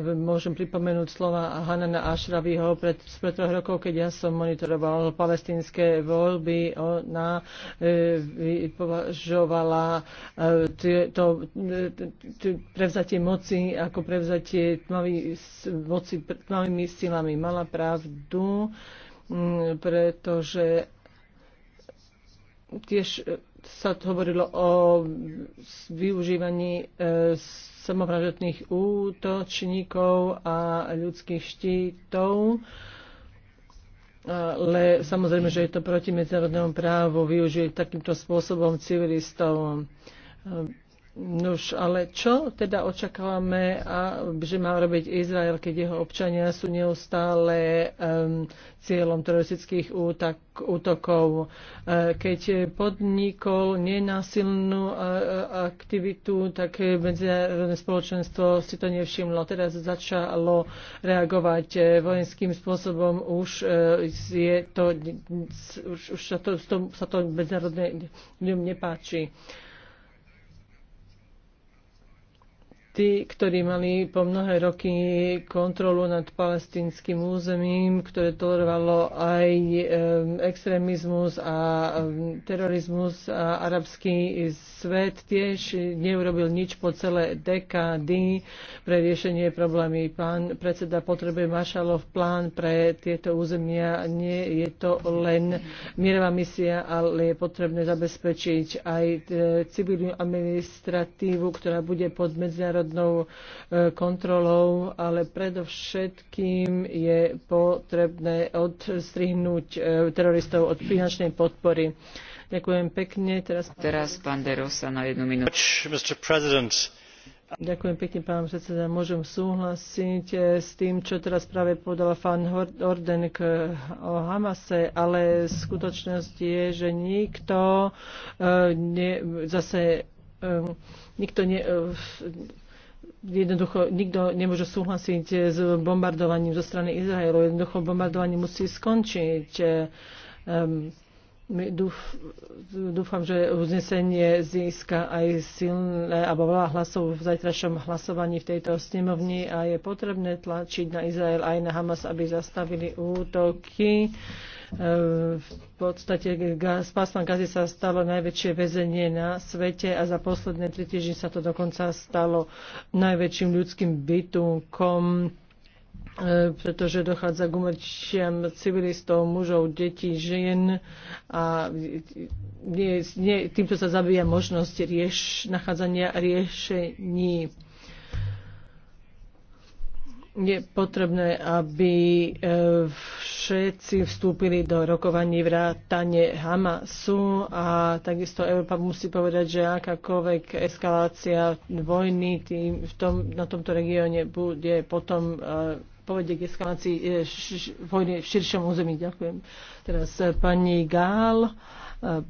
môžem pripomenúť slova Hanana Ašravyho pred, pred troch rokov, keď ja som monitoroval palestínske voľby. Ona eh, považovala to prevzatie moci ako prevzatie tmavý, moci tmavými silami. Mala pravdu, mm, pretože tiež e, sa hovorilo o využívaní e, samovražetných útočníkov a ľudských štítov. Ale samozrejme, že je to proti medzinárodnému právu využiť takýmto spôsobom civilistov. Nož, ale čo teda očakávame, a, že má robiť Izrael, keď jeho občania sú neustále um, cieľom teroristických útak, útokov? Uh, keď podnikol nenásilnú uh, aktivitu, tak medzinárodné spoločenstvo si to nevšimlo. Teraz začalo reagovať vojenským spôsobom. Už, uh, je to, už, už sa, to, sa to medzinárodne nepáči. Uh, tí, ktorí mali po mnohé roky kontrolu nad palestinským územím, ktoré tolerovalo aj extrémizmus a terorizmus a arabský svet tiež neurobil nič po celé dekády pre riešenie problémy. Pán predseda potrebuje Mašalov plán pre tieto územia. Nie je to len mierová misia, ale je potrebné zabezpečiť aj e, civilnú administratívu, ktorá bude pod medzinárodným dôslednou e, kontrolou, ale predovšetkým je potrebné odstrihnúť e, teroristov od finančnej podpory. Ďakujem pekne. Teraz, Teraz pán Derosa na jednu minútu. Ďakujem pekne, pán predseda. Môžem súhlasiť e, s tým, čo teraz práve povedala pán Orden k, o Hamase, ale skutočnosť je, že nikto e, ne, zase e, nikto ne, e, jednoducho nikto nemôže súhlasiť s bombardovaním zo strany Izraelu. Jednoducho bombardovanie musí skončiť. Um, dúfam, že uznesenie získa aj silné alebo veľa hlasov v zajtrašom hlasovaní v tejto snemovni a je potrebné tlačiť na Izrael aj na Hamas, aby zastavili útoky. Um, Eh, v podstate pásma Gazy sa stalo najväčšie väzenie na svete a za posledné tri týždne sa to dokonca stalo najväčším ľudským bytunkom eh, pretože dochádza k umrčiam civilistov, mužov, detí, žien a nie, nie, týmto sa zabíja možnosť rieš, nachádzania riešení je potrebné, aby e, všetci vstúpili do rokovaní vrátane Hamasu a takisto Európa musí povedať, že akákoľvek eskalácia vojny tým, v tom, na tomto regióne bude potom e, povedie k eskalácii e, vojny v širšom území. Ďakujem. Teraz pani Gál,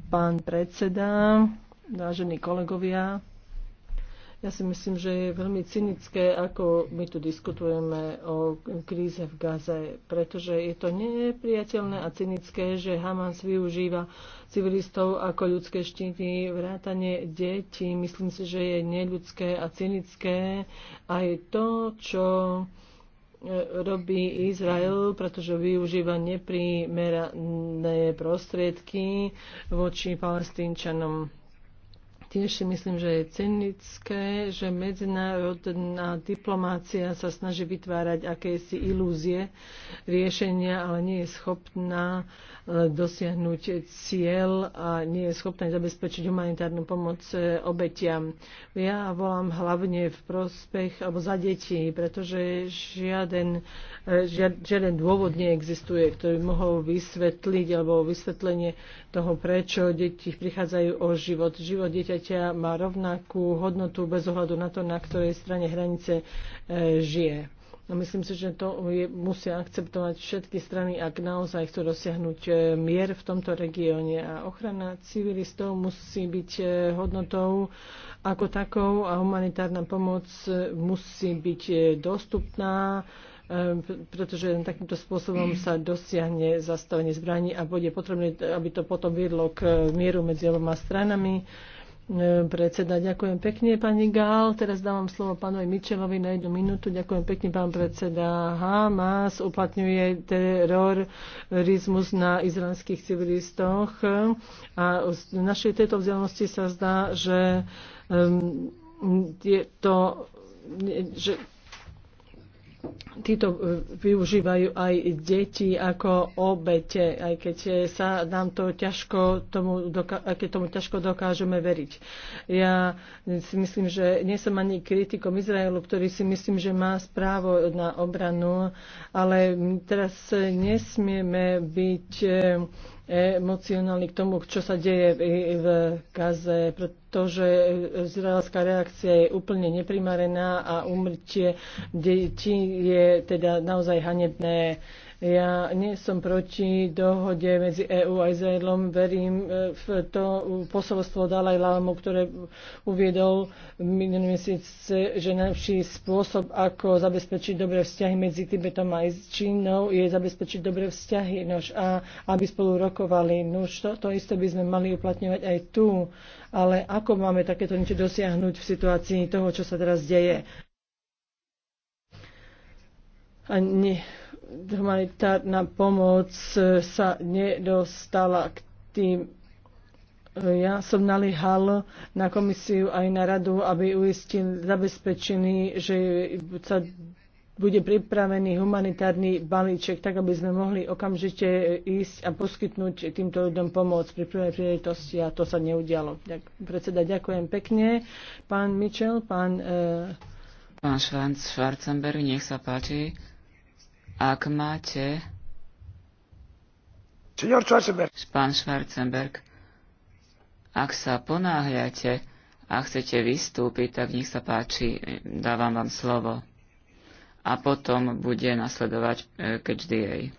pán predseda, vážení kolegovia. Ja si myslím, že je veľmi cynické, ako my tu diskutujeme o kríze v Gaze, pretože je to nepriateľné a cynické, že Hamas využíva civilistov ako ľudské štíty, vrátanie detí. Myslím si, že je neľudské a cynické aj to, čo e, robí Izrael, pretože využíva neprimerané prostriedky voči palestínčanom. Tiež si myslím, že je cynické, že medzinárodná diplomácia sa snaží vytvárať akési ilúzie riešenia, ale nie je schopná e, dosiahnuť cieľ a nie je schopná zabezpečiť humanitárnu pomoc e, obetiam. Ja volám hlavne v prospech alebo za deti, pretože žiaden, e, žiaden dôvod neexistuje, ktorý by mohol vysvetliť alebo vysvetlenie toho, prečo deti prichádzajú o život. Život dieťa dieťa má rovnakú hodnotu bez ohľadu na to, na ktorej strane hranice e, žije. No myslím si, že to je, musia akceptovať všetky strany, ak naozaj chcú dosiahnuť e, mier v tomto regióne. A ochrana civilistov musí byť e, hodnotou ako takou a humanitárna pomoc musí byť dostupná pretože takýmto spôsobom sa dosiahne zastavenie zbraní a bude potrebné, aby to potom viedlo k mieru medzi oboma stranami predseda. Ďakujem pekne, pani Gál. Teraz dávam slovo pánovi Mičelovi na jednu minútu. Ďakujem pekne, pán predseda. Hamas uplatňuje terorizmus na izraelských civilistoch a z našej tejto vzdialenosti sa zdá, že um, je to že títo e, využívajú aj deti ako obete, aj keď sa nám to ťažko tomu, aj keď tomu ťažko dokážeme veriť. Ja si myslím, že nie som ani kritikom Izraelu, ktorý si myslím, že má správo na obranu, ale teraz nesmieme byť e, emocionálny k tomu, čo sa deje v, v Gaze, pretože izraelská reakcia je úplne neprimarená a umrtie detí je teda naozaj hanebné. Ja nie som proti dohode medzi EÚ a Izraelom. Verím e, v to posolstvo Dalaj Lámu, ktoré uviedol minulý mesiac, že najlepší spôsob, ako zabezpečiť dobré vzťahy medzi Tibetom a Čínou, je zabezpečiť dobré vzťahy nož, a aby spolu rokovali. Nož, to, to isté by sme mali uplatňovať aj tu. Ale ako máme takéto niečo dosiahnuť v situácii toho, čo sa teraz deje? A nie, humanitárna pomoc e, sa nedostala k tým ja som nalihal na komisiu aj na radu, aby uistil zabezpečený, že sa bude pripravený humanitárny balíček, tak aby sme mohli okamžite ísť a poskytnúť týmto ľuďom pomoc pri prvej príležitosti a to sa neudialo. Ďakujem. Predseda, ďakujem pekne. Pán Mitchell, pán... E... Pán Schwarzenberg, nech sa páči. Ak máte... Schwarzenberg. Pán Schwarzenberg, ak sa ponáhľate a chcete vystúpiť, tak nech sa páči, dávam vám slovo. A potom bude nasledovať eh, catch DA.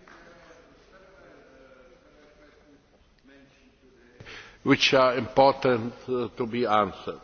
Which are important eh, to be answered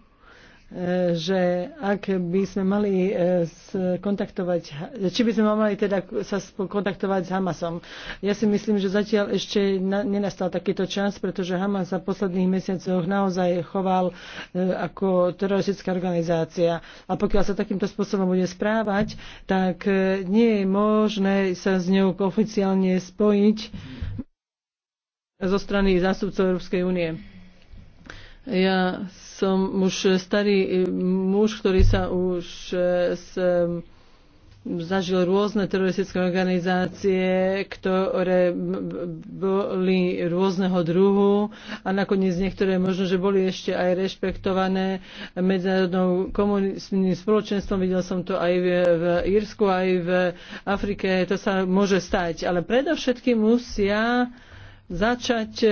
že ak by sme mali e, kontaktovať, či by sme mali teda sa kontaktovať s Hamasom. Ja si myslím, že zatiaľ ešte nenastal takýto čas, pretože Hamas sa v posledných mesiacoch naozaj choval e, ako teroristická organizácia. A pokiaľ sa takýmto spôsobom bude správať, tak e, nie je možné sa s ňou oficiálne spojiť zo strany zástupcov Európskej únie. Ja som už starý e, muž, ktorý sa už e, s e, zažil rôzne teroristické organizácie, ktoré boli rôzneho druhu a nakoniec niektoré možno, že boli ešte aj rešpektované medzinárodnou komunistným spoločenstvom. Videl som to aj v, v Írsku, aj v Afrike. To sa môže stať. Ale predovšetkým musia začať e, e,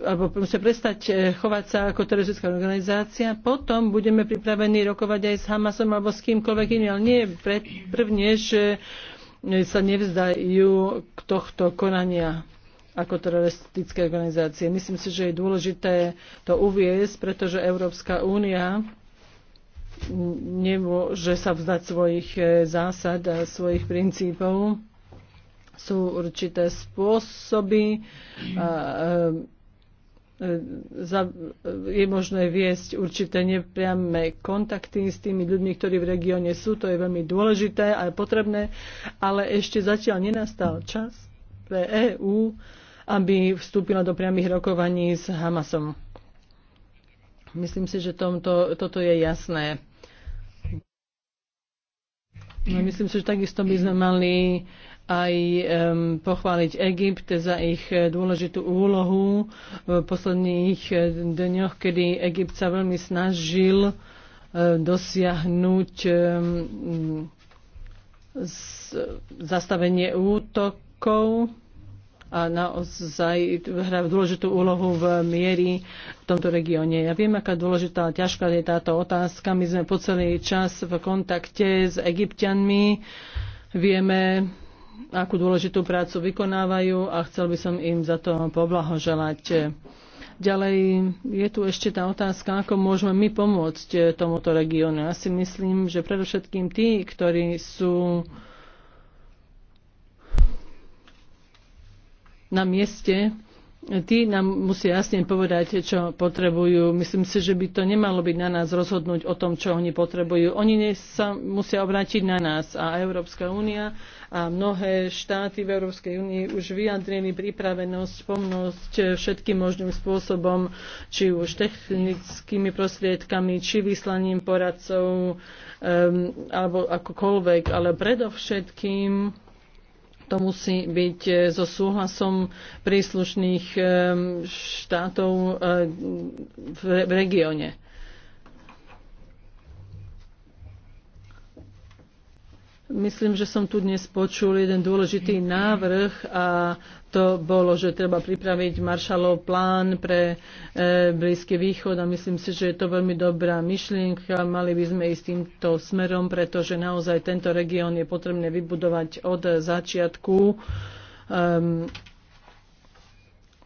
alebo musia prestať e, chovať sa ako teroristická organizácia. Potom budeme pripravení rokovať aj s Hamasom alebo s kýmkoľvek iným, ale nie prvne, že sa nevzdajú k tohto konania ako teroristické organizácie. Myslím si, že je dôležité to uviesť, pretože Európska únia nemôže sa vzdať svojich zásad a svojich princípov sú určité spôsoby, e, e, je možné viesť určité nepriame kontakty s tými ľuďmi, ktorí v regióne sú. To je veľmi dôležité a je potrebné, ale ešte zatiaľ nenastal čas pre EÚ, aby vstúpila do priamých rokovaní s Hamasom. Myslím si, že tomto, toto je jasné. No, myslím si, že takisto by sme mali aj pochváliť Egypt za ich eh, dôležitú úlohu v posledných eh, dňoch, kedy Egypt sa veľmi snažil eh, dosiahnuť zastavenie útokov a naozaj hrá dôležitú úlohu v miery v tomto regióne. Ja viem, aká dôležitá a ťažká je táto otázka. My sme po celý čas v kontakte s egyptianmi. Vieme, akú dôležitú prácu vykonávajú a chcel by som im za to poblahoželať. Ďalej je tu ešte tá otázka, ako môžeme my pomôcť eh, tomuto regiónu. Ja si myslím, že predovšetkým tí, ktorí sú na mieste, tí nám musia jasne povedať, čo potrebujú. Myslím si, že by to nemalo byť na nás rozhodnúť o tom, čo oni potrebujú. Oni sa musia obrátiť na nás a Európska únia a mnohé štáty v Európskej únii už vyjadrili pripravenosť pomôcť všetkým možným spôsobom, či už technickými prostriedkami, či vyslaním poradcov, um, alebo akokoľvek, ale predovšetkým to musí byť e, so súhlasom príslušných e, štátov e, v regióne. Myslím, že som tu dnes počul jeden dôležitý návrh a to bolo, že treba pripraviť Maršalov plán pre e, Blízky východ a myslím si, že je to veľmi dobrá myšlienka. Mali by sme ísť týmto smerom, pretože naozaj tento región je potrebné vybudovať od začiatku. Um,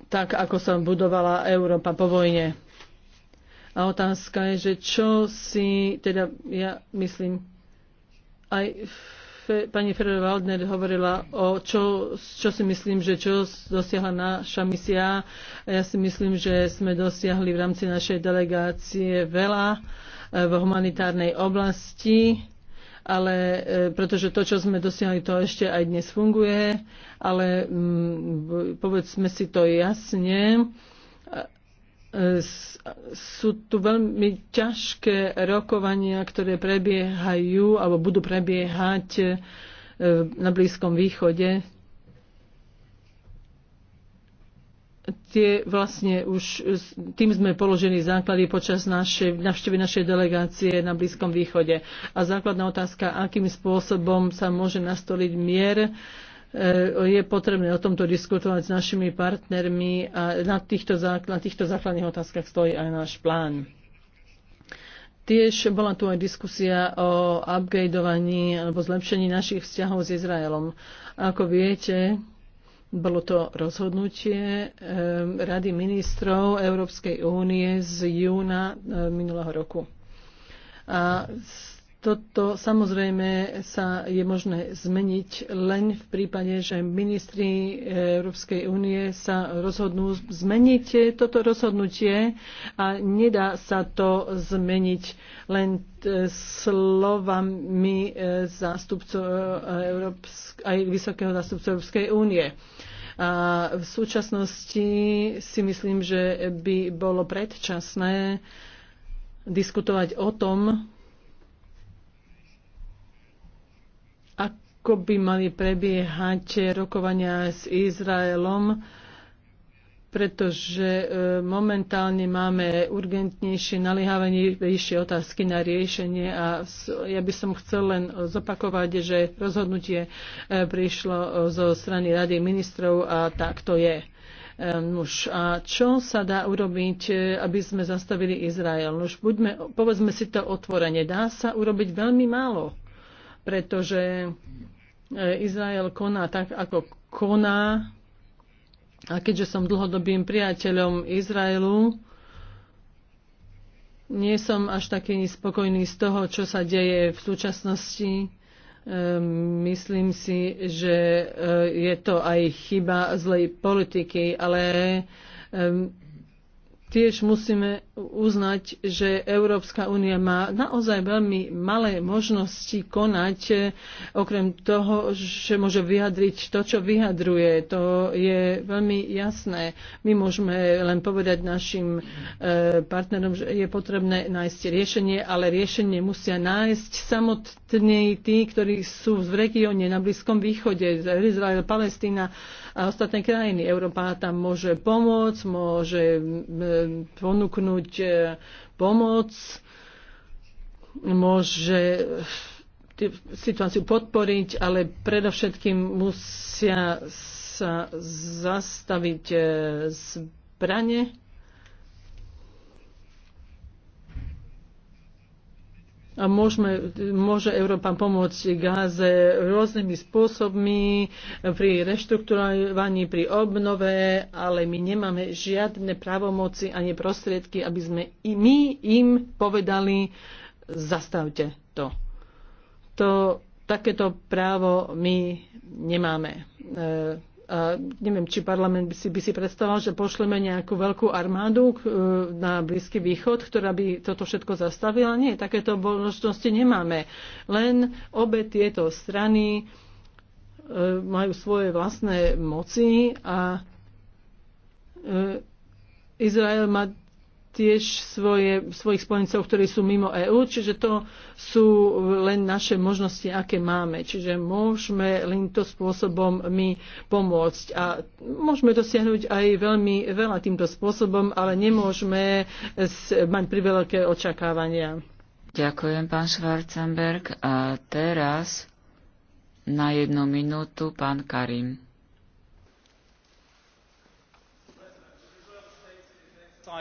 tak, ako sa budovala Európa po vojne. A otázka je, že čo si, teda ja myslím, aj v pani Ferrer-Waldner hovorila o čo, čo si myslím, že čo dosiahla naša misia. A ja si myslím, že sme dosiahli v rámci našej delegácie veľa e, v humanitárnej oblasti, ale e, pretože to, čo sme dosiahli, to ešte aj dnes funguje, ale mm, povedzme si to jasne sú tu veľmi ťažké rokovania, ktoré prebiehajú alebo budú prebiehať e, na Blízkom východe. Tie vlastne už, tým sme položili základy počas našej, navštevy našej delegácie na Blízkom východe. A základná otázka, akým spôsobom sa môže nastoliť mier, E, je potrebné o tomto diskutovať s našimi partnermi a na týchto, na týchto základných otázkach stojí aj náš plán. Tiež bola tu aj diskusia o upgradeovaní alebo zlepšení našich vzťahov s Izraelom. Ako viete, bolo to rozhodnutie e, Rady ministrov Európskej únie z júna e, minulého roku. A toto samozrejme sa je možné zmeniť len v prípade, že ministri Európskej únie sa rozhodnú zmeniť toto rozhodnutie a nedá sa to zmeniť len slovami Európsk- aj vysokého zástupcu Európskej únie. A v súčasnosti si myslím, že by bolo predčasné diskutovať o tom, ako by mali prebiehať rokovania s Izraelom, pretože e, momentálne máme urgentnejšie, naliehavejšie otázky na riešenie a ja by som chcel len zopakovať, že rozhodnutie e, prišlo e, zo strany Rady ministrov a tak to je. Nuž, a čo sa dá urobiť, aby sme zastavili Izrael? Nuž, buďme, povedzme si to otvorene. Dá sa urobiť veľmi málo, pretože E, Izrael koná tak, ako koná. A keďže som dlhodobým priateľom Izraelu, nie som až taký spokojný z toho, čo sa deje v súčasnosti. E, myslím si, že e, je to aj chyba zlej politiky, ale tiež musíme uznať, že Európska únia má naozaj veľmi malé možnosti konať, e, okrem toho, že môže vyjadriť to, čo vyjadruje. To je veľmi jasné. My môžeme len povedať našim e, partnerom, že je potrebné nájsť riešenie, ale riešenie musia nájsť samotní tí, ktorí sú v regióne na Blízkom východe, Izrael, Palestína a ostatné krajiny. Európa tam môže pomôcť, môže ponúknuť poskytnúť e, pomoc, môže situáciu podporiť, ale predovšetkým musia sa zastaviť e, zbranie a môžeme, môže Európa pomôcť Gáze rôznymi spôsobmi pri reštrukturovaní, pri obnove, ale my nemáme žiadne právomoci ani prostriedky, aby sme i my im povedali, zastavte to. to takéto právo my nemáme. E, a neviem, či parlament by si, by si predstavoval, že pošleme nejakú veľkú armádu e, na Blízky východ, ktorá by toto všetko zastavila. Nie, takéto možnosti nemáme. Len obe tieto strany e, majú svoje vlastné moci a e, Izrael má tiež svoje, svojich spojencov, ktorí sú mimo EÚ, čiže to sú len naše možnosti, aké máme. Čiže môžeme len to spôsobom my pomôcť. A môžeme dosiahnuť aj veľmi veľa týmto spôsobom, ale nemôžeme mať priveľké očakávania. Ďakujem, pán Schwarzenberg. A teraz na jednu minútu pán Karim. E,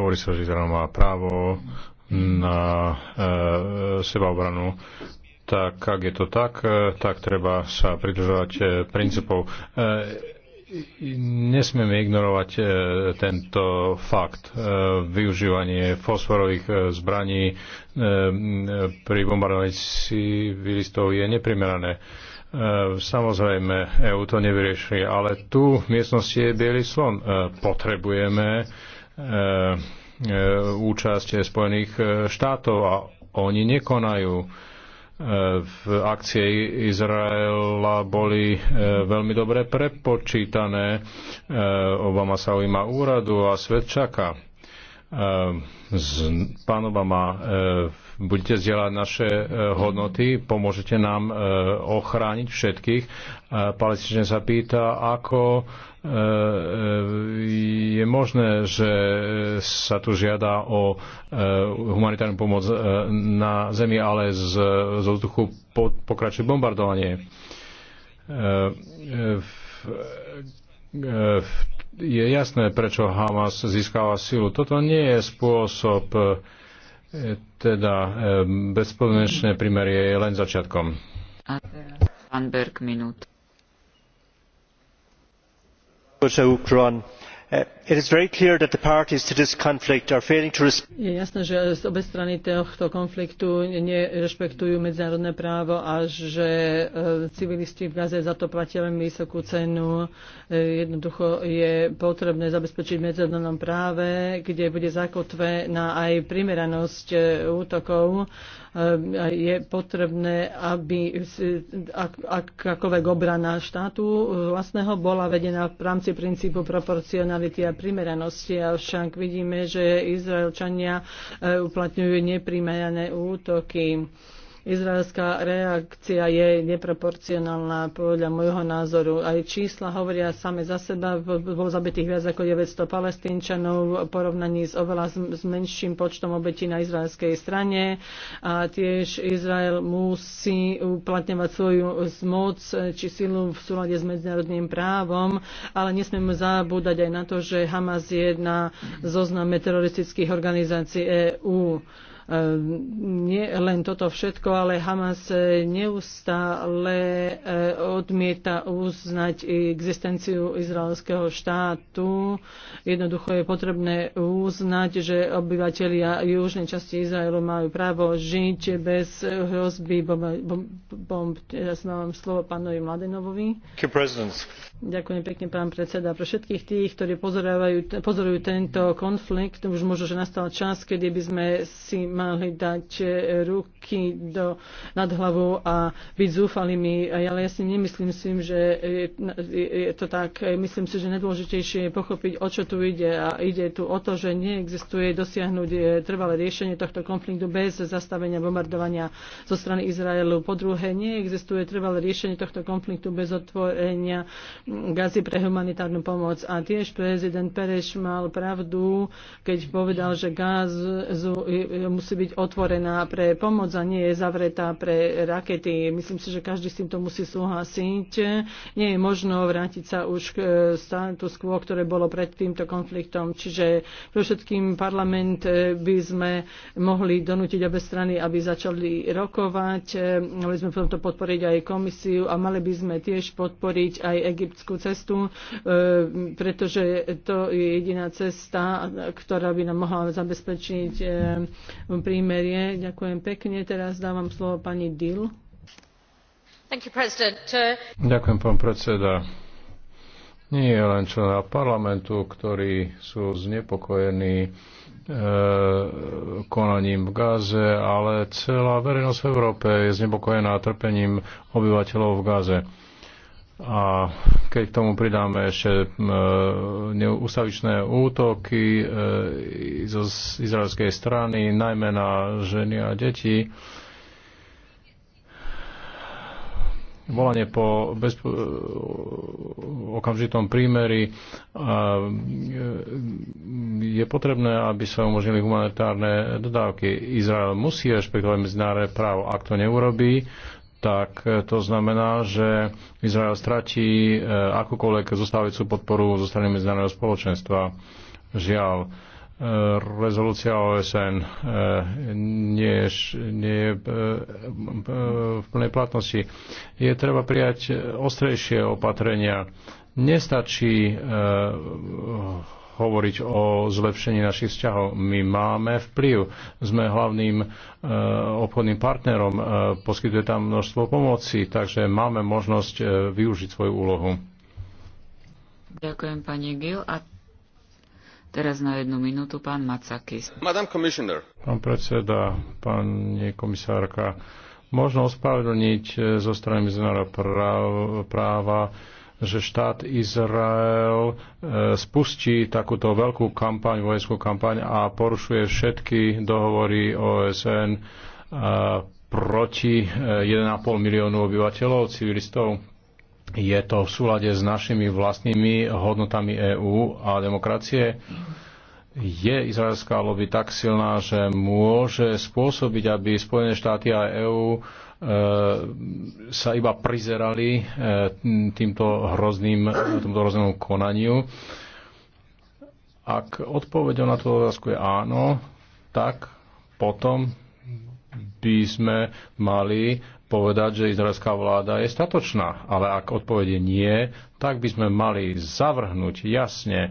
hovorí sa, že Izrael má právo na e, sebaobranu tak ak je to tak, e, tak treba sa pridržovať e, princípov. Nesmieme ignorovať tento fakt. Využívanie fosforových zbraní pri bombardovaní civilistov je neprimerané Ehm, samozrejme, EU to nevyrieši, ale tu v miestnosti je biely slon. Ehm, potrebujeme ehm, e, účasť Spojených e, štátov a oni nekonajú. V akcie Izraela boli e, veľmi dobre prepočítané. Obama sa ujíma úradu a svet čaká. Pán Obama v budete zdieľať naše e, hodnoty, pomôžete nám e, ochrániť všetkých. E, Palestinčan sa pýta, ako je možné, že sa tu žiada o humanitárnu pomoc na zemi, ale z, z vzduchu pokračuje bombardovanie. Je jasné, prečo Hamas získava silu. Toto nie je spôsob E, teda e, bezpodmienečné primerie je len začiatkom. A teraz pán Berg minút. Počujem, Uh, it is very clear that the parties to this conflict are failing to Je jasné, že obe strany tohto konfliktu nerešpektujú medzinárodné právo a že uh, civilisti v Gaze za to platia veľmi vysokú cenu. Uh, jednoducho je potrebné zabezpečiť medzinárodnom práve, kde bude zakotvená aj primeranosť útokov Ehm, je potrebné, aby ak, akákoľvek obrana štátu eh, vlastného bola vedená v rámci princípu proporcionality a primeranosti. Avšak vidíme, že Izraelčania eh, uplatňujú neprimerané útoky. Izraelská reakcia je neproporcionálna podľa môjho názoru. Aj čísla hovoria same za seba. Bolo zabitých viac ako 900 palestínčanov v porovnaní s oveľa s menším počtom obetí na izraelskej strane. A tiež Izrael musí uplatňovať svoju moc či silu v súlade s medzinárodným právom, ale nesmieme zabúdať aj na to, že Hamas je na zozname teroristických organizácií EÚ nie len toto všetko, ale Hamas neustále e, odmieta uznať existenciu izraelského štátu. Jednoducho je potrebné uznať, že obyvateľia južnej časti Izraelu majú právo žiť bez hrozby bomb. Bom, bom, teraz mám slovo pánovi Mladenovovi. Ďakujem pekne, pán predseda. Pre všetkých tých, ktorí pozorujú tento konflikt, už možno, že nastal čas, kedy by sme si mali dať eh, ruky do, nad hlavou a byť zúfalými. Ale ja si nemyslím si, že eh, je, je to tak. Myslím si, že najdôležitejšie je pochopiť, o čo tu ide. A ide tu o to, že neexistuje dosiahnuť eh, trvalé riešenie tohto konfliktu bez zastavenia bombardovania zo strany Izraelu. Po druhé, neexistuje trvalé riešenie tohto konfliktu bez otvorenia gazy pre humanitárnu pomoc. A tiež prezident Pereš mal pravdu, keď povedal, že Gaz musí musí byť otvorená pre pomoc a nie je zavretá pre rakety. Myslím si, že každý s týmto musí súhlasiť. Nie je možno vrátiť sa už k e, status quo, ktoré bolo pred týmto konfliktom. Čiže pre všetkým parlament e, by sme mohli donútiť obe strany, aby začali rokovať. E, mali sme v tomto podporiť aj komisiu a mali by sme tiež podporiť aj egyptskú cestu, pretože to je jediná cesta, ktorá by nám mohla zabezpečiť prímerie. Ďakujem pekne. Teraz dávam slovo pani Dill. Uh, Ďakujem, pán predseda. Nie je len člena parlamentu, ktorí sú znepokojení e, konaním v Gáze, ale celá verejnosť v Európe je znepokojená trpením obyvateľov v Gáze. A keď k tomu pridáme ešte e, neustavičné útoky e, zo izraelskej strany, najmä na ženy a deti, volanie po okamžitom prímeri e, je potrebné, aby sa umožnili humanitárne dodávky. Izrael musí rešpektovať medzinárodné právo. Ak to neurobí, tak e, to znamená, že Izrael stratí e, akúkoľvek zostávajúcu podporu zo strany medzinárodného spoločenstva. Žiaľ, e, rezolúcia OSN nie je, nie je v plnej platnosti. Je treba prijať ostrejšie opatrenia. Nestačí hovoriť o zlepšení našich vzťahov. My máme vplyv, sme hlavným e, obchodným partnerom, e, poskytuje tam množstvo pomoci, takže máme možnosť e, využiť svoju úlohu. Ďakujem, pani Gil. A teraz na jednu minútu pán Macakis. Commissioner. Pán predseda, pani komisárka, možno ospravedlniť zo strany medzinárodného práva že štát Izrael e, spustí takúto veľkú kampaň, vojenskú kampaň a porušuje všetky dohovory OSN e, proti 1,5 e, miliónu obyvateľov, civilistov. Je to v súlade s našimi vlastnými hodnotami EÚ a demokracie je izraelská lobby tak silná, že môže spôsobiť, aby Spojené štáty a EÚ E, sa iba prizerali e, týmto hrozným, týmto hroznému konaniu. Ak odpovedou na tú otázku je áno, tak potom by sme mali povedať, že izraelská vláda je statočná. Ale ak odpovede nie, tak by sme mali zavrhnúť jasne e,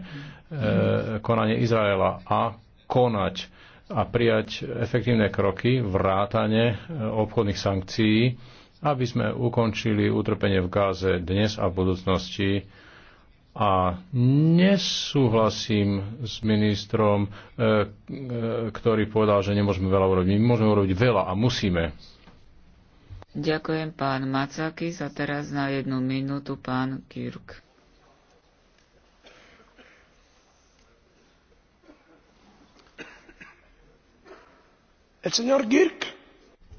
konanie Izraela a konať a prijať efektívne kroky, vrátane e, obchodných sankcií, aby sme ukončili utrpenie v Gáze dnes a v budúcnosti. A nesúhlasím s ministrom, e, e, ktorý povedal, že nemôžeme veľa urobiť. My môžeme urobiť veľa a musíme. Ďakujem pán Macakis a teraz na jednu minútu pán Kirk.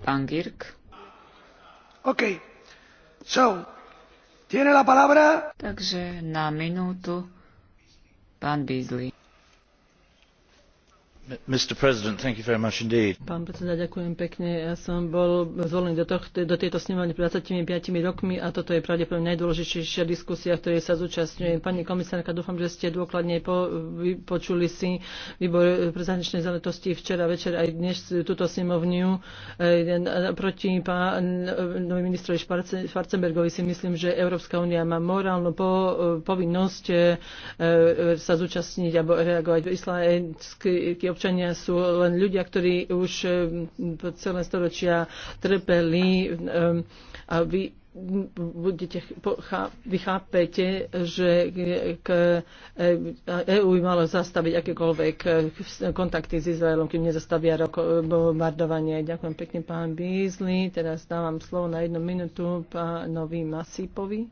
Pan Girk. OK. So, tiene la palabra... Takže na minútu pán Beasley. Pán predseda, ďakujem pekne. Ja som bol zvolený do, tohto, do tejto snemovne pred 25 rokmi a toto je pravdepodobne najdôležitejšia diskusia, v ktorej sa zúčastňujem. Pani komisárka, dúfam, že ste dôkladne po, počuli si výbor pre zahraničné záležitosti včera večer aj dnes túto snemovňu e, proti pánovi ministrovi Schwarzenbergovi si myslím, že Európska únia má morálnu po, povinnosť e, e sa zúčastniť alebo reagovať v islánsky občania sú len ľudia, ktorí už eh, celé storočia trpeli eh, a vy budete, vy chápete, že k EU eh, e malo zastaviť akékoľvek kontakty s Izraelom, kým nezastavia bombardovanie. Ďakujem pekne pán Beasley. Teraz dávam slovo na jednu minútu pánovi Masipovi.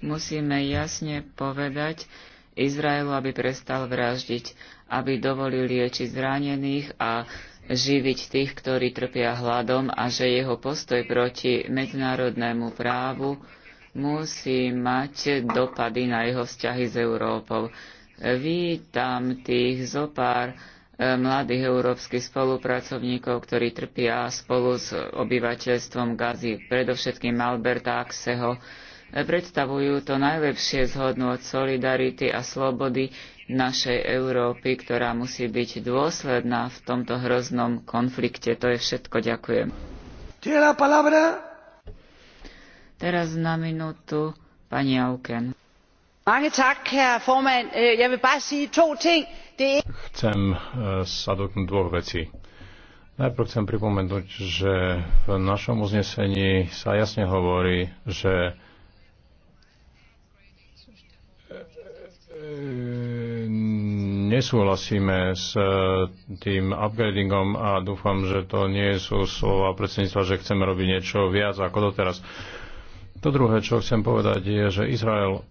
Musíme jasne povedať, Izraelu, aby prestal vraždiť, aby dovolil liečiť zranených a živiť tých, ktorí trpia hladom a že jeho postoj proti medzinárodnému právu musí mať dopady na jeho vzťahy s Európou. Vítam tých zopár eh, mladých európskych spolupracovníkov, ktorí trpia spolu s obyvateľstvom Gazy, predovšetkým Alberta Akseho, predstavujú to najlepšie zhodnú od solidarity a slobody našej Európy, ktorá musí byť dôsledná v tomto hroznom konflikte. To je všetko. Ďakujem. Teraz na minútu pani Auken. Chcem sa dotknúť dvoch vecí. Najprv chcem pripomenúť, že v našom uznesení sa jasne hovorí, že E, nesúhlasíme s e, tým upgradingom a dúfam, že to nie sú slova predsedníctva, že chceme robiť niečo viac ako doteraz. To druhé, čo chcem povedať, je, že Izrael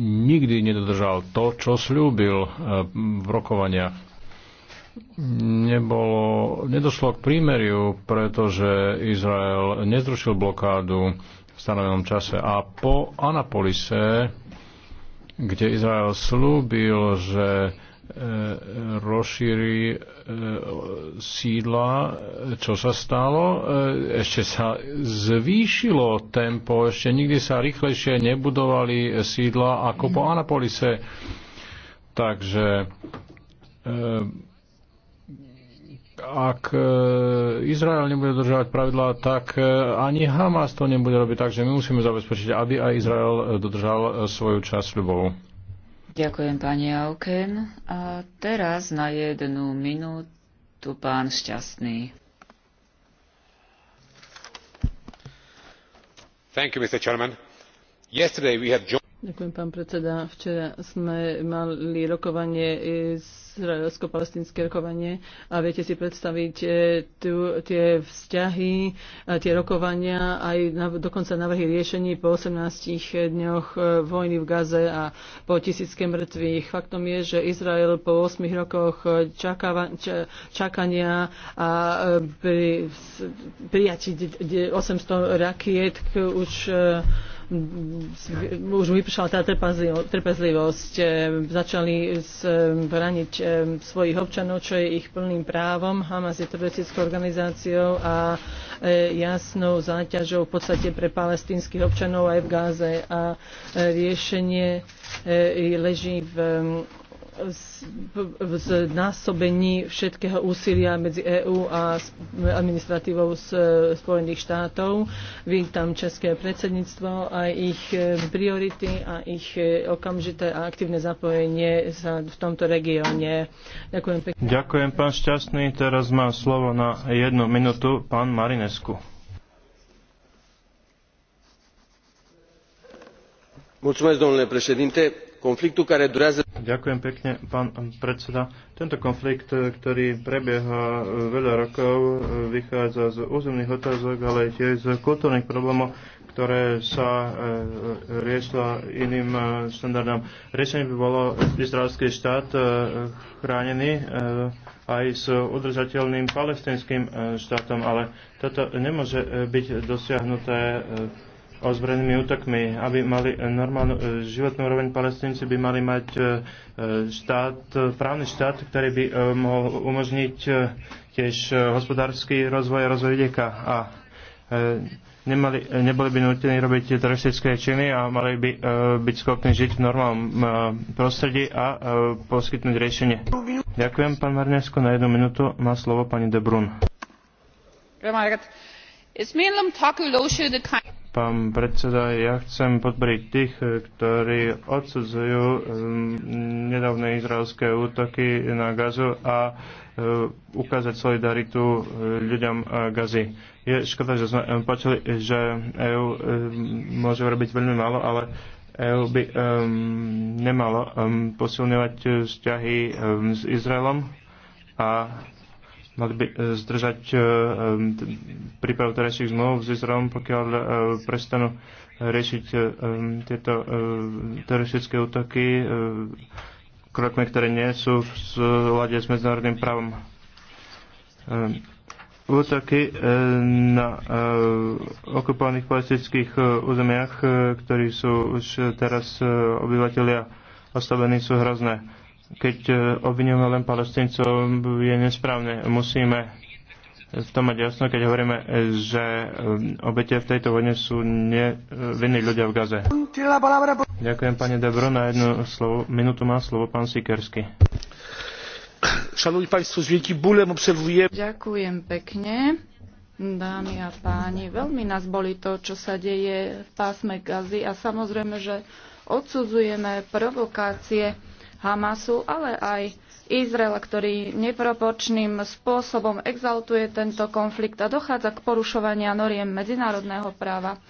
nikdy nedodržal to, čo slúbil e, v rokovaniach nebolo, nedošlo k prímeriu, pretože Izrael nezrušil blokádu v stanovenom čase. A po Anapolise kde Izrael slúbil, že e, rozšíri e, sídla, čo sa stalo. E, ešte sa zvýšilo tempo, ešte nikdy sa rýchlejšie nebudovali sídla ako po Anapolise. Takže ak e, Izrael nebude dodržiavať pravidlá, tak e, ani Hamas to nebude robiť. Takže my musíme zabezpečiť, aby aj Izrael e, dodržal svoju časť ľubovu. Ďakujem, pani Auken. A teraz na jednu minútu pán Šťastný. Thank you, Mr. Chairman. Yesterday we had joined... Ďakujem, pán predseda. Včera sme mali rokovanie, e, izraelsko-palestinské rokovanie a viete si predstaviť e, tu, tie vzťahy, tie rokovania, aj na, dokonca navrhy riešení po 18 dňoch e, vojny v Gaze a po tisícke mŕtvych. Faktom je, že Izrael po 8 rokoch čakava, ča, čakania a pri, prijatí 800 rakiet už Mm, už vypršala tá trpezlivosť. Eh, začali eh, braniť eh, svojich občanov, čo je ich plným právom. Hamas je teroristickou organizáciou a jasnou záťažou v podstate pre palestínskych občanov aj v Gáze. A riešenie leží v v znásobení všetkého úsilia medzi EÚ a administratívou z Spojených štátov. Vítam České predsedníctvo a ich e, priority a ich e, okamžité a aktívne zapojenie sa v tomto regióne. Ďakujem pekne. Ďakujem, pán Šťastný. Teraz má slovo na jednu minútu pán Marinesku. Mulțumesc, domnule președinte konfliktu, ktoré durează... Ďakujem pekne, pán predseda. Tento konflikt, ktorý prebieha e, veľa rokov, e, vychádza z územných otázok, ale tiež z kultúrnych problémov, ktoré sa e, riešila iným e, štandardom. Riešenie by bolo izraelský štát e, chránený e, aj s udržateľným palestinským e, štátom, ale toto nemôže e, byť dosiahnuté e, ozbrojenými útokmi, aby mali normálnu životnú úroveň palestínci by mali mať štát, právny štát, ktorý by mohol umožniť tiež hospodársky rozvoj a rozvoj vidieka a nemali, neboli by nutení robiť teroristické činy a mali by byť schopní žiť v normálnom prostredí a poskytnúť riešenie. Ďakujem, pán Marnesko. Na jednu minútu má slovo pani De Brun. Pán predseda, ja chcem podporiť tých, ktorí odsudzujú um, nedávne izraelské útoky na Gazu a um, ukázať solidaritu um, ľuďom uh, Gazy. Je škoda, že sme počuli, že EU môže robiť veľmi málo, ale EU by nemalo posilňovať uh, vzťahy s Izraelom a mali by e, zdržať e, e, prípravu terajších zmluv s Izraelom, pokiaľ prestanú riešiť tieto teroristické útoky krokmi, ktoré nie sú v súlade s medzinárodným právom. Útoky na okupovaných palestinských územiach, ktorí sú už teraz obyvateľia oslabení, sú hrozné keď e, obvinujeme len palestíncov, je nesprávne. Musíme v tom mať jasno, keď hovoríme, e, že e, obete v tejto vojne sú nevinní ľudia v Gaze. Ďakujem, pani Debro. Na jednu slovo, minútu má slovo pán Sikersky. Ďakujem pekne. Dámy a páni, veľmi nás boli to, čo sa deje v pásme Gazy a samozrejme, že odsudzujeme provokácie Hamasu, ale aj Izrael, ktorý neproporčným spôsobom exaltuje tento konflikt a dochádza k porušovania noriem medzinárodného práva.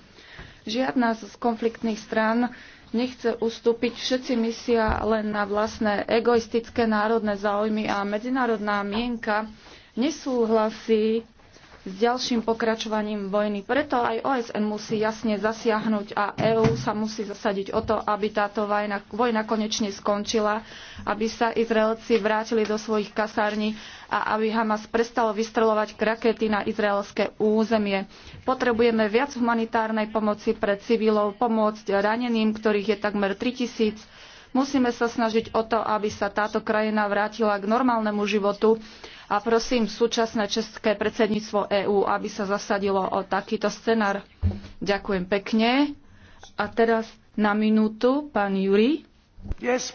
Žiadna z konfliktných strán nechce ustúpiť. Všetci misia len na vlastné egoistické národné záujmy a medzinárodná mienka nesúhlasí s ďalším pokračovaním vojny. Preto aj OSN musí jasne zasiahnuť a EÚ sa musí zasadiť o to, aby táto vojna, vojna konečne skončila, aby sa Izraelci vrátili do svojich kasární a aby Hamas prestalo vystrelovať krakety na izraelské územie. Potrebujeme viac humanitárnej pomoci pre civilov, pomôcť raneným, ktorých je takmer 3000 Musíme sa snažiť o to, aby sa táto krajina vrátila k normálnemu životu a prosím súčasné české predsedníctvo EÚ, aby sa zasadilo o takýto scenár. Ďakujem pekne. A teraz na minútu pán Juri. Yes,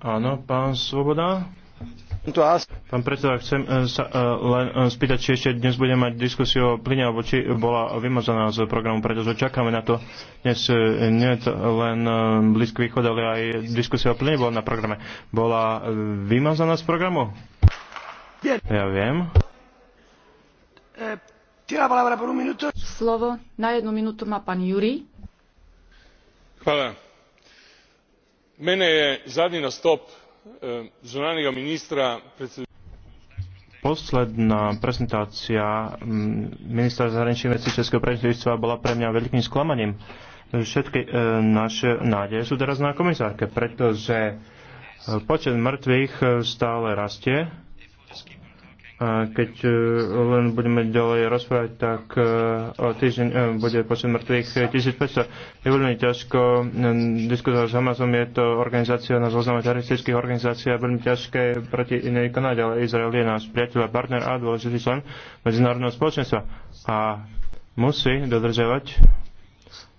Áno, pán Svoboda. Pán predseda, chcem eh, sa eh, len eh, spýtať, či ešte dnes budeme mať diskusiu o plyne, alebo či bola vymazaná z programu, pretože čakáme na to. Dnes nie je to len Blízky východ, ale aj diskusia o plyne bola na programe. Bola vymazaná z programu? Ja viem. Slovo na jednu minútu má pán Juri. Hvala. Mene je zadnji nastop Ehm, zunanjega ministra Posledná prezentácia mm, ministra zahraničných vecí Českého predsedníctva bola pre mňa veľkým sklamaním. Všetky e, naše nádeje sú teraz na komisárke, pretože e, počet mŕtvych e, stále rastie keď e, len budeme ďalej rozprávať, tak e, o týždeň e, bude počet mŕtvych 1500. Je veľmi ťažko diskutovať s Hamasom, je to organizácia na zozname teroristických organizácií a veľmi ťažké proti inej konať, ale Izrael je náš priateľ a partner a dôležitý člen medzinárodného spoločenstva a musí dodržiavať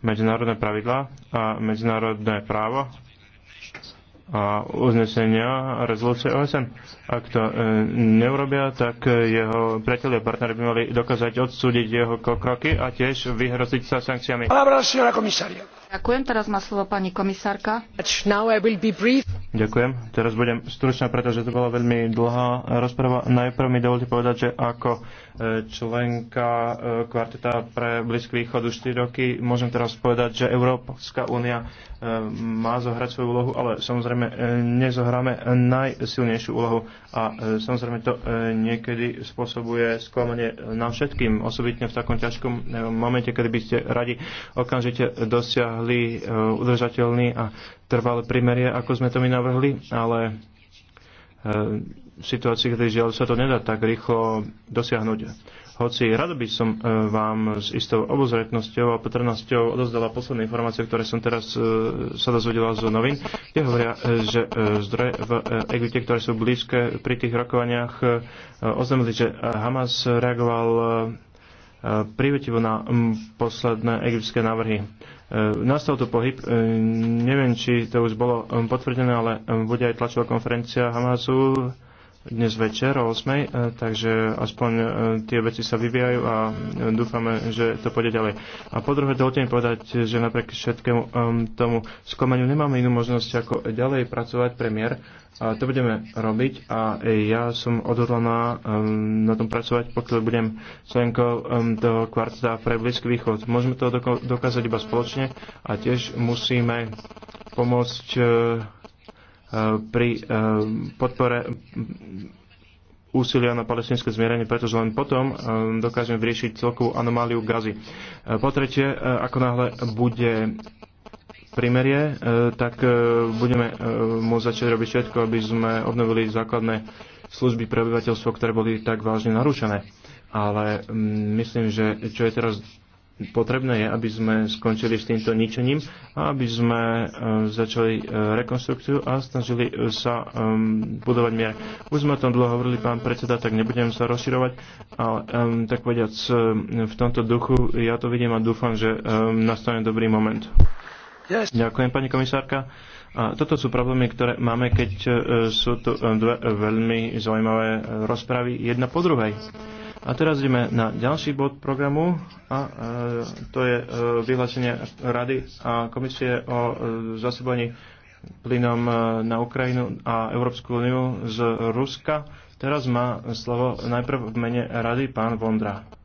medzinárodné pravidlá a medzinárodné právo a uznesenia rezolúcie OSN. Ak to e, neurobia, tak e, jeho priatelia a partnery by mali dokázať odsúdiť jeho kroky a tiež vyhroziť sa sankciami. Ďakujem, teraz má slovo pani komisárka. Ďakujem, teraz budem stručná, pretože to bola veľmi dlhá rozprava. Najprv mi dovolte povedať, že ako členka eh, kvarteta pre Blízky východ už 4 roky. Môžem teraz povedať, že Európska únia eh, má zohrať svoju úlohu, ale samozrejme eh, nezohráme najsilnejšiu úlohu a samozrejme to niekedy spôsobuje sklamanie nám všetkým, osobitne v takom ťažkom momente, kedy by ste radi okamžite dosiahli udržateľný a trvalé primerie, ako sme to my navrhli, ale situácii, kde žiaľ sa to nedá tak rýchlo dosiahnuť. Hoci rado by som e, vám s istou obozretnosťou a potrebnosťou odozdala posledné informácie, ktoré som teraz e, sa dozvedela z novín, kde hovoria, e, že zdroje v Egypte, ktoré sú blízke pri tých rokovaniach, oznámili, že Hamas reagoval privetivo na posledné egyptské návrhy. Nastal tu pohyb, neviem, či to už bolo potvrdené, ale bude aj tlačová konferencia Hamasu dnes večer o 8. E, takže aspoň e, tie veci sa vyvíjajú a e, dúfame, že to pôjde ďalej. A po druhé, dovolte mi povedať, že napriek všetkému tomu skomeniu nemáme inú možnosť ako ďalej pracovať premiér. A to budeme robiť a ja som odhodlaná um, na tom pracovať, pokiaľ budem členkou um, do kvarta pre Blízky východ. Môžeme to dokázať iba spoločne a tiež musíme pomôcť uh, pri eh, podpore úsilia na palestinské zmierenie, pretože len potom eh, dokážeme vyriešiť celkovú anomáliu gazy. Eh, po tretie, ako náhle bude primerie, tak budeme môcť začať robiť všetko, aby sme obnovili základné služby pre obyvateľstvo, ktoré boli tak vážne narušené. Ale mm, myslím, že čo je teraz potrebné je, aby sme skončili s týmto ničením a aby sme eh, začali eh, rekonstrukciu a snažili sa ehm, budovať mier. Už sme o tom dlho hovorili, pán predseda, tak nebudem sa rozširovať, ale ehm, tak povediac ehm, v tomto duchu ja to vidím a dúfam, že nastane dobrý moment. Yes. Ďakujem, pani komisárka. A toto sú problémy, ktoré máme, keď eh, sú tu dve veľmi zaujímavé rozpravy jedna po druhej. A teraz ideme na ďalší bod programu a e, to je e, vyhlásenie Rady a komisie o e, zasobovaní plynom e, na Ukrajinu a Európsku úniu z Ruska. Teraz má slovo najprv v mene Rady pán Vondra.